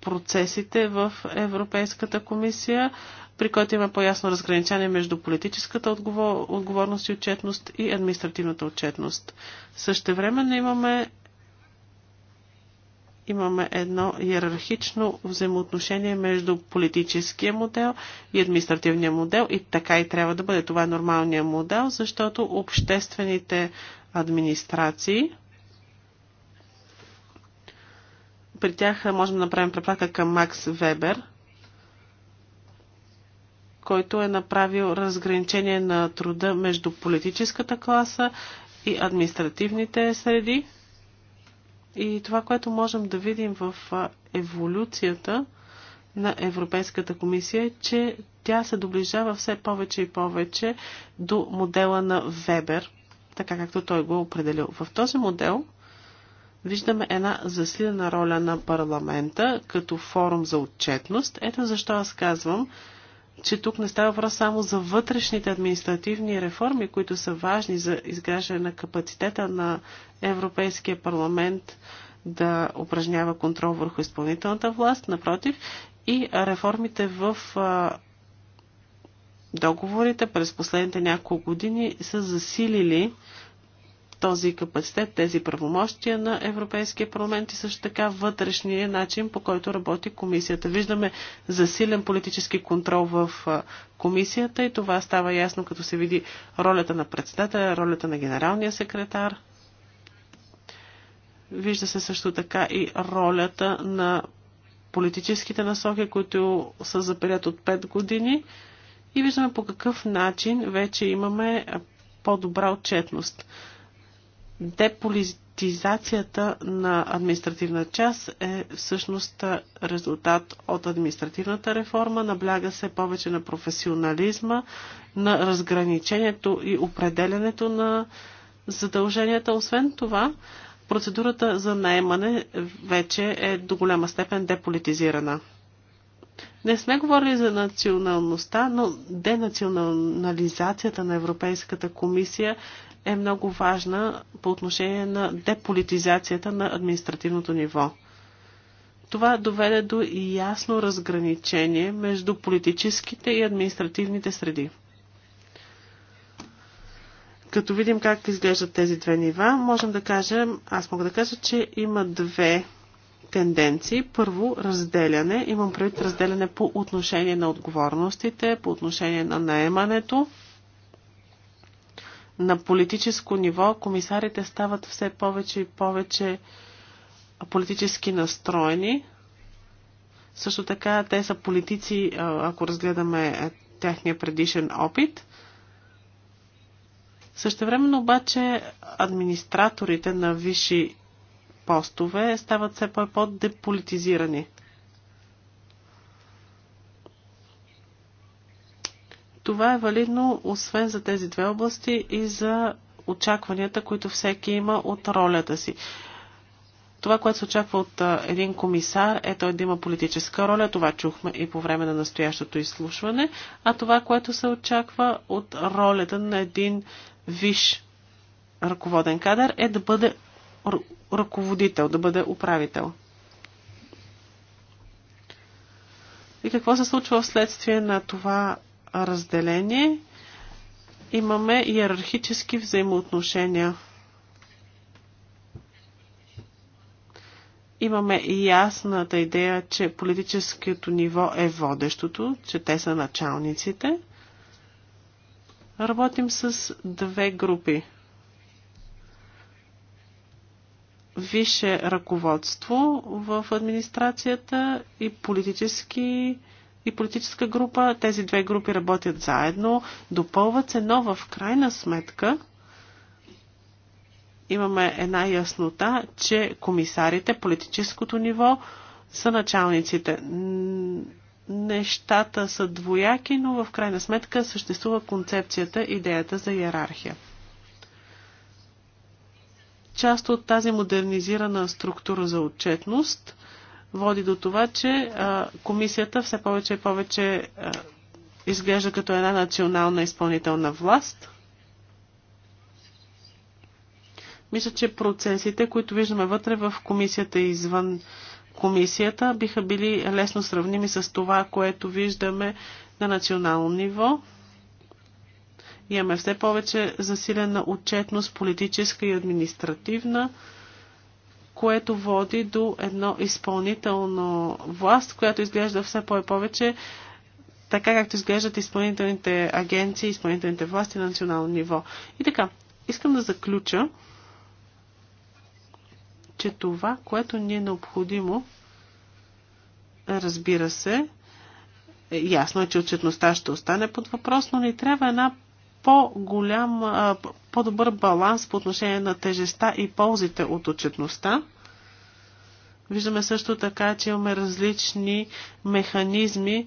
процесите в Европейската комисия, при който има по-ясно разграничение между политическата отговор... отговорност и отчетност и административната отчетност. време имаме имаме едно иерархично взаимоотношение между политическия модел и административния модел и така и трябва да бъде. Това е нормалния модел, защото обществените администрации при тях можем да направим препратка към Макс Вебер, който е направил разграничение на труда между политическата класа и административните среди. И това, което можем да видим в еволюцията на Европейската комисия е, че тя се доближава все повече и повече до модела на Вебер, така както той го е определил. В този модел виждаме една засилена роля на парламента като форум за отчетност. Ето защо аз казвам, че тук не става въпрос само за вътрешните административни реформи, които са важни за изграждане на капацитета на Европейския парламент да упражнява контрол върху изпълнителната власт, напротив, и реформите в договорите през последните няколко години са засилили този капацитет, тези правомощия на Европейския парламент и също така вътрешния начин, по който работи комисията. Виждаме засилен политически контрол в комисията и това става ясно, като се види ролята на председателя, ролята на генералния секретар. Вижда се също така и ролята на политическите насоки, които са за период от 5 години. И виждаме по какъв начин вече имаме по-добра отчетност. Деполитизацията на административна част е всъщност резултат от административната реформа. Набляга се повече на професионализма, на разграничението и определенето на задълженията. Освен това, процедурата за наемане вече е до голяма степен деполитизирана. Не сме говорили за националността, но денационализацията на Европейската комисия е много важна по отношение на деполитизацията на административното ниво. Това доведе до ясно разграничение между политическите и административните среди. Като видим как изглеждат тези две нива, можем да кажем, аз мога да кажа, че има две тенденции. Първо, разделяне. Имам предвид разделяне по отношение на отговорностите, по отношение на наемането на политическо ниво комисарите стават все повече и повече политически настроени. Също така те са политици, ако разгледаме е, тяхния предишен опит. Същевременно обаче администраторите на висши постове стават все по-деполитизирани. Това е валидно освен за тези две области и за очакванията, които всеки има от ролята си. Това, което се очаква от един комисар, е той да има политическа роля. Това чухме и по време на настоящото изслушване. А това, което се очаква от ролята на един виш ръководен кадър, е да бъде ръководител, да бъде управител. И какво се случва вследствие на това разделение, имаме иерархически взаимоотношения. Имаме ясната идея, че политическото ниво е водещото, че те са началниците. Работим с две групи. Више ръководство в администрацията и политически и политическа група. Тези две групи работят заедно, допълват се, но в крайна сметка имаме една яснота, че комисарите, политическото ниво са началниците. Нещата са двояки, но в крайна сметка съществува концепцията, идеята за иерархия. Част от тази модернизирана структура за отчетност води до това, че а, комисията все повече и повече а, изглежда като една национална изпълнителна власт. Мисля, че процесите, които виждаме вътре в комисията и извън комисията, биха били лесно сравними с това, което виждаме на национално ниво. Имаме все повече засилена отчетност, политическа и административна което води до едно изпълнително власт, която изглежда все по- и повече така както изглеждат изпълнителните агенции, изпълнителните власти на национално ниво. И така, искам да заключа, че това, което ни е необходимо, разбира се, е ясно е, че отчетността ще остане под въпрос, но ни трябва една по-голям, по-добър баланс по отношение на тежеста и ползите от отчетността. Виждаме също така, че имаме различни механизми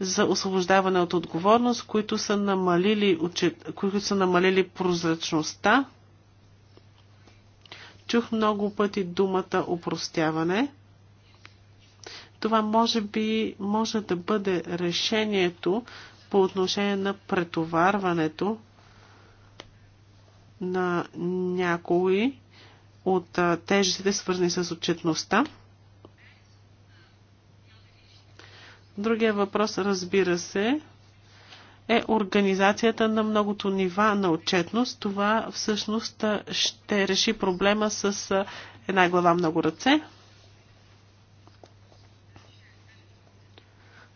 за освобождаване от отговорност, които са намалили, които са намалили прозрачността. Чух много пъти думата опростяване. Това може би може да бъде решението по отношение на претоварването на някои от тежестите, свързани с отчетността. Другия въпрос, разбира се, е организацията на многото нива на отчетност. Това всъщност ще реши проблема с една глава много ръце.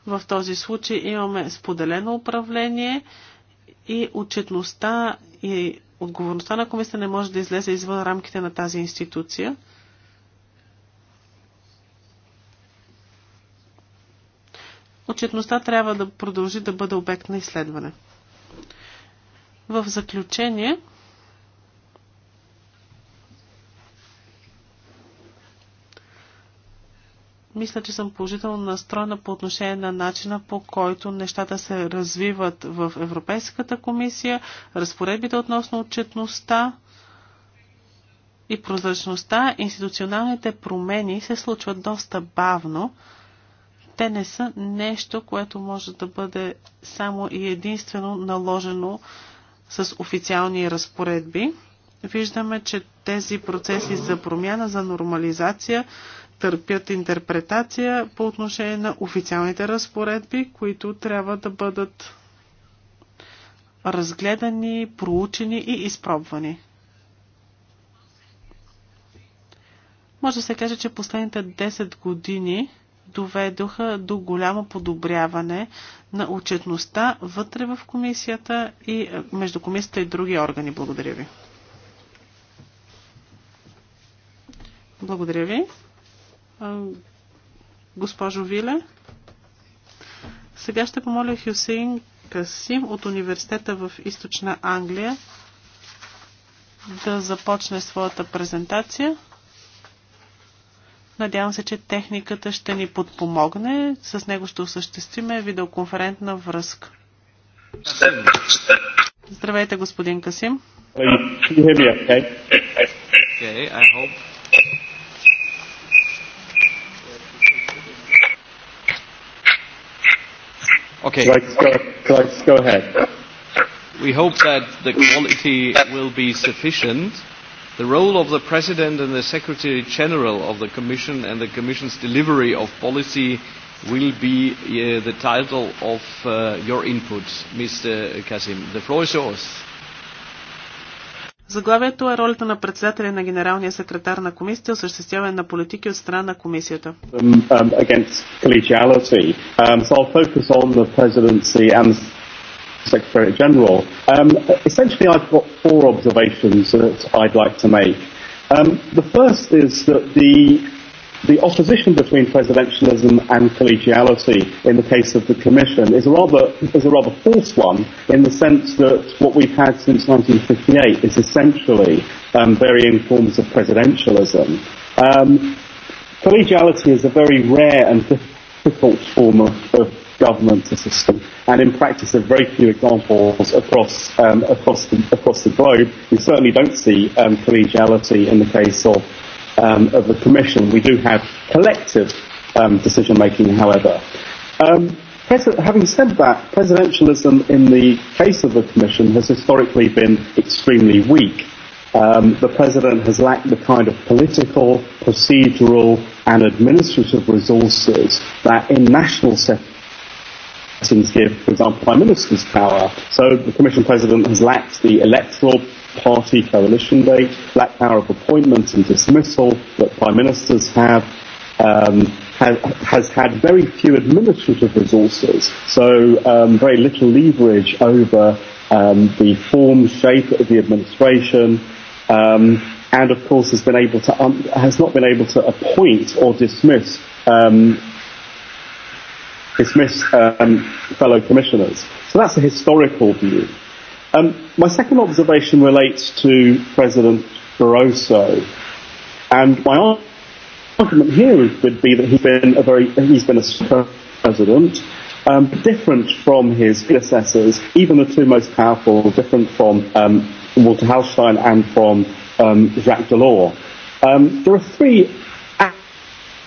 В този случай имаме споделено управление и отчетността и отговорността на комисията не може да излезе извън рамките на тази институция. Отчетността трябва да продължи да бъде обект на изследване. В заключение, Мисля, че съм положително настроена по отношение на начина по който нещата се развиват в Европейската комисия, разпоредбите относно отчетността и прозрачността. Институционалните промени се случват доста бавно. Те не са нещо, което може да бъде само и единствено наложено с официални разпоредби. Виждаме, че тези процеси за промяна, за нормализация търпят интерпретация по отношение на официалните разпоредби, които трябва да бъдат разгледани, проучени и изпробвани. Може да се каже, че последните 10 години доведоха до голямо подобряване на отчетността вътре в комисията и е, между комисията и други органи. Благодаря ви. Благодаря ви. Госпожо Виле, сега ще помоля Хюсейн Касим от университета в Източна Англия да започне своята презентация. Надявам се, че техниката ще ни подпомогне. С него ще осъществиме видеоконферентна връзка. Здравейте, господин Касим. Okay, I hope. Okay. Let's go, let's go ahead. We hope that the quality will be sufficient. The role of the President and the Secretary General of the Commission and the Commission's delivery of policy will be uh, the title of uh, your input, Mr. Kasim. The floor is yours. Заглавието е ролята на председателя на генералния секретар на комисията и осъществяване на политики от страна на комисията. Um, um, um, secretary General. Um, essentially, I've got four observations that I'd like to make. Um, the first is that the the opposition between presidentialism and collegiality in the case of the Commission is a rather, is a rather false one in the sense that what we've had since 1958 is essentially um, varying forms of presidentialism. Um, collegiality is a very rare and difficult form of, of government system, and in practice, there are very few examples across um, across the across the globe. We certainly don't see um, collegiality in the case of um, of the Commission. We do have collective um, decision making, however. Um, having said that, presidentialism in the case of the Commission has historically been extremely weak. Um, the President has lacked the kind of political, procedural and administrative resources that in national settings give, for example, Prime Minister's power. So the Commission President has lacked the electoral Party Coalition Day, Black Power of appointment and dismissal that prime ministers have, um, has, has had very few administrative resources, so um, very little leverage over um, the form, shape of the administration, um, and of course has been able to um, has not been able to appoint or dismiss um, dismiss um, fellow commissioners. So that's a historical view. Um, my second observation relates to President Barroso, and my argument here would be that he's been a very he's been a president, um, different from his predecessors, even the two most powerful, different from um, Walter Hallstein and from um, Jacques Delors. Um, there are three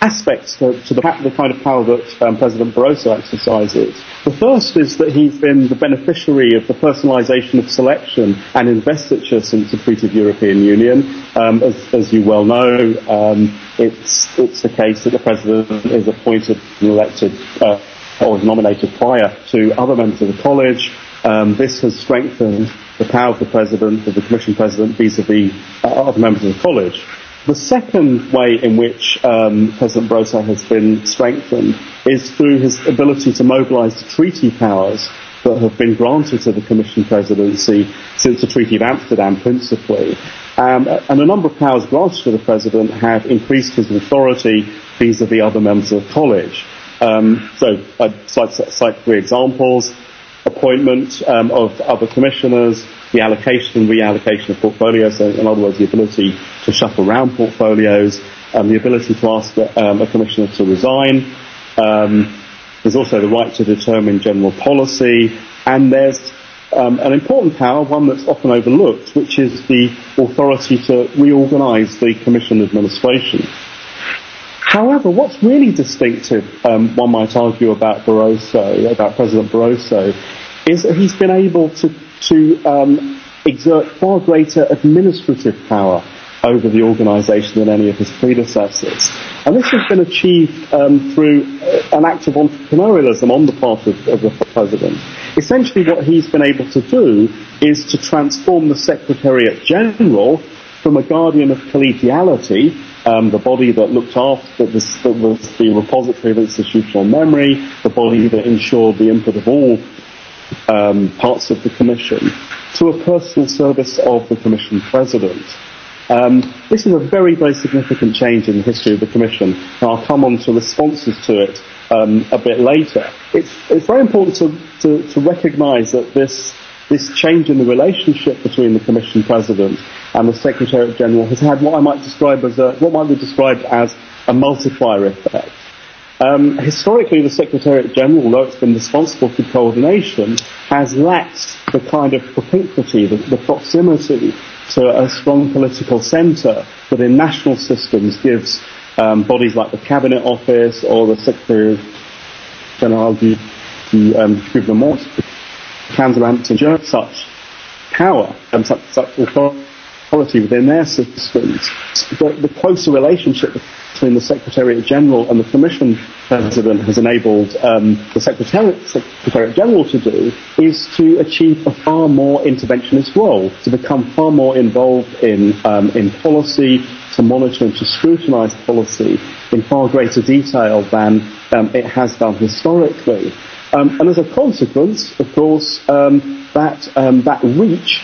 aspects to, to the, the kind of power that um, President Barroso exercises. The first is that he's been the beneficiary of the personalisation of selection and investiture since the Treaty of European Union. Um, as, as you well know, um, it's, it's the case that the President is appointed and elected uh, or is nominated prior to other members of the College. Um, this has strengthened the power of the President, of the Commission President, vis-à-vis -vis, uh, other members of the College. The second way in which um, President Brosa has been strengthened is through his ability to mobilise the treaty powers that have been granted to the Commission presidency since the Treaty of Amsterdam, principally. Um, and a number of powers granted to the president have increased his authority vis-à-vis other members of college. Um, so I'd cite, cite three examples: appointment um, of other commissioners, the allocation and reallocation of portfolios, so in other words, the ability to shuffle around portfolios, um, the ability to ask um, a commissioner to resign. Um, there's also the right to determine general policy, and there's um, an important power, one that's often overlooked, which is the authority to reorganise the commission administration. However, what's really distinctive, um, one might argue, about Barroso, about President Barroso, is that he's been able to to um, exert far greater administrative power over the organisation than any of his predecessors. And this has been achieved um, through an act of entrepreneurialism on the part of, of the president. Essentially, what he's been able to do is to transform the Secretariat General from a guardian of collegiality, um, the body that looked after that was that was the repository of institutional memory, the body that ensured the input of all um, parts of the Commission to a personal service of the Commission President. Um, this is a very, very significant change in the history of the Commission, and I'll come on to responses to it um, a bit later. It's, it's very important to, to, to recognise that this, this change in the relationship between the Commission President and the Secretary General has had what I might describe as a, what might be described as a multiplier effect Um, historically, the Secretariat General, though it's been responsible for coordination, has lacked the kind of propinquity, the, the proximity to a strong political centre that in national systems gives um, bodies like the Cabinet Office or the Secretary of General the du um, Gouvernement, Council and such power and such, such authority authority within their systems. The, the closer relationship between the Secretariat General and the Commission President has enabled um, the Secretariat, Secretariat General to do is to achieve a far more interventionist role, to become far more involved in, um, in policy, to monitor and to scrutinise policy in far greater detail than um, it has done historically. Um, and as a consequence, of course, um, that, um, that reach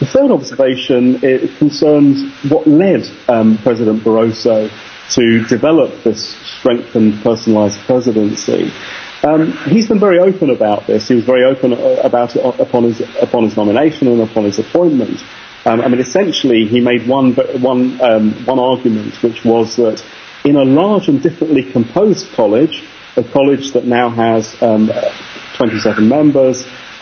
The third observation it concerns what led um, President Barroso to develop this strengthened personalised presidency. Um, he's been very open about this. He was very open about it upon his, upon his nomination and upon his appointment. Um, I mean, essentially, he made one, one, um, one argument, which was that in a large and differently composed college, a college that now has um, 27 members,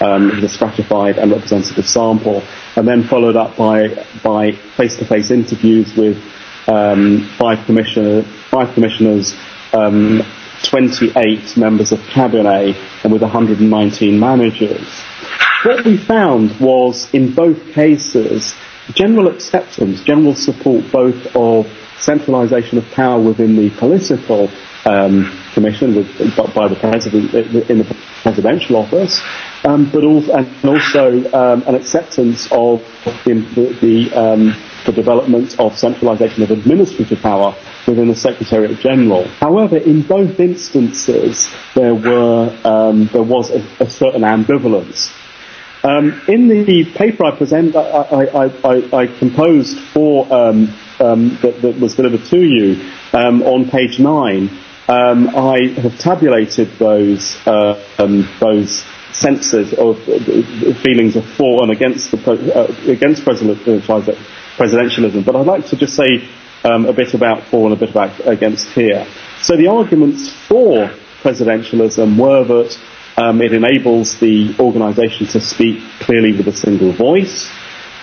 um, with a stratified and representative sample, and then followed up by by face-to-face interviews with um, five commissioner five commissioners, um, 28 members of cabinet, and with 119 managers. What we found was in both cases general acceptance, general support both of centralisation of power within the political um, commissioned by the president in the presidential office, um, but also, and also um, an acceptance of the, the, um, the development of centralisation of administrative power within the Secretariat General. However, in both instances, there were um, there was a, a certain ambivalence. Um, in the paper I present, I, I, I, I composed for um, um, that, that was delivered to you um, on page nine um, I have tabulated those uh, um, those senses of uh, feelings of for and against the pro- uh, against presidentialism. But I'd like to just say um, a bit about for and a bit about against here. So the arguments for presidentialism were that um, it enables the organisation to speak clearly with a single voice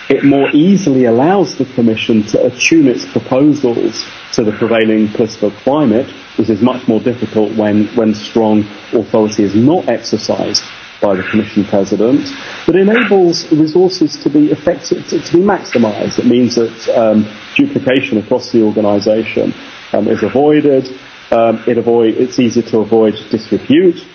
it more easily allows the Commission to attune its proposals to the prevailing political climate, which is much more difficult when, when strong authority is not exercised by the Commission President, but enables resources to be effective, to, to be maximised. It means that um, duplication across the organisation um, is avoided. Um, it avoid, it's easier to avoid disrepute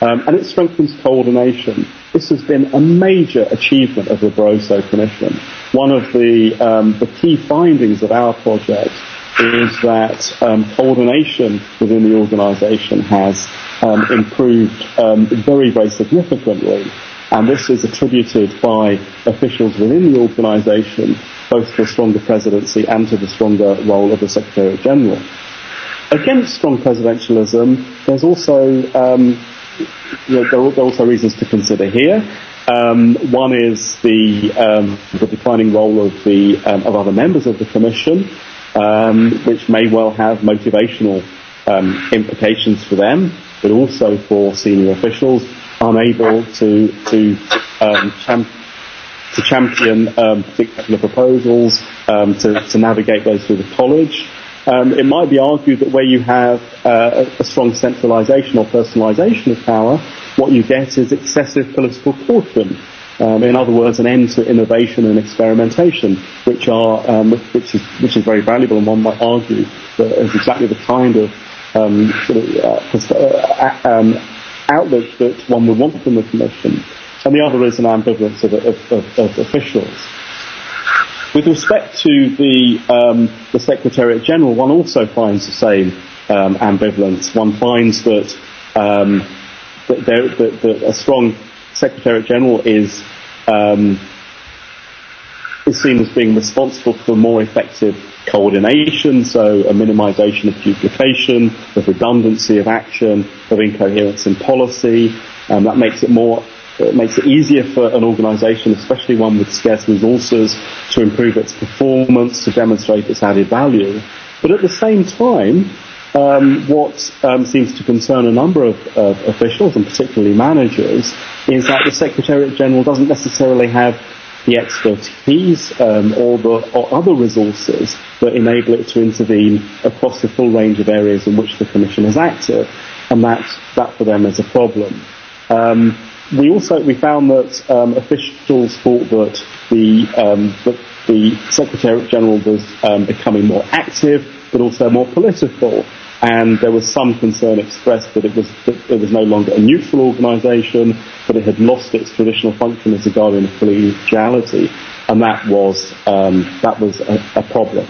um, and it strengthens coordination. This has been a major achievement of the Barroso Commission. One of the, um, the key findings of our project is that um, coordination within the organisation has um, improved um, very, very significantly. And this is attributed by officials within the organisation, both to a stronger presidency and to the stronger role of the Secretary General. Against strong presidentialism, there's also um, there are also reasons to consider here. Um, one is the, um, the declining role of, the, um, of other members of the Commission, um, which may well have motivational um, implications for them, but also for senior officials unable to, to, um, champ- to champion um, particular proposals, um, to, to navigate those through the college um, it might be argued that where you have uh, a strong centralisation or personalisation of power, what you get is excessive political caution. Um, in other words, an end to innovation and experimentation, which are um, which is which is very valuable, and one might argue that is exactly the kind of um, sort of uh, uh, um, outlook that one would want from the commission. And the other is an ambivalence of, of, of, of officials. With respect to the, um, the Secretariat General, one also finds the same um, ambivalence. One finds that, um, that, there, that, that a strong Secretariat General is, um, is seen as being responsible for more effective coordination, so a minimization of duplication, of redundancy of action, of incoherence in policy. Um, that makes it more It makes it easier for an organisation, especially one with scarce resources, to improve its performance, to demonstrate its added value. But at the same time, um, what um, seems to concern a number of, of officials, and particularly managers, is that the Secretariat General doesn't necessarily have the expertise um, or the or other resources that enable it to intervene across the full range of areas in which the Commission is active, and that that for them is a problem. Um, we also we found that um, officials thought that the um, that the Secretary General was um, becoming more active, but also more political. And there was some concern expressed that it was that it was no longer a neutral organisation, but it had lost its traditional function as a guardian of collegiality, and that was um, that was a, a problem.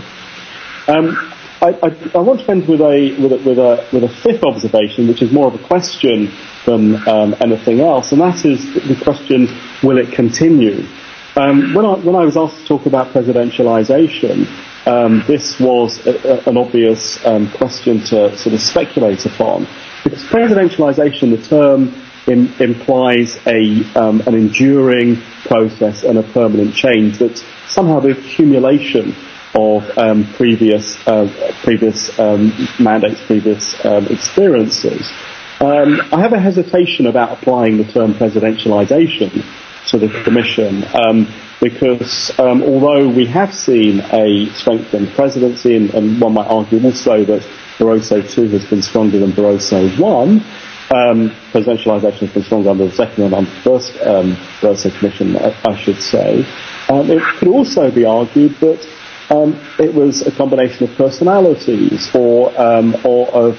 Um, I, I, I want to end with a, with a with a with a fifth observation, which is more of a question than um, anything else, and that is the question: Will it continue? Um, when, I, when I was asked to talk about presidentialization, um, this was a, a, an obvious um, question to sort of speculate upon, because presidentialization, the term, im- implies a, um, an enduring process and a permanent change that's somehow the accumulation of um, previous, uh, previous um, mandates, previous um, experiences. Um, I have a hesitation about applying the term presidentialisation to the Commission um, because um, although we have seen a strengthened presidency, and, and one might argue also that Barroso II has been stronger than Barroso I, um, presidentialisation has been stronger under the second and under the first um, Barroso Commission, I, I should say. Um, it could also be argued that um, it was a combination of personalities or um, or of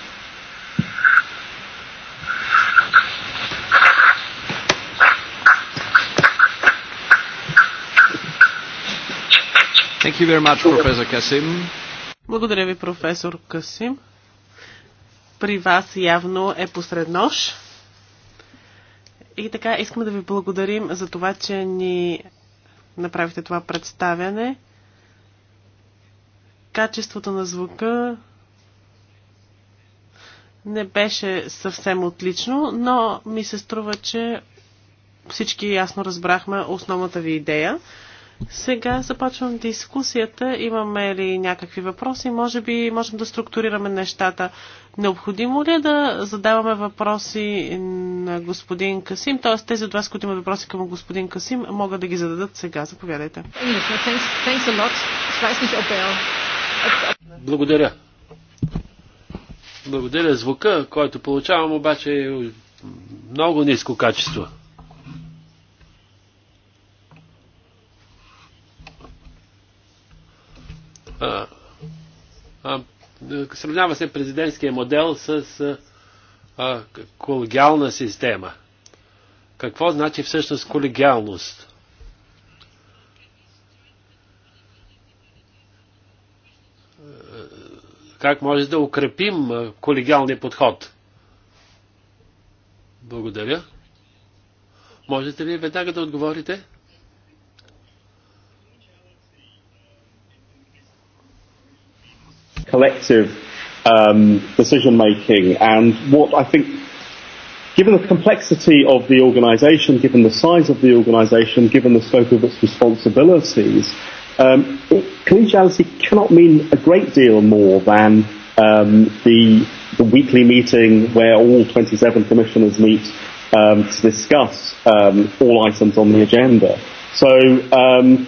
Thank you very much, Благодаря ви, професор Касим. При вас явно е посред нощ. И така, искам да ви благодарим за това, че ни направихте това представяне. Качеството на звука не беше съвсем отлично, но ми се струва, че всички ясно разбрахме основната ви идея. Сега започвам дискусията. Имаме ли някакви въпроси? Може би можем да структурираме нещата. Необходимо ли е да задаваме въпроси на господин Касим? Т.е. тези от вас, които имат въпроси към господин Касим, могат да ги зададат сега. Заповядайте. Благодаря. Благодаря. Звука, който получавам, обаче е много ниско качество. а, а, сравнява се президентския модел с а, колегиална система. Какво значи всъщност колегиалност? Как може да укрепим колегиалния подход? Благодаря. Можете ли веднага да отговорите? collective um, decision making and what I think, given the complexity of the organisation, given the size of the organisation, given the scope of its responsibilities, um, it, collegiality cannot mean a great deal more than um, the, the weekly meeting where all 27 commissioners meet um, to discuss um, all items on the agenda. So um,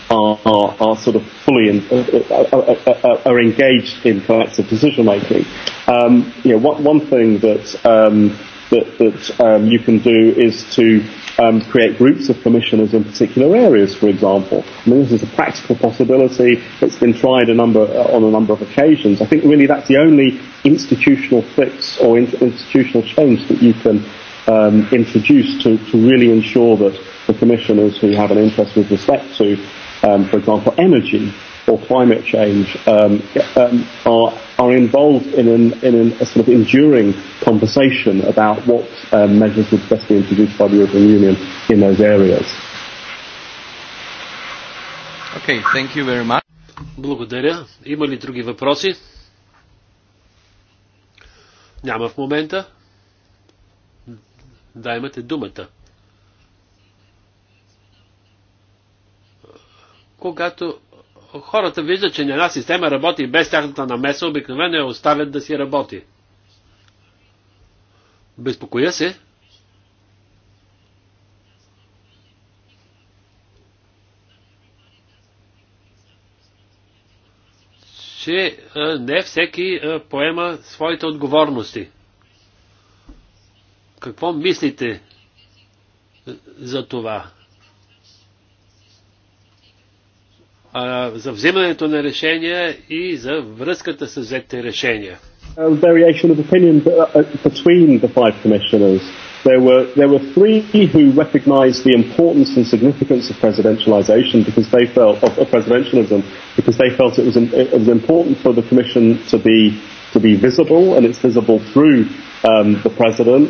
are, are, are sort of fully in, uh, are, are engaged in collective decision making. Um, you know, one, one thing that um, that, that um, you can do is to um, create groups of commissioners in particular areas, for example. I mean, this is a practical possibility that's been tried a number, on a number of occasions. I think really that's the only institutional fix or in- institutional change that you can um, introduce to, to really ensure that the commissioners who have an interest with respect to um, for example, energy or climate change um, um, are, are involved in, an, in an, a sort of enduring conversation about what um, measures would best be introduced by the European Union in those areas. Okay, thank you very much. Благодаря. Има ли други въпроси? Няма в момента. Да, имате думата. когато хората виждат, че една система работи без тяхната намеса, обикновено я оставят да си работи. Безпокоя се, че не всеки поема своите отговорности. Какво мислите за това? а, за взимането на решения и за връзката с взетите решения. variation of opinion between the five commissioners. There were, there were three who recognized the importance and significance of presidentialisation because they felt of, of presidentialism because they felt it was, it was important for the commission to be to be visible and it's visible through um, the president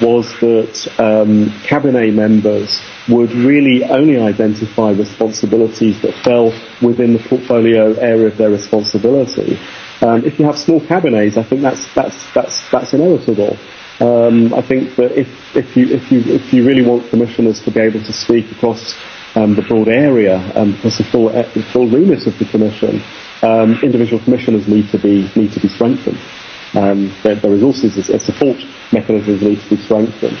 was that um, cabinet members would really only identify responsibilities that fell within the portfolio area of their responsibility. Um, if you have small cabinets, I think that's that's that's that's inevitable. Um, I think that if, if you if you if you really want commissioners to be able to speak across um, the broad area, um, across the full the full remit of the commission, um, individual commissioners need to be need to be strengthened um, their, their resources as, as support mechanisms need to be strengthened.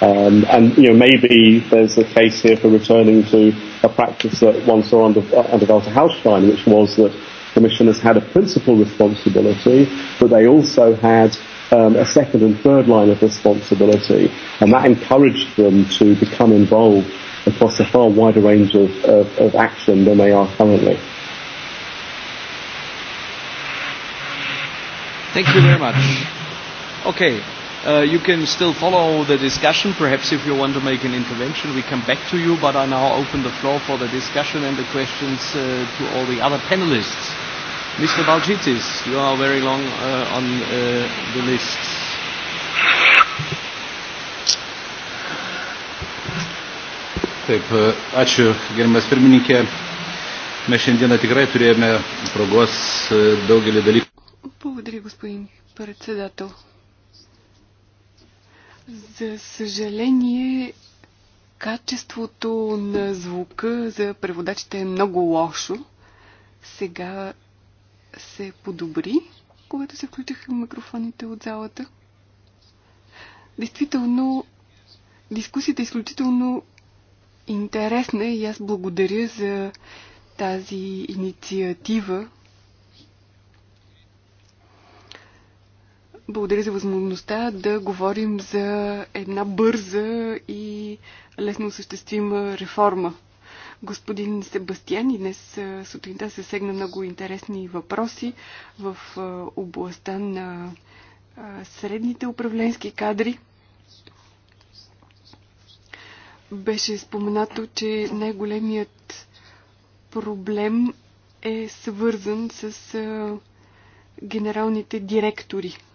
Um, and you know maybe there's a case here for returning to a practice that one saw under uh, under Walter Hausstein, which was that commissioners had a principal responsibility, but they also had um, a second and third line of responsibility, and that encouraged them to become involved across a far wider range of, of, of action than they are currently. Thank you very much. Okay. Uh, you can still follow the discussion. Perhaps if you want to make an intervention, we come back to you. But I now open the floor for the discussion and the questions uh, to all the other panelists. Mr. Balchitis, you are very long uh, on uh, the list. Taip, ačiū, gerbiamas pirmininkė. Mes šiandieną tikrai turėjome progos daugelį dalykų благодаря, господин председател. За съжаление, качеството на звука за преводачите е много лошо. Сега се подобри, когато се включиха микрофоните от залата. Действително, дискусията е изключително интересна и аз благодаря за тази инициатива Благодаря за възможността да говорим за една бърза и лесно осъществима реформа. Господин Себастиан и днес сутринта се сегна много интересни въпроси в областта на средните управленски кадри. Беше споменато, че най-големият проблем е свързан с генералните директори –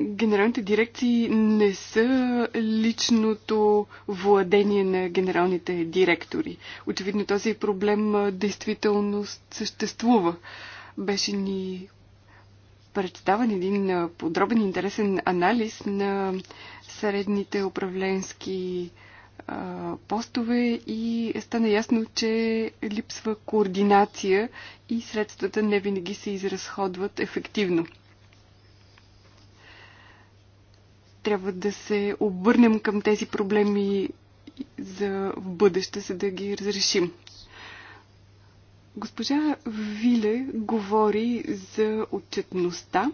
генералните дирекции не са личното владение на генералните директори. Очевидно този проблем действително съществува. Беше ни представен един подробен интересен анализ на средните управленски постове и стана ясно, че липсва координация и средствата не винаги се изразходват ефективно. трябва да се обърнем към тези проблеми за в бъдеще, за да ги разрешим. Госпожа Виле говори за отчетността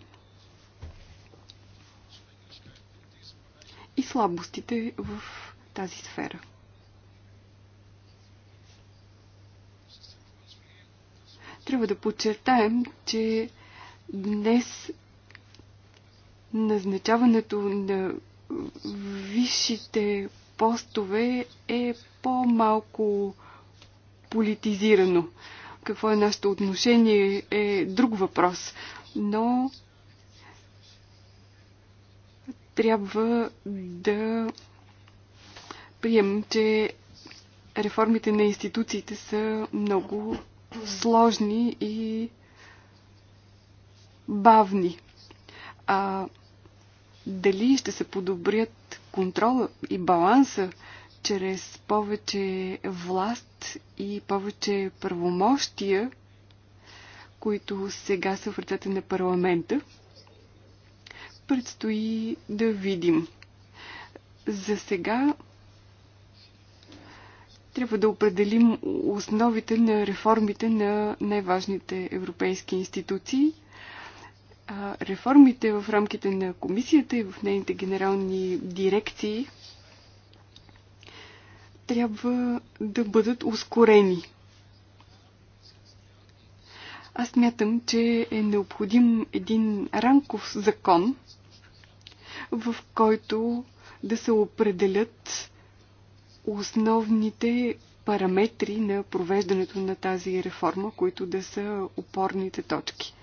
и слабостите в тази сфера. Трябва да подчертаем, че днес назначаването на висшите постове е по-малко политизирано. Какво е нашето отношение е друг въпрос, но трябва да приемем, че реформите на институциите са много сложни и бавни. А дали ще се подобрят контрола и баланса чрез повече власт и повече правомощия, които сега са в ръцете на парламента, предстои да видим. За сега трябва да определим основите на реформите на най-важните европейски институции – реформите в рамките на комисията и в нейните генерални дирекции трябва да бъдат ускорени. Аз мятам, че е необходим един ранков закон, в който да се определят основните параметри на провеждането на тази реформа, които да са опорните точки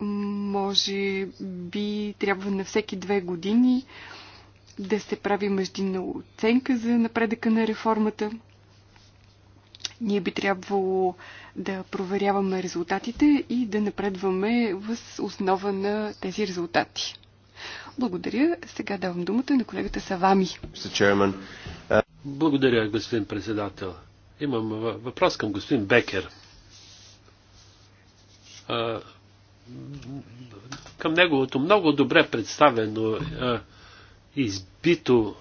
може би трябва на всеки две години да се прави междинна оценка за напредъка на реформата. Ние би трябвало да проверяваме резултатите и да напредваме в основа на тези резултати. Благодаря. Сега давам думата на колегата Савами. Uh, Благодаря, господин председател. Имам въпрос към господин Бекер към неговото много добре представено избито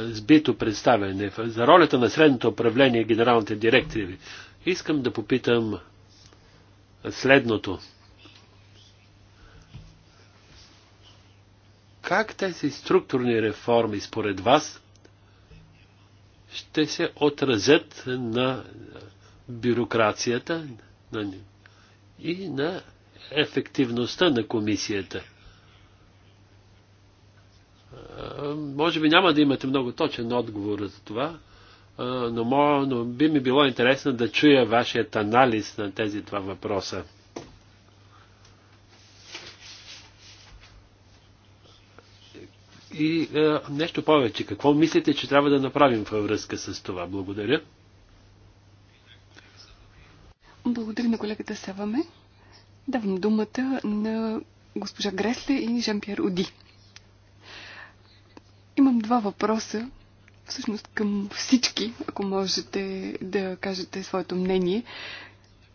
сбито представяне за ролята на средното управление генералните директори. Искам да попитам следното. Как тези структурни реформи според вас ще се отразят на бюрокрацията, на и на ефективността на комисията. Може би няма да имате много точен отговор за това, но, би ми било интересно да чуя вашият анализ на тези два въпроса. И е, нещо повече. Какво мислите, че трябва да направим във връзка с това? Благодаря. Благодаря на колегата Саваме. Давам думата на госпожа Гресле и Жан-Пьер Оди. Имам два въпроса, всъщност към всички, ако можете да кажете своето мнение.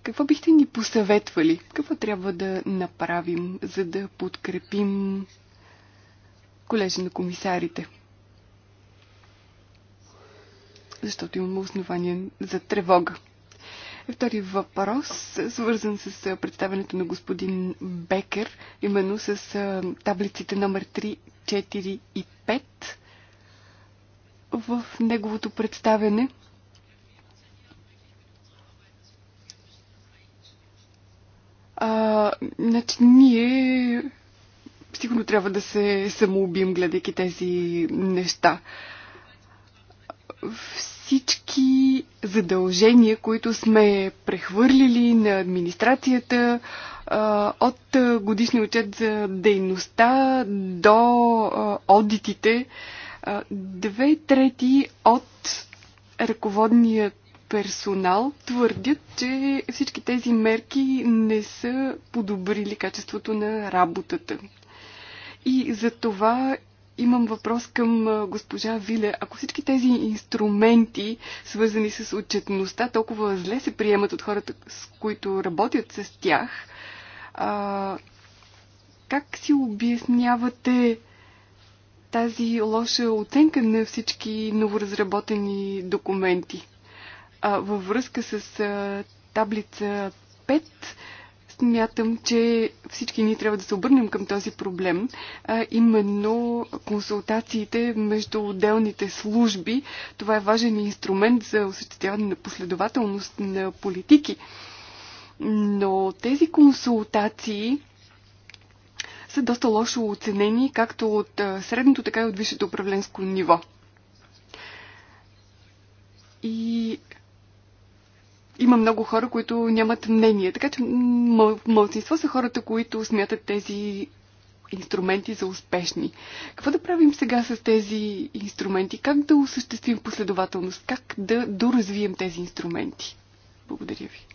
Какво бихте ни посъветвали? Какво трябва да направим, за да подкрепим колежи на комисарите? Защото имаме основание за тревога. Втори въпрос, свързан с представенето на господин Бекер, именно с таблиците номер 3, 4 и 5 в неговото представяне. А, значи ние сигурно трябва да се самоубием, гледайки тези неща всички задължения, които сме прехвърлили на администрацията от годишния отчет за дейността до одитите. Две трети от ръководния персонал твърдят, че всички тези мерки не са подобрили качеството на работата. И за това Имам въпрос към госпожа Виле. Ако всички тези инструменти, свързани с отчетността, толкова зле се приемат от хората, с които работят с тях, а, как си обяснявате тази лоша оценка на всички новоразработени документи? А, във връзка с а, таблица Смятам, че всички ние трябва да се обърнем към този проблем, а именно консултациите между отделните служби. Това е важен инструмент за осъществяване на последователност на политики. Но тези консултации са доста лошо оценени, както от средното, така и от висшето управленско ниво. И има много хора, които нямат мнение. Така че мълцинство са хората, които смятат тези инструменти за успешни. Какво да правим сега с тези инструменти? Как да осъществим последователност? Как да доразвием тези инструменти? Благодаря ви.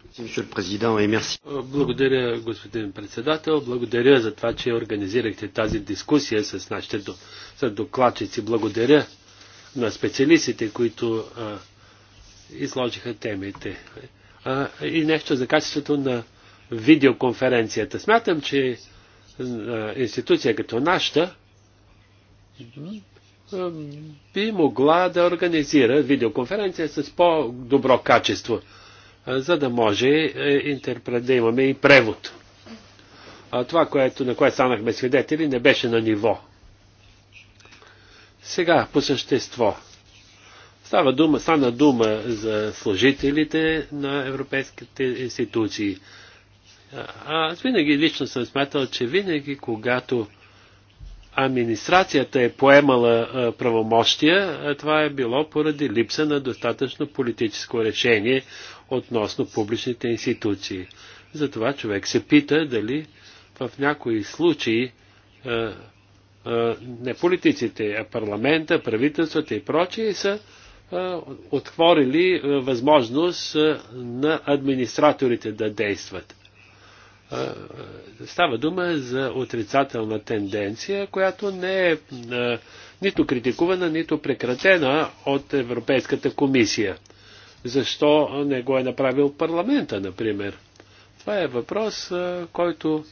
Благодаря, господин председател. Благодаря за това, че организирахте тази дискусия с нашите докладчици. Благодаря на специалистите, които а, изложиха темите. А, и нещо за качеството на видеоконференцията. Смятам, че институция като нашата би могла да организира видеоконференция с по-добро качество, за да може е, да имаме и превод. А това, което, на което станахме свидетели, не беше на ниво. Сега по същество. Става дума, стана дума за служителите на европейските институции. Аз винаги лично съм смятал, че винаги, когато администрацията е поемала а, правомощия, а това е било поради липса на достатъчно политическо решение относно публичните институции. Затова човек се пита дали в някои случаи а, не политиците, а парламента, правителствата и прочие са отворили възможност на администраторите да действат. Става дума за отрицателна тенденция, която не е нито критикувана, нито прекратена от Европейската комисия. Защо не го е направил парламента, например? Това е въпрос, който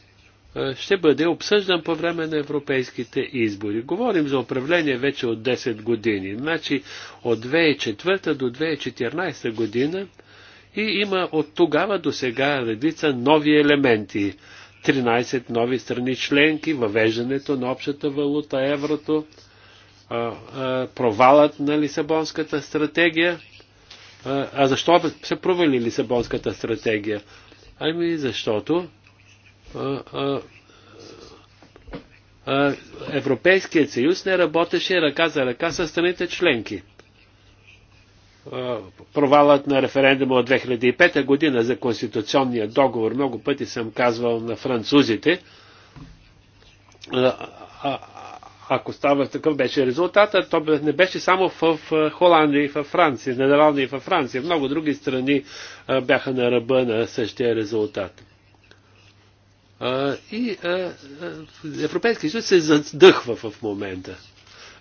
е, ще бъде обсъждан по време на европейските избори. Говорим за управление вече от 10 години. Значи от 2004 до 2014 година и има от тогава до сега редица нови елементи. 13 нови страни членки, въвеждането на общата валута, еврото, провалът на Лисабонската стратегия. А защо се провали Лисабонската стратегия? Ами защото Европейският съюз не работеше ръка за ръка с страните членки. Провалът на референдума от 2005 година за конституционния договор, много пъти съм казвал на французите, ако става такъв беше резултата, то не беше само в Холандия и в Франция, Нидерландия и в Франция. Много други страни бяха на ръба на същия резултат. И Европейския съюз се задъхва в момента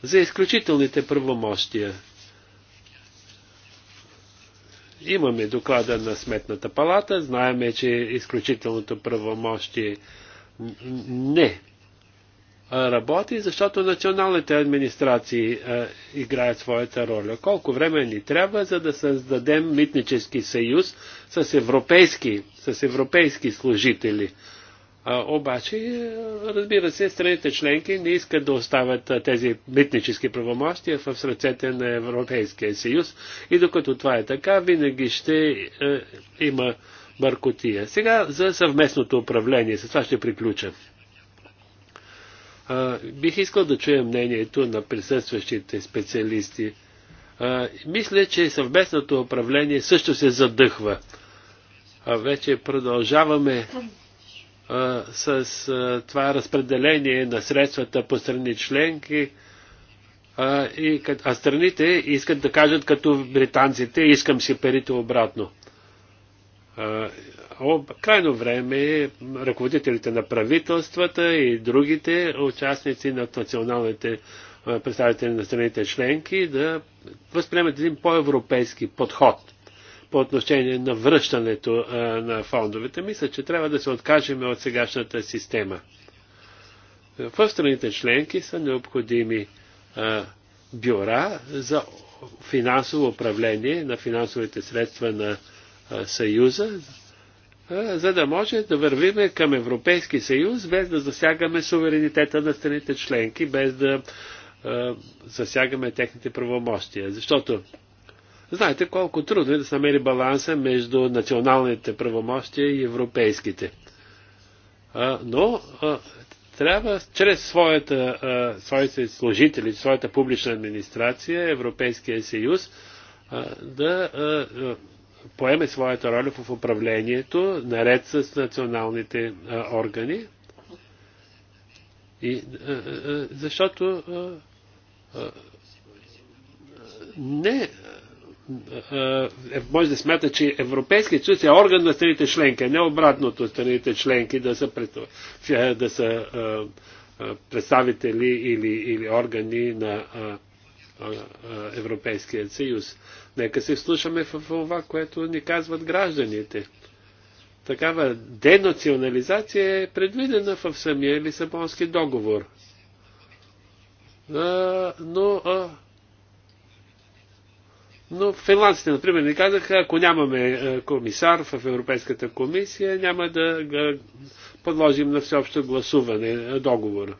за изключителните правомощия. Имаме доклада на Сметната палата, знаеме, че изключителното правомощие не работи, защото националните администрации а, играят своята роля. Колко време ни трябва, за да създадем митнически съюз с европейски, с европейски служители? Обаче, е, разбира се, страните членки не искат да оставят тези митнически правомощия в сръцете на Европейския съюз и докато това е така, винаги ще е, има бъркотия. Сега за съвместното управление, с това ще приключа. Бих искал да чуя мнението на присъстващите специалисти. Мисля, че съвместното управление също се задъхва. Вече продължаваме с това разпределение на средствата по страни членки, и, а страните искат да кажат като британците, искам си парите обратно. Крайно време е ръководителите на правителствата и другите участници на националните представители на страните членки да възприемат един по-европейски подход – по отношение на връщането а, на фондовете. Мисля, че трябва да се откажем от сегашната система. В страните членки са необходими а, бюра за финансово управление на финансовите средства на а, Съюза, а, за да може да вървиме към Европейски съюз, без да засягаме суверенитета на страните членки, без да а, засягаме техните правомощия. Защото Знаете колко трудно е да се намери баланса между националните правомощия и европейските. А, но а, трябва чрез своята, а, своите служители, своята публична администрация, Европейския съюз, а, да а, поеме своята роля в управлението, наред с националните а, органи. И, а, а, защото а, а, не е, е, може да смята, че Европейският съюз е орган на страните членки, а не обратното страните членки да са, пред, е, да са представители или, или органи на Европейския съюз. Нека се вслушаме в това, което ни казват гражданите. Такава денационализация е предвидена в самия Лисабонски договор. но но финландците, например, ни казаха, ако нямаме е, комисар в Европейската комисия, няма да е, подложим на всеобщо гласуване е, договора.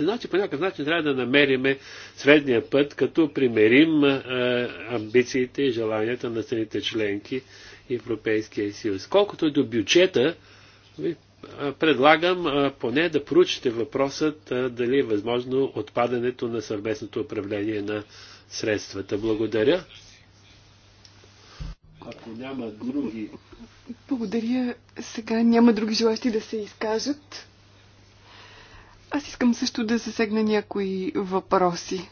Значи по някакъв начин трябва да намериме средния път, като примерим е, амбициите и желанията на страните членки и Европейския съюз. Колкото и до бюджета, ви предлагам е, поне да проучите въпросът е, дали е възможно отпадането на съвместното управление на средствата. Благодаря. Ако няма други. Благодаря. Сега няма други желащи да се изкажат. Аз искам също да засегна някои въпроси.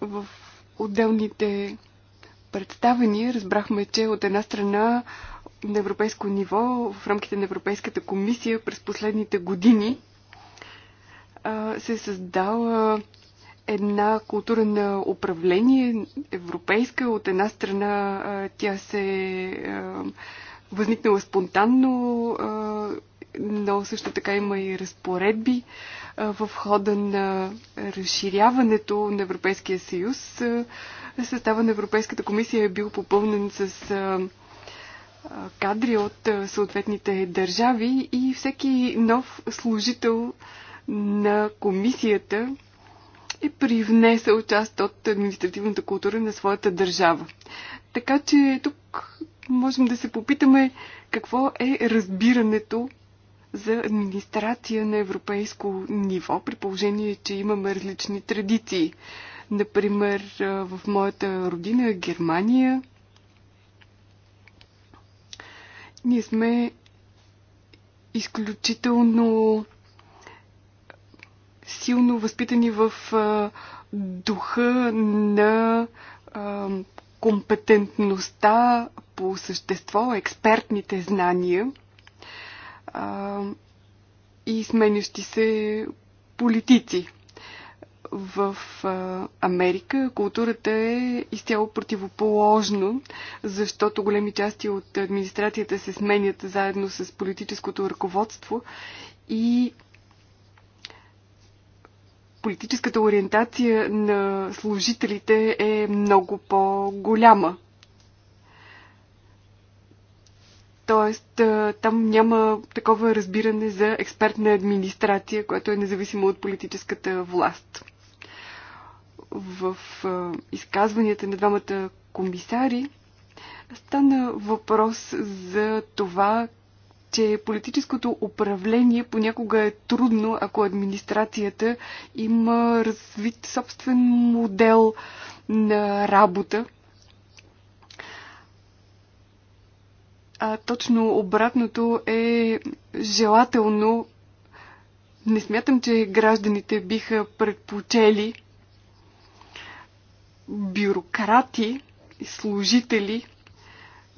В отделните представения разбрахме, че от една страна на европейско ниво, в рамките на Европейската комисия през последните години се е създала една култура на управление, европейска. От една страна тя се възникнала спонтанно, но също така има и разпоредби в хода на разширяването на Европейския съюз. Състава на Европейската комисия е бил попълнен с кадри от съответните държави и всеки нов служител на комисията и привнесе част от административната култура на своята държава. Така че тук можем да се попитаме какво е разбирането за администрация на европейско ниво, при положение, че имаме различни традиции. Например, в моята родина Германия ние сме изключително силно възпитани в духа на компетентността по същество, експертните знания и сменящи се политици. В Америка културата е изцяло противоположно, защото големи части от администрацията се сменят заедно с политическото ръководство и политическата ориентация на служителите е много по-голяма. Тоест, там няма такова разбиране за експертна администрация, която е независима от политическата власт. В изказванията на двамата комисари стана въпрос за това че политическото управление понякога е трудно, ако администрацията има развит собствен модел на работа. А точно обратното е желателно. Не смятам, че гражданите биха предпочели бюрократи и служители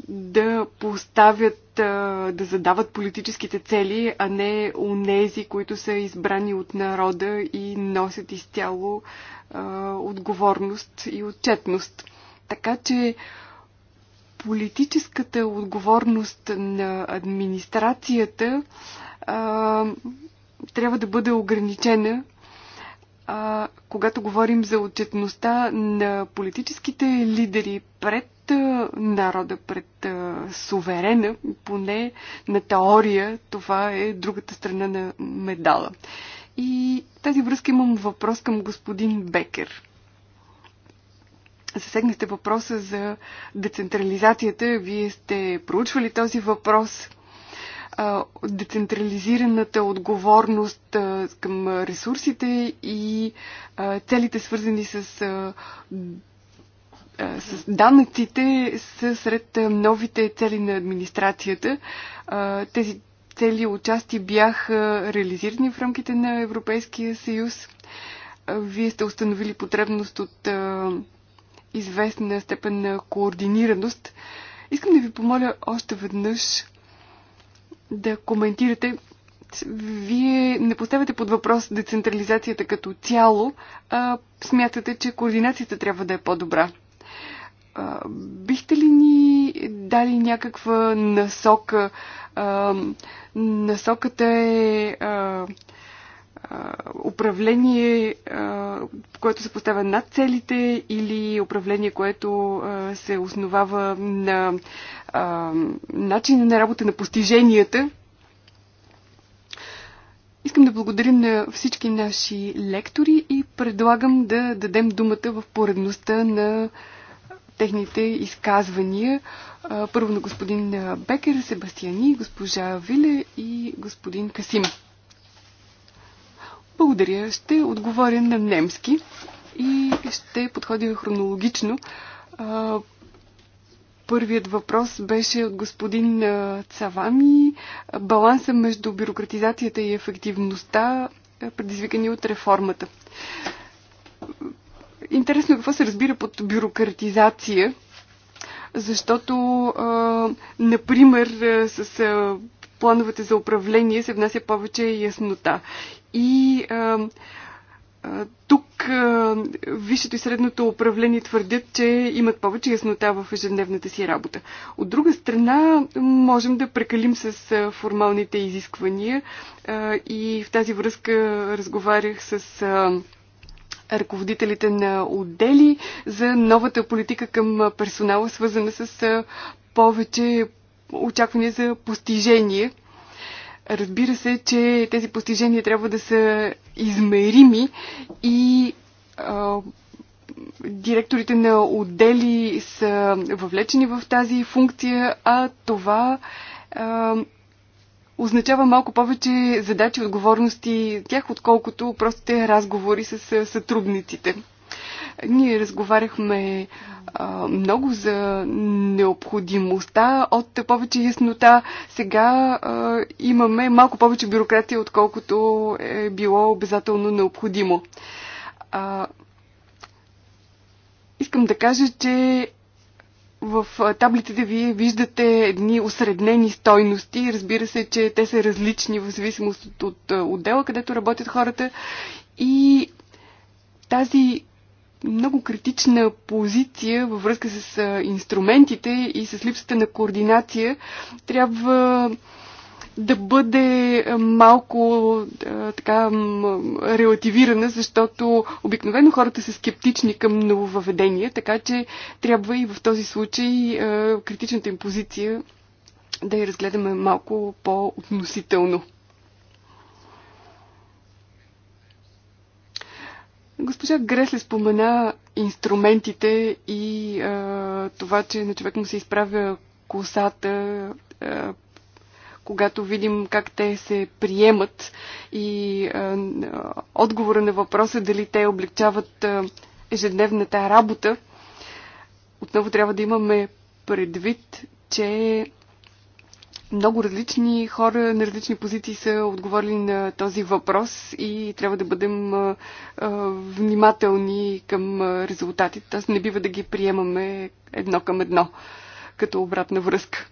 да поставят да задават политическите цели, а не унези, които са избрани от народа и носят изцяло отговорност и отчетност. Така че политическата отговорност на администрацията а, трябва да бъде ограничена а, когато говорим за отчетността на политическите лидери пред а, народа, пред а, суверена, поне на теория, това е другата страна на медала. И тази връзка имам въпрос към господин Бекер. Засегнахте въпроса за децентрализацията. Вие сте проучвали този въпрос децентрализираната отговорност към ресурсите и целите свързани с, с данъците са сред новите цели на администрацията. Тези цели отчасти бяха реализирани в рамките на Европейския съюз. Вие сте установили потребност от известна степен на координираност. Искам да ви помоля още веднъж да коментирате. Вие не поставяте под въпрос децентрализацията като цяло, а смятате, че координацията трябва да е по-добра. бихте ли ни дали някаква насока? А, насоката е а, управление, което се поставя над целите или управление, което се основава на начина на работа на постиженията. Искам да благодарим на всички наши лектори и предлагам да дадем думата в поредността на техните изказвания. Първо на господин Бекер, Себастияни, госпожа Виле и господин Касим. Благодаря. Ще отговоря на немски и ще подходя хронологично. Първият въпрос беше от господин Цавами. Баланса между бюрократизацията и ефективността, предизвикани от реформата. Интересно е какво се разбира под бюрократизация, защото, например, с плановете за управление се внася повече яснота. И а, а, тук а, висшето и средното управление твърдят, че имат повече яснота в ежедневната си работа. От друга страна, можем да прекалим с формалните изисквания а, и в тази връзка разговарях с. А, ръководителите на отдели за новата политика към персонала, свързана с повече очаквания за постижение. Разбира се, че тези постижения трябва да са измерими и а, директорите на отдели са въвлечени в тази функция, а това а, означава малко повече задачи и отговорности тях, отколкото простите разговори с сътрудниците. Ние разговаряхме а, много за необходимостта от повече яснота. Сега а, имаме малко повече бюрократия, отколкото е било обязателно необходимо. А, искам да кажа, че в таблиците вие виждате едни осреднени стойности. Разбира се, че те са различни в зависимост от отдела, където работят хората. И тази много критична позиция във връзка с инструментите и с липсата на координация. Трябва да бъде малко така релативирана, защото обикновено хората са скептични към нововъведения, така че трябва и в този случай критичната им позиция да я разгледаме малко по-относително. Госпожа Гресле спомена инструментите и а, това, че на човек му се изправя косата, а, когато видим как те се приемат и а, отговора на въпроса дали те облегчават а, ежедневната работа, отново трябва да имаме предвид, че много различни хора на различни позиции са отговорили на този въпрос и трябва да бъдем внимателни към резултатите. Тоест не бива да ги приемаме едно към едно, като обратна връзка.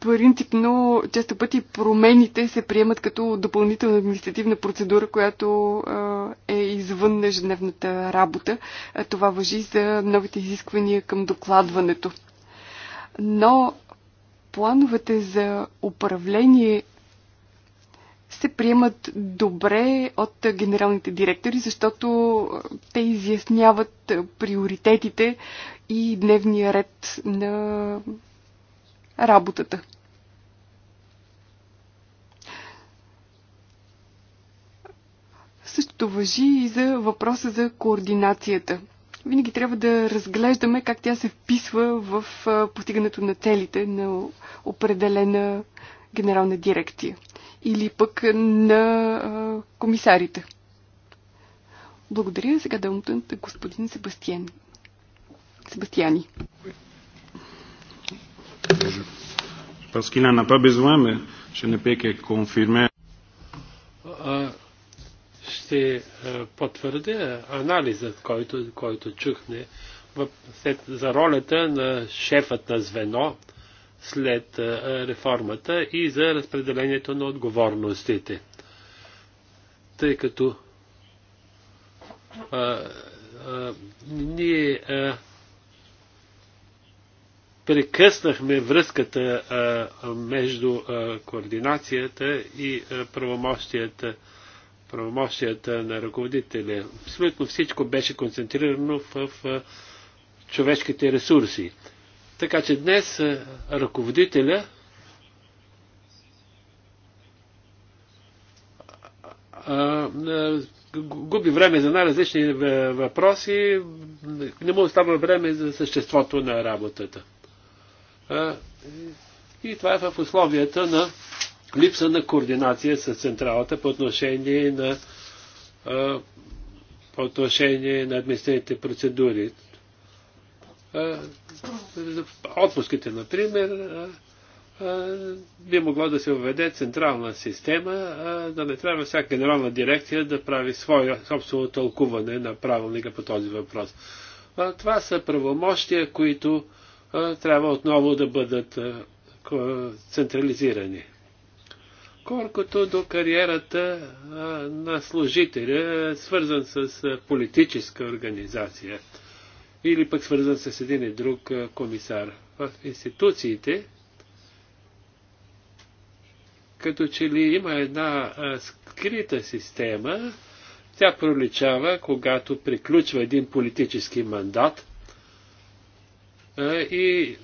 принципно често пъти промените се приемат като допълнителна административна процедура, която е извън ежедневната работа. Това въжи за новите изисквания към докладването. Но плановете за управление се приемат добре от генералните директори, защото те изясняват приоритетите и дневния ред на работата. Същото въжи и за въпроса за координацията. Винаги трябва да разглеждаме как тя се вписва в постигането на целите на определена генерална дирекция или пък на комисарите. Благодаря. Сега да на господин Себастиан. Себастияни. Паскина, qu'il n'en ще не пеке конфирме ще е, потвърдя анализът, който, който чухме за ролята на шефът на звено след е, реформата и за разпределението на отговорностите. Тъй като а, е, а, ние а, прекъснахме връзката а, между а, координацията и а, правомощията правомощията на ръководителя. Абсолютно всичко беше концентрирано в, в човешките ресурси. Така че днес е, ръководителя губи време за най-различни е, въпроси, не му остава време за съществото на работата. И това е в условията на липса на координация с централата по отношение на, по отношение на административните процедури. Отпуските, например, би могло да се въведе централна система, да не трябва всяка генерална дирекция да прави свое собствено тълкуване на правилника по този въпрос. Това са правомощия, които трябва отново да бъдат централизирани колкото до кариерата на служителя, свързан с политическа организация или пък свързан с един и друг комисар. В институциите, като че ли има една скрита система, тя проличава, когато приключва един политически мандат и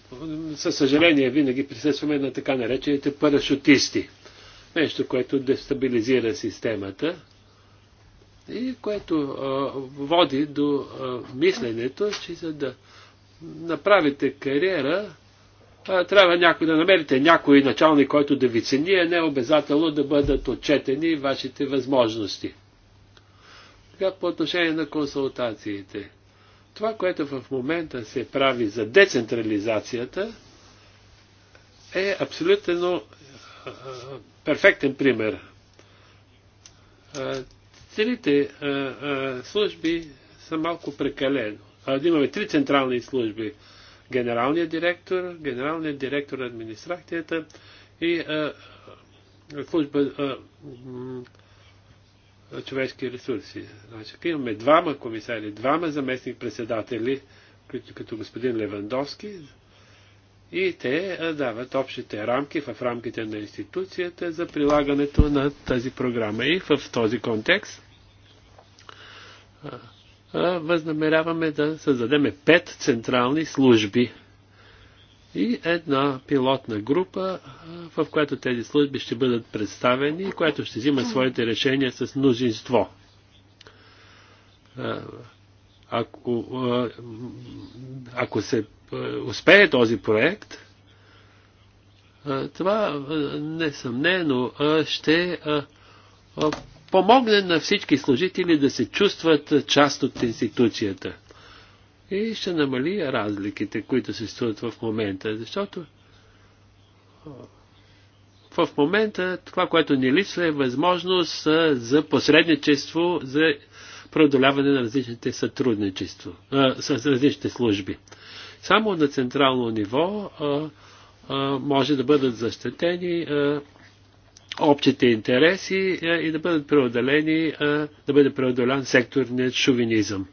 със съжаление винаги присъстваме на така наречените парашутисти. Нещо, което дестабилизира системата и което а, води до а, мисленето, че за да направите кариера, а, трябва някой да намерите някой началник, който да ви цени, а не обязателно да бъдат отчетени вашите възможности. Така по отношение на консултациите. Това, което в момента се прави за децентрализацията, е абсолютно перфектен пример. Целите служби са малко прекалено. Имаме три централни служби. Генералният директор, генералният директор на администрацията и служба човешки ресурси. Значи, имаме двама комисари, двама заместник председатели, като господин Левандовски, и те дават общите рамки в рамките на институцията за прилагането на тази програма. И в този контекст възнамеряваме да създадем пет централни служби и една пилотна група, в която тези служби ще бъдат представени и която ще взима своите решения с мнозинство ако, ако се успее този проект, това несъмнено ще помогне на всички служители да се чувстват част от институцията. И ще намали разликите, които се стоят в момента, защото в момента това, което ни липсва е възможност за посредничество, за преодоляване на различните сътрудничества, с различните служби. Само на централно ниво а, а, може да бъдат защитени а, общите интереси а, и да бъдат преодолени, а, да бъде преодолян секторният шовинизъм.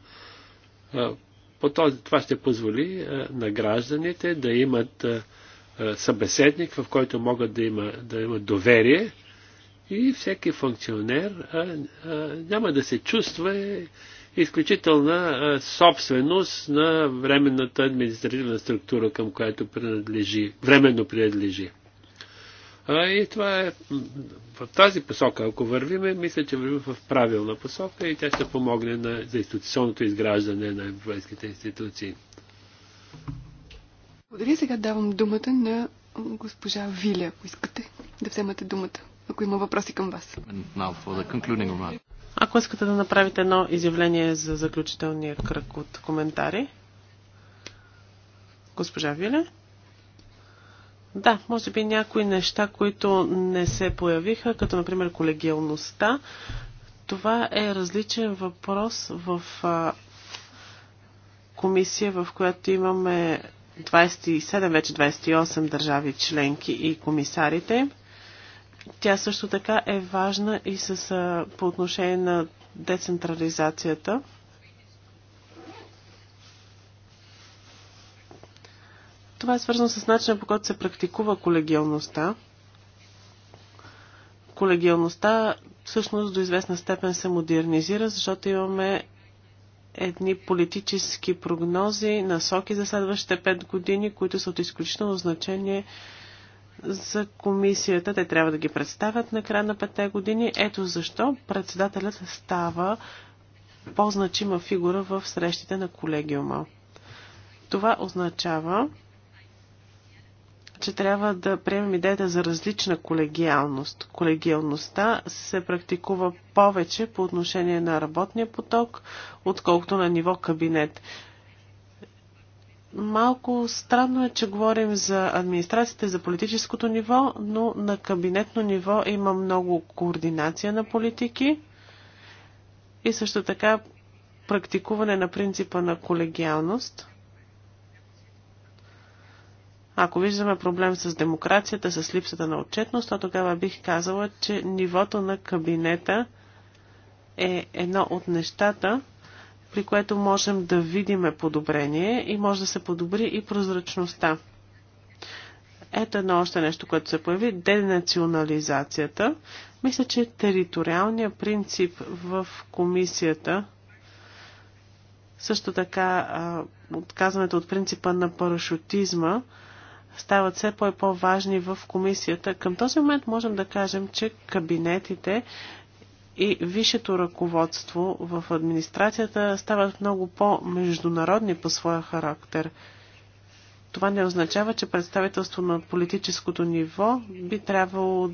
по този, това ще позволи а, на гражданите да имат а, събеседник, в който могат да, имат да имат доверие и всеки функционер а, а, няма да се чувства изключителна а, собственост на временната административна структура, към която принадлежи, временно принадлежи. А, и това е в тази посока, ако вървиме, мисля, че вървим в правилна посока и тя ще помогне на, за институционното изграждане на европейските институции. Благодаря. Сега давам думата на госпожа Виля, ако искате да вземате думата ако има въпроси към вас. Ако искате да направите едно изявление за заключителния кръг от коментари, госпожа Виле. Да, може би някои неща, които не се появиха, като например колегиалността. Това е различен въпрос в а, комисия, в която имаме 27, вече 28 държави членки и комисарите им. Тя също така е важна и с, по отношение на децентрализацията. Това е свързано с начина по който се практикува колегиалността. Колегиалността всъщност до известна степен се модернизира, защото имаме едни политически прогнози, насоки за следващите 5 години, които са от изключително значение за комисията. Те трябва да ги представят на края на петте години. Ето защо председателят става по-значима фигура в срещите на колегиума. Това означава, че трябва да приемем идеята за различна колегиалност. Колегиалността се практикува повече по отношение на работния поток, отколкото на ниво кабинет малко странно е, че говорим за администрацията, за политическото ниво, но на кабинетно ниво има много координация на политики и също така практикуване на принципа на колегиалност. Ако виждаме проблем с демокрацията, с липсата на отчетност, то тогава бих казала, че нивото на кабинета е едно от нещата, при което можем да видим подобрение и може да се подобри и прозрачността. Ето едно още нещо, което се появи – денационализацията. Мисля, че териториалният принцип в комисията също така отказването от принципа на парашутизма стават все по- по-важни в комисията. Към този момент можем да кажем, че кабинетите и висшето ръководство в администрацията стават много по-международни по своя характер. Това не означава, че представителство на политическото ниво би трябвало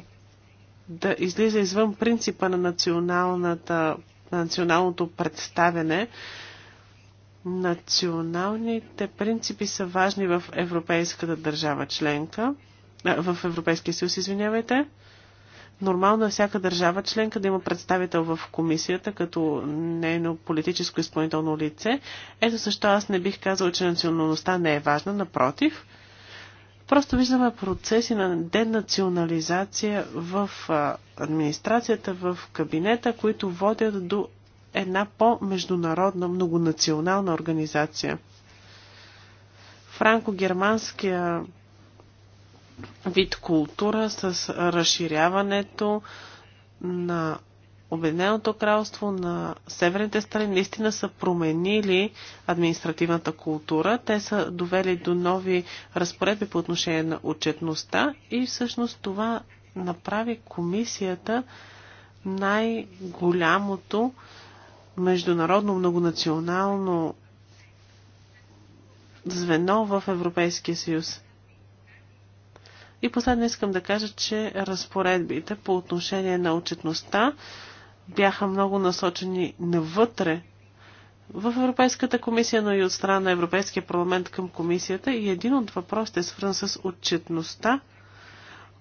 да излиза извън принципа на, националната, на националното представяне. Националните принципи са важни в Европейската държава членка, в Европейския съюз, извинявайте. Нормално е всяка държава членка да има представител в комисията като нейно политическо изпълнително лице. Ето защо аз не бих казал, че националността не е важна, напротив. Просто виждаме процеси на денационализация в администрацията, в кабинета, които водят до една по-международна, многонационална организация. Франко-германския вид култура с разширяването на Обединеното кралство на северните страни наистина са променили административната култура. Те са довели до нови разпоредби по отношение на отчетността и всъщност това направи комисията най-голямото международно многонационално звено в Европейския съюз. И последно искам да кажа, че разпоредбите по отношение на отчетността бяха много насочени навътре в Европейската комисия, но и от страна на Европейския парламент към комисията. И един от въпросите е свързан с отчетността.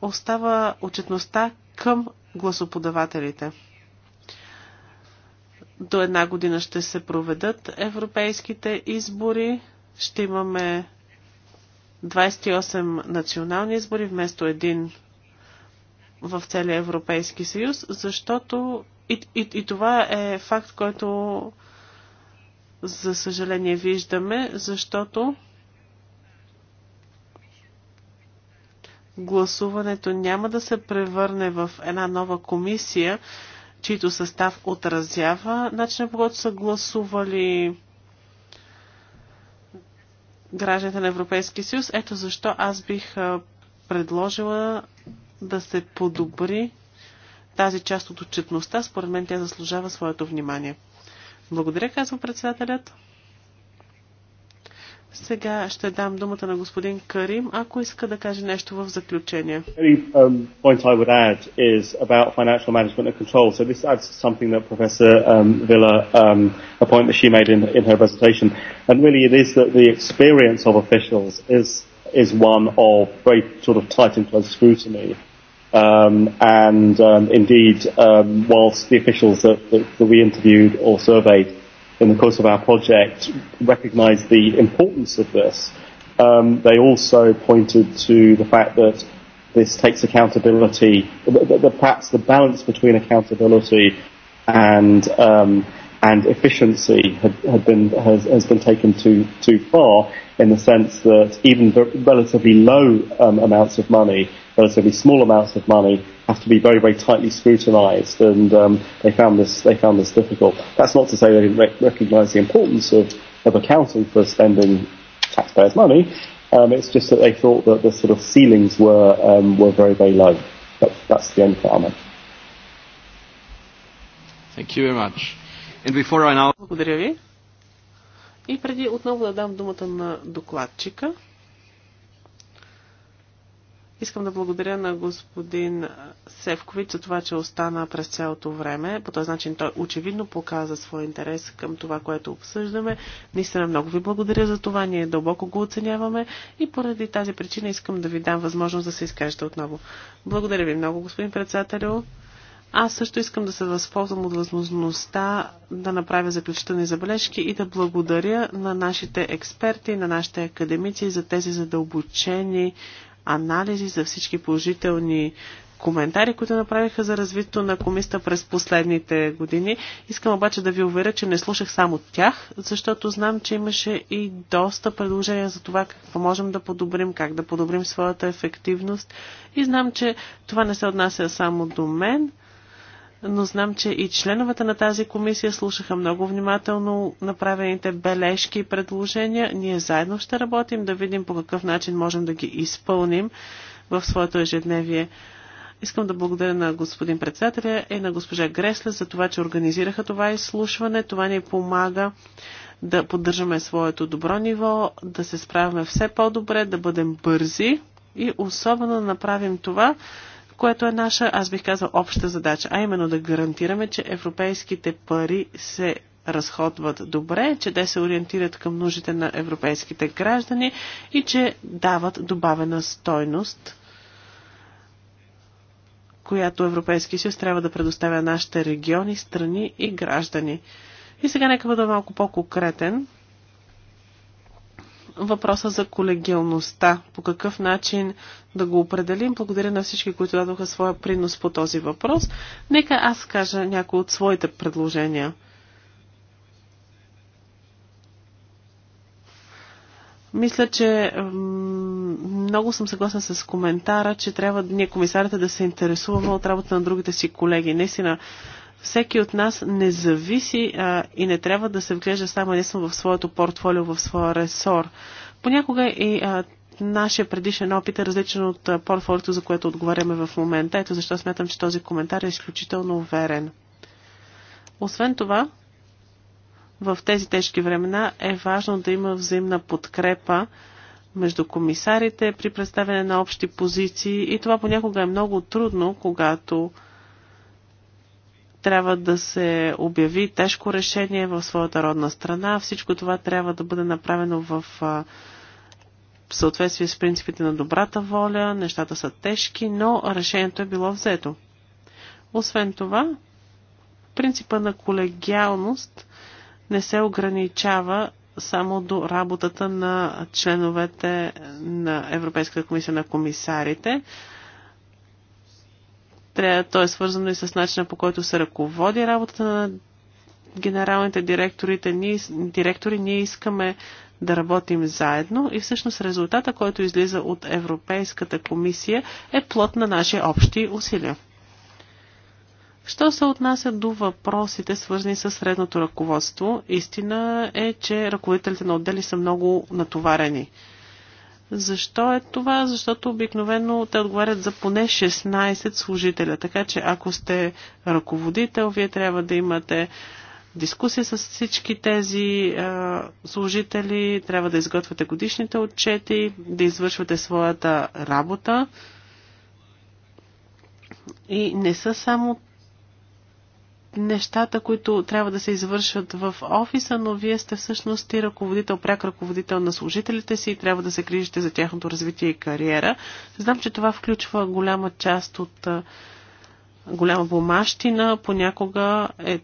Остава отчетността към гласоподавателите. До една година ще се проведат европейските избори. Ще имаме 28 национални избори вместо един в целия Европейски съюз, защото и, и, и това е факт, който за съжаление виждаме, защото гласуването няма да се превърне в една нова комисия, чийто състав отразява начина по който са гласували гражданите на Европейския съюз. Ето защо аз бих предложила да се подобри тази част от отчетността. Според мен тя заслужава своето внимание. Благодаря, казва председателят. Сега ще дам думата на господин Карим, ако иска да каже нещо в заключение. point I would add is about financial management and control. So this adds something that Professor um, Villa, um, a point that she made in her presentation. And really it is that the experience of officials is, is one of very sort of tight and close scrutiny. Um, and um, indeed, um, whilst the officials that, that, that we interviewed or surveyed in the course of our project recognised the importance of this. Um, they also pointed to the fact that this takes accountability, that, that perhaps the balance between accountability and um, and efficiency had, had been has, has been taken too too far in the sense that even relatively low um, amounts of money, relatively small amounts of money, have to be very, very tightly scrutinised, and um, they found this they found this difficult. That's not to say they didn't rec- recognise the importance of, of accounting for spending taxpayers' money. Um, it's just that they thought that the sort of ceilings were um, were very, very low. That's, that's the for comment. Thank you very much. And before I now... Благодаря И преди отново да дам думата на докладчика, Искам да благодаря на господин Севкович за това, че остана през цялото време. По този начин той очевидно показа своя интерес към това, което обсъждаме. Наистина много ви благодаря за това. Ние дълбоко го оценяваме и поради тази причина искам да ви дам възможност да се изкажете отново. Благодаря ви много, господин председателю. Аз също искам да се възползвам от възможността да направя заключителни забележки и да благодаря на нашите експерти, на нашите академици за тези задълбочени анализи, за всички положителни коментари, които направиха за развитието на комиста през последните години. Искам обаче да ви уверя, че не слушах само тях, защото знам, че имаше и доста предложения за това какво можем да подобрим, как да подобрим своята ефективност. И знам, че това не се отнася само до мен, но знам, че и членовете на тази комисия слушаха много внимателно направените бележки и предложения. Ние заедно ще работим да видим по какъв начин можем да ги изпълним в своето ежедневие. Искам да благодаря на господин председателя и на госпожа Гресле за това, че организираха това изслушване. Това ни помага да поддържаме своето добро ниво, да се справяме все по-добре, да бъдем бързи и особено да направим това, което е наша, аз бих казал, обща задача, а именно да гарантираме, че европейските пари се разходват добре, че те се ориентират към нуждите на европейските граждани и че дават добавена стойност, която Европейския съюз трябва да предоставя нашите региони, страни и граждани. И сега нека бъда малко по-конкретен въпроса за колегиалността. По какъв начин да го определим? Благодаря на всички, които дадоха своя принос по този въпрос. Нека аз кажа някои от своите предложения. Мисля, че много съм съгласна с коментара, че трябва ние комисарите да се интересуваме от работа на другите си колеги. Наистина, всеки от нас не зависи а, и не трябва да се вглежда само единствено в своето портфолио, в своя ресор. Понякога и а, нашия предишен опит е различен от а, портфолиото, за което отговаряме в момента. Ето защо смятам, че този коментар е изключително уверен. Освен това, в тези тежки времена е важно да има взаимна подкрепа между комисарите при представяне на общи позиции и това понякога е много трудно, когато трябва да се обяви тежко решение в своята родна страна. Всичко това трябва да бъде направено в съответствие с принципите на добрата воля. Нещата са тежки, но решението е било взето. Освен това, принципа на колегиалност не се ограничава само до работата на членовете на Европейската комисия на комисарите. Трябва, то е свързано и с начина по който се ръководи работата на генералните директорите. Ние, директори, ние искаме да работим заедно и всъщност резултата, който излиза от Европейската комисия е плод на наши общи усилия. Що се отнася до въпросите, свързани с средното ръководство, истина е, че ръководителите на отдели са много натоварени. Защо е това? Защото обикновено те отговарят за поне 16 служителя. Така че ако сте ръководител, вие трябва да имате дискусия с всички тези а, служители, трябва да изготвяте годишните отчети, да извършвате своята работа. И не са само нещата, които трябва да се извършват в офиса, но вие сте всъщност и ръководител, пряк ръководител на служителите си и трябва да се грижите за тяхното развитие и кариера. Знам, че това включва голяма част от голяма бумащина. Понякога е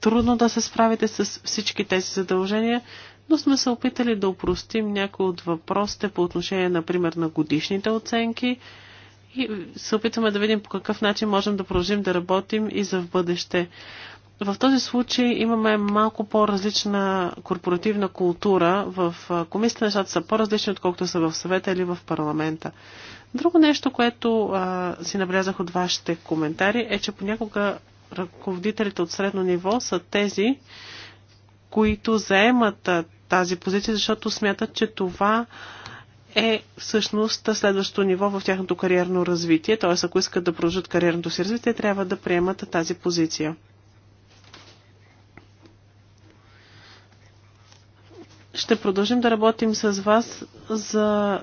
трудно да се справите с всички тези задължения, но сме се опитали да упростим някои от въпросите по отношение, например, на годишните оценки – и се опитваме да видим по какъв начин можем да продължим да работим и за в бъдеще. В този случай имаме малко по-различна корпоративна култура. В комисията нещата са по-различни, отколкото са в съвета или в парламента. Друго нещо, което а, си набрязах от вашите коментари, е, че понякога ръководителите от средно ниво са тези, които заемат тази позиция, защото смятат, че това а, е всъщност следващото ниво в тяхното кариерно развитие, т.е. ако искат да продължат кариерното си развитие, трябва да приемат тази позиция. Ще продължим да работим с вас, за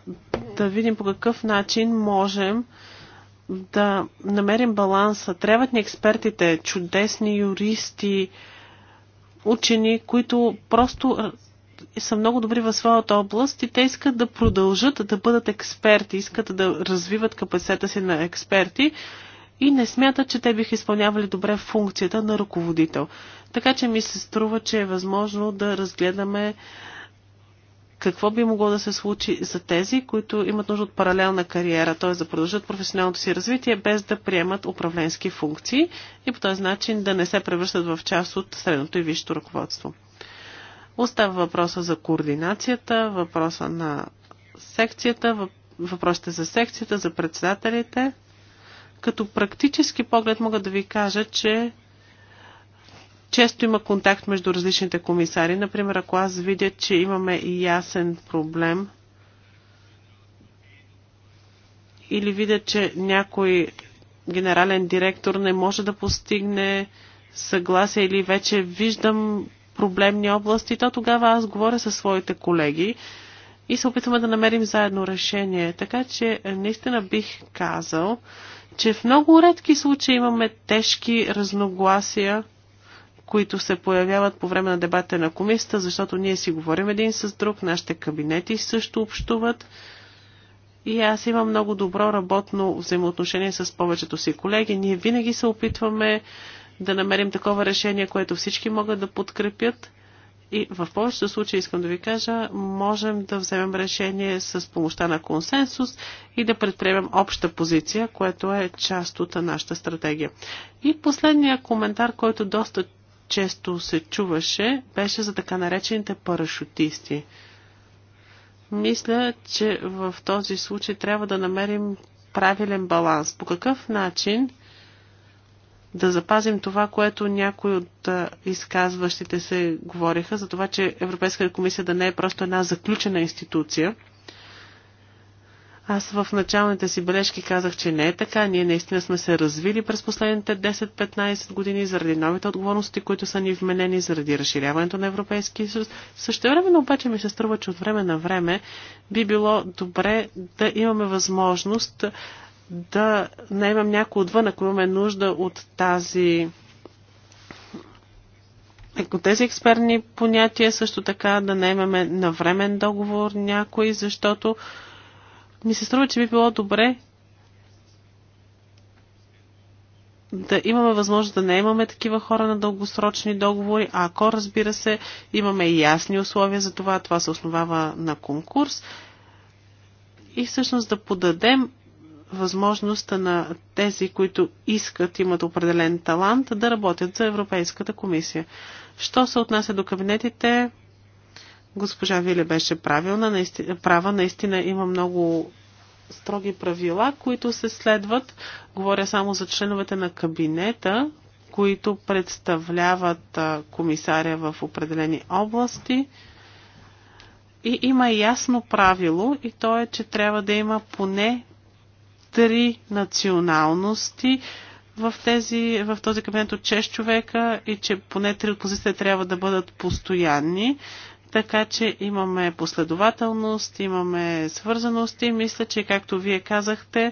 да видим по какъв начин можем да намерим баланса. Трябват ни експертите, чудесни юристи, учени, които просто са много добри в своята област и те искат да продължат да бъдат експерти, искат да развиват капацитета си на експерти и не смятат, че те биха изпълнявали добре функцията на ръководител. Така че ми се струва, че е възможно да разгледаме какво би могло да се случи за тези, които имат нужда от паралелна кариера, т.е. да продължат професионалното си развитие без да приемат управленски функции и по този начин да не се превръщат в част от средното и висшето ръководство. Остава въпроса за координацията, въпроса на секцията, въпросите за секцията, за председателите. Като практически поглед мога да ви кажа, че често има контакт между различните комисари. Например, ако аз видя, че имаме ясен проблем или видя, че някой генерален директор не може да постигне съгласие или вече виждам проблемни области, то тогава аз говоря със своите колеги и се опитваме да намерим заедно решение. Така че е, наистина бих казал, че в много редки случаи имаме тежки разногласия, които се появяват по време на дебата на комисията, защото ние си говорим един с друг, нашите кабинети също общуват. И аз имам много добро работно взаимоотношение с повечето си колеги. Ние винаги се опитваме да намерим такова решение, което всички могат да подкрепят. И в повечето случаи, искам да ви кажа, можем да вземем решение с помощта на консенсус и да предприемем обща позиция, което е част от нашата стратегия. И последния коментар, който доста често се чуваше, беше за така наречените парашутисти. Мисля, че в този случай трябва да намерим правилен баланс. По какъв начин да запазим това, което някои от изказващите се говориха, за това, че Европейската комисия да не е просто една заключена институция. Аз в началните си бележки казах, че не е така. Ние наистина сме се развили през последните 10-15 години заради новите отговорности, които са ни вменени, заради разширяването на Европейския съюз. Също време, обаче ми се струва, че от време на време би било добре да имаме възможност да наемам някой отвън, ако имаме нужда от тази от тези експертни понятия също така да наемаме на времен договор някой, защото ми се струва, че би било добре да имаме възможност да не имаме такива хора на дългосрочни договори, а ако, разбира се, имаме и ясни условия за това, това се основава на конкурс и всъщност да подадем възможността на тези, които искат, имат определен талант, да работят за Европейската комисия. Що се отнася до кабинетите, госпожа Виле беше правилна, наистина, права, наистина има много строги правила, които се следват. Говоря само за членовете на кабинета, които представляват комисаря в определени области. И има ясно правило, и то е, че трябва да има поне три националности в, тези, в този кабинет от 6 човека и че поне три от позициите трябва да бъдат постоянни. Така че имаме последователност, имаме свързаност и мисля, че както вие казахте,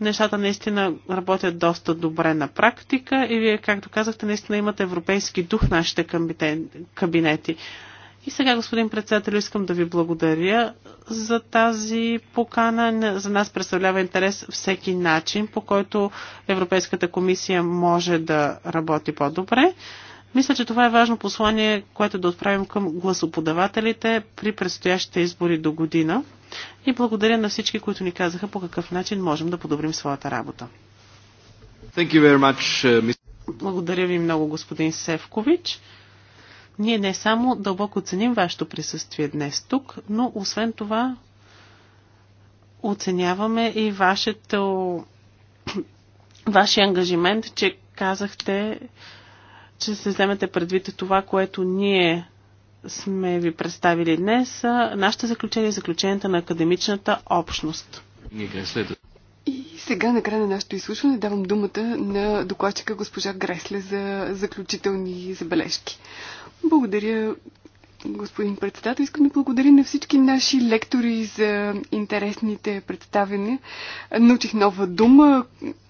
нещата наистина работят доста добре на практика и вие, както казахте, наистина имате европейски дух в нашите кабинети. И сега, господин председател, искам да ви благодаря за тази покана. За нас представлява интерес всеки начин, по който Европейската комисия може да работи по-добре. Мисля, че това е важно послание, което да отправим към гласоподавателите при предстоящите избори до година. И благодаря на всички, които ни казаха по какъв начин можем да подобрим своята работа. Thank you very much, uh, Благодаря ви много, господин Севкович. Ние не само дълбоко ценим вашето присъствие днес тук, но освен това оценяваме и вашето, вашия ангажимент, че казахте, че се вземете предвид това, което ние сме ви представили днес, нашите заключения и заключенията на академичната общност. И сега, на края на нашето изслушване, давам думата на докладчика госпожа Гресле за заключителни забележки. Благодаря, господин председател. Искам да благодаря на всички наши лектори за интересните представения. Научих нова дума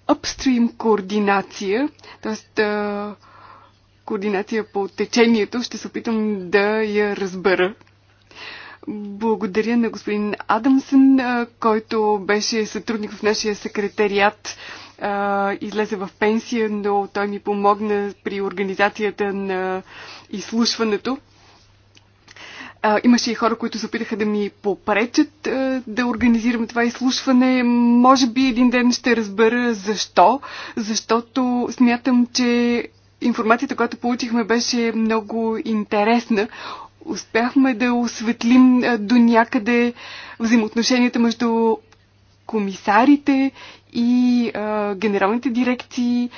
upstream координация, т.е. координация по течението. Ще се опитам да я разбера благодаря на господин Адамсън, който беше сътрудник в нашия секретариат. Излезе в пенсия, но той ми помогна при организацията на изслушването. Имаше и хора, които се опитаха да ми попречат да организирам това изслушване. Може би един ден ще разбера защо. Защото смятам, че информацията, която получихме, беше много интересна успяхме да осветлим до някъде взаимоотношенията между комисарите и а, генералните дирекции,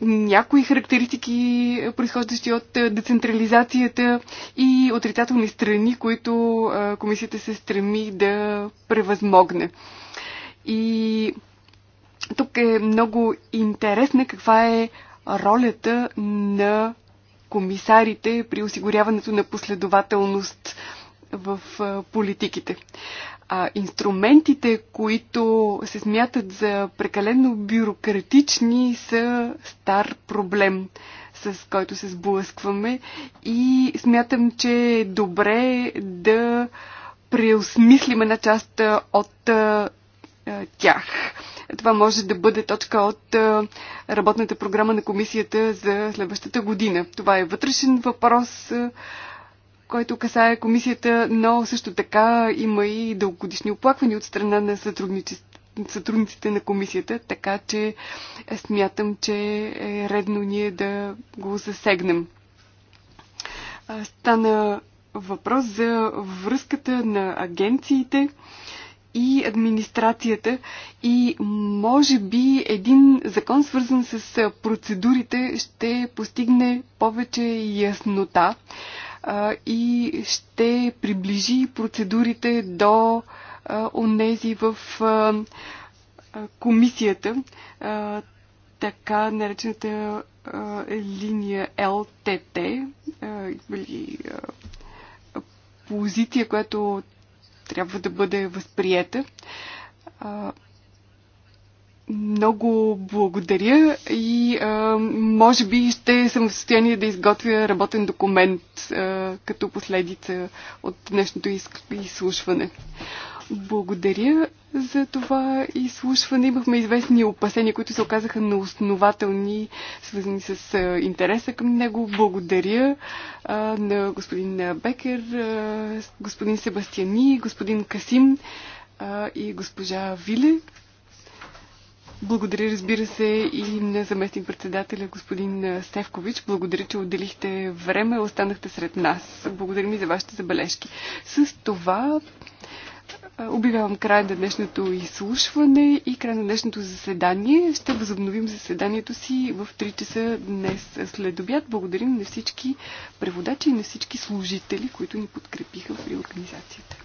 някои характеристики, произхождащи от децентрализацията и отрицателни страни, които а, комисията се стреми да превъзмогне. И тук е много интересна каква е ролята на комисарите при осигуряването на последователност в политиките. А инструментите, които се смятат за прекалено бюрократични, са стар проблем, с който се сблъскваме и смятам, че е добре да преосмислим една част от е, тях. Това може да бъде точка от е, работната програма на комисията за следващата година. Това е вътрешен въпрос, е, който касае комисията, но също така има и дългогодишни оплаквания от страна на сътрудниците на комисията, така че смятам, че е редно ние да го засегнем. Стана въпрос за връзката на агенциите и администрацията и може би един закон свързан с процедурите ще постигне повече яснота и ще приближи процедурите до онези в комисията, така наречената линия ЛТТ или позиция, която трябва да бъде възприета. Много благодаря и а, може би ще съм в състояние да изготвя работен документ а, като последица от днешното изслушване. Благодаря за това изслушване. Имахме известни опасения, които се оказаха неоснователни, свързани с интереса към него. Благодаря а, на господин Бекер, а, господин Себастияни, господин Касим а, и госпожа Виле. Благодаря, разбира се, и на заместник председателя господин Севкович. Благодаря, че отделихте време, и останахте сред нас. Благодаря ми за вашите забележки. С това Обявявам край на днешното изслушване и край на днешното заседание. Ще възобновим заседанието си в 3 часа днес след обяд. Благодарим на всички преводачи и на всички служители, които ни подкрепиха при организацията.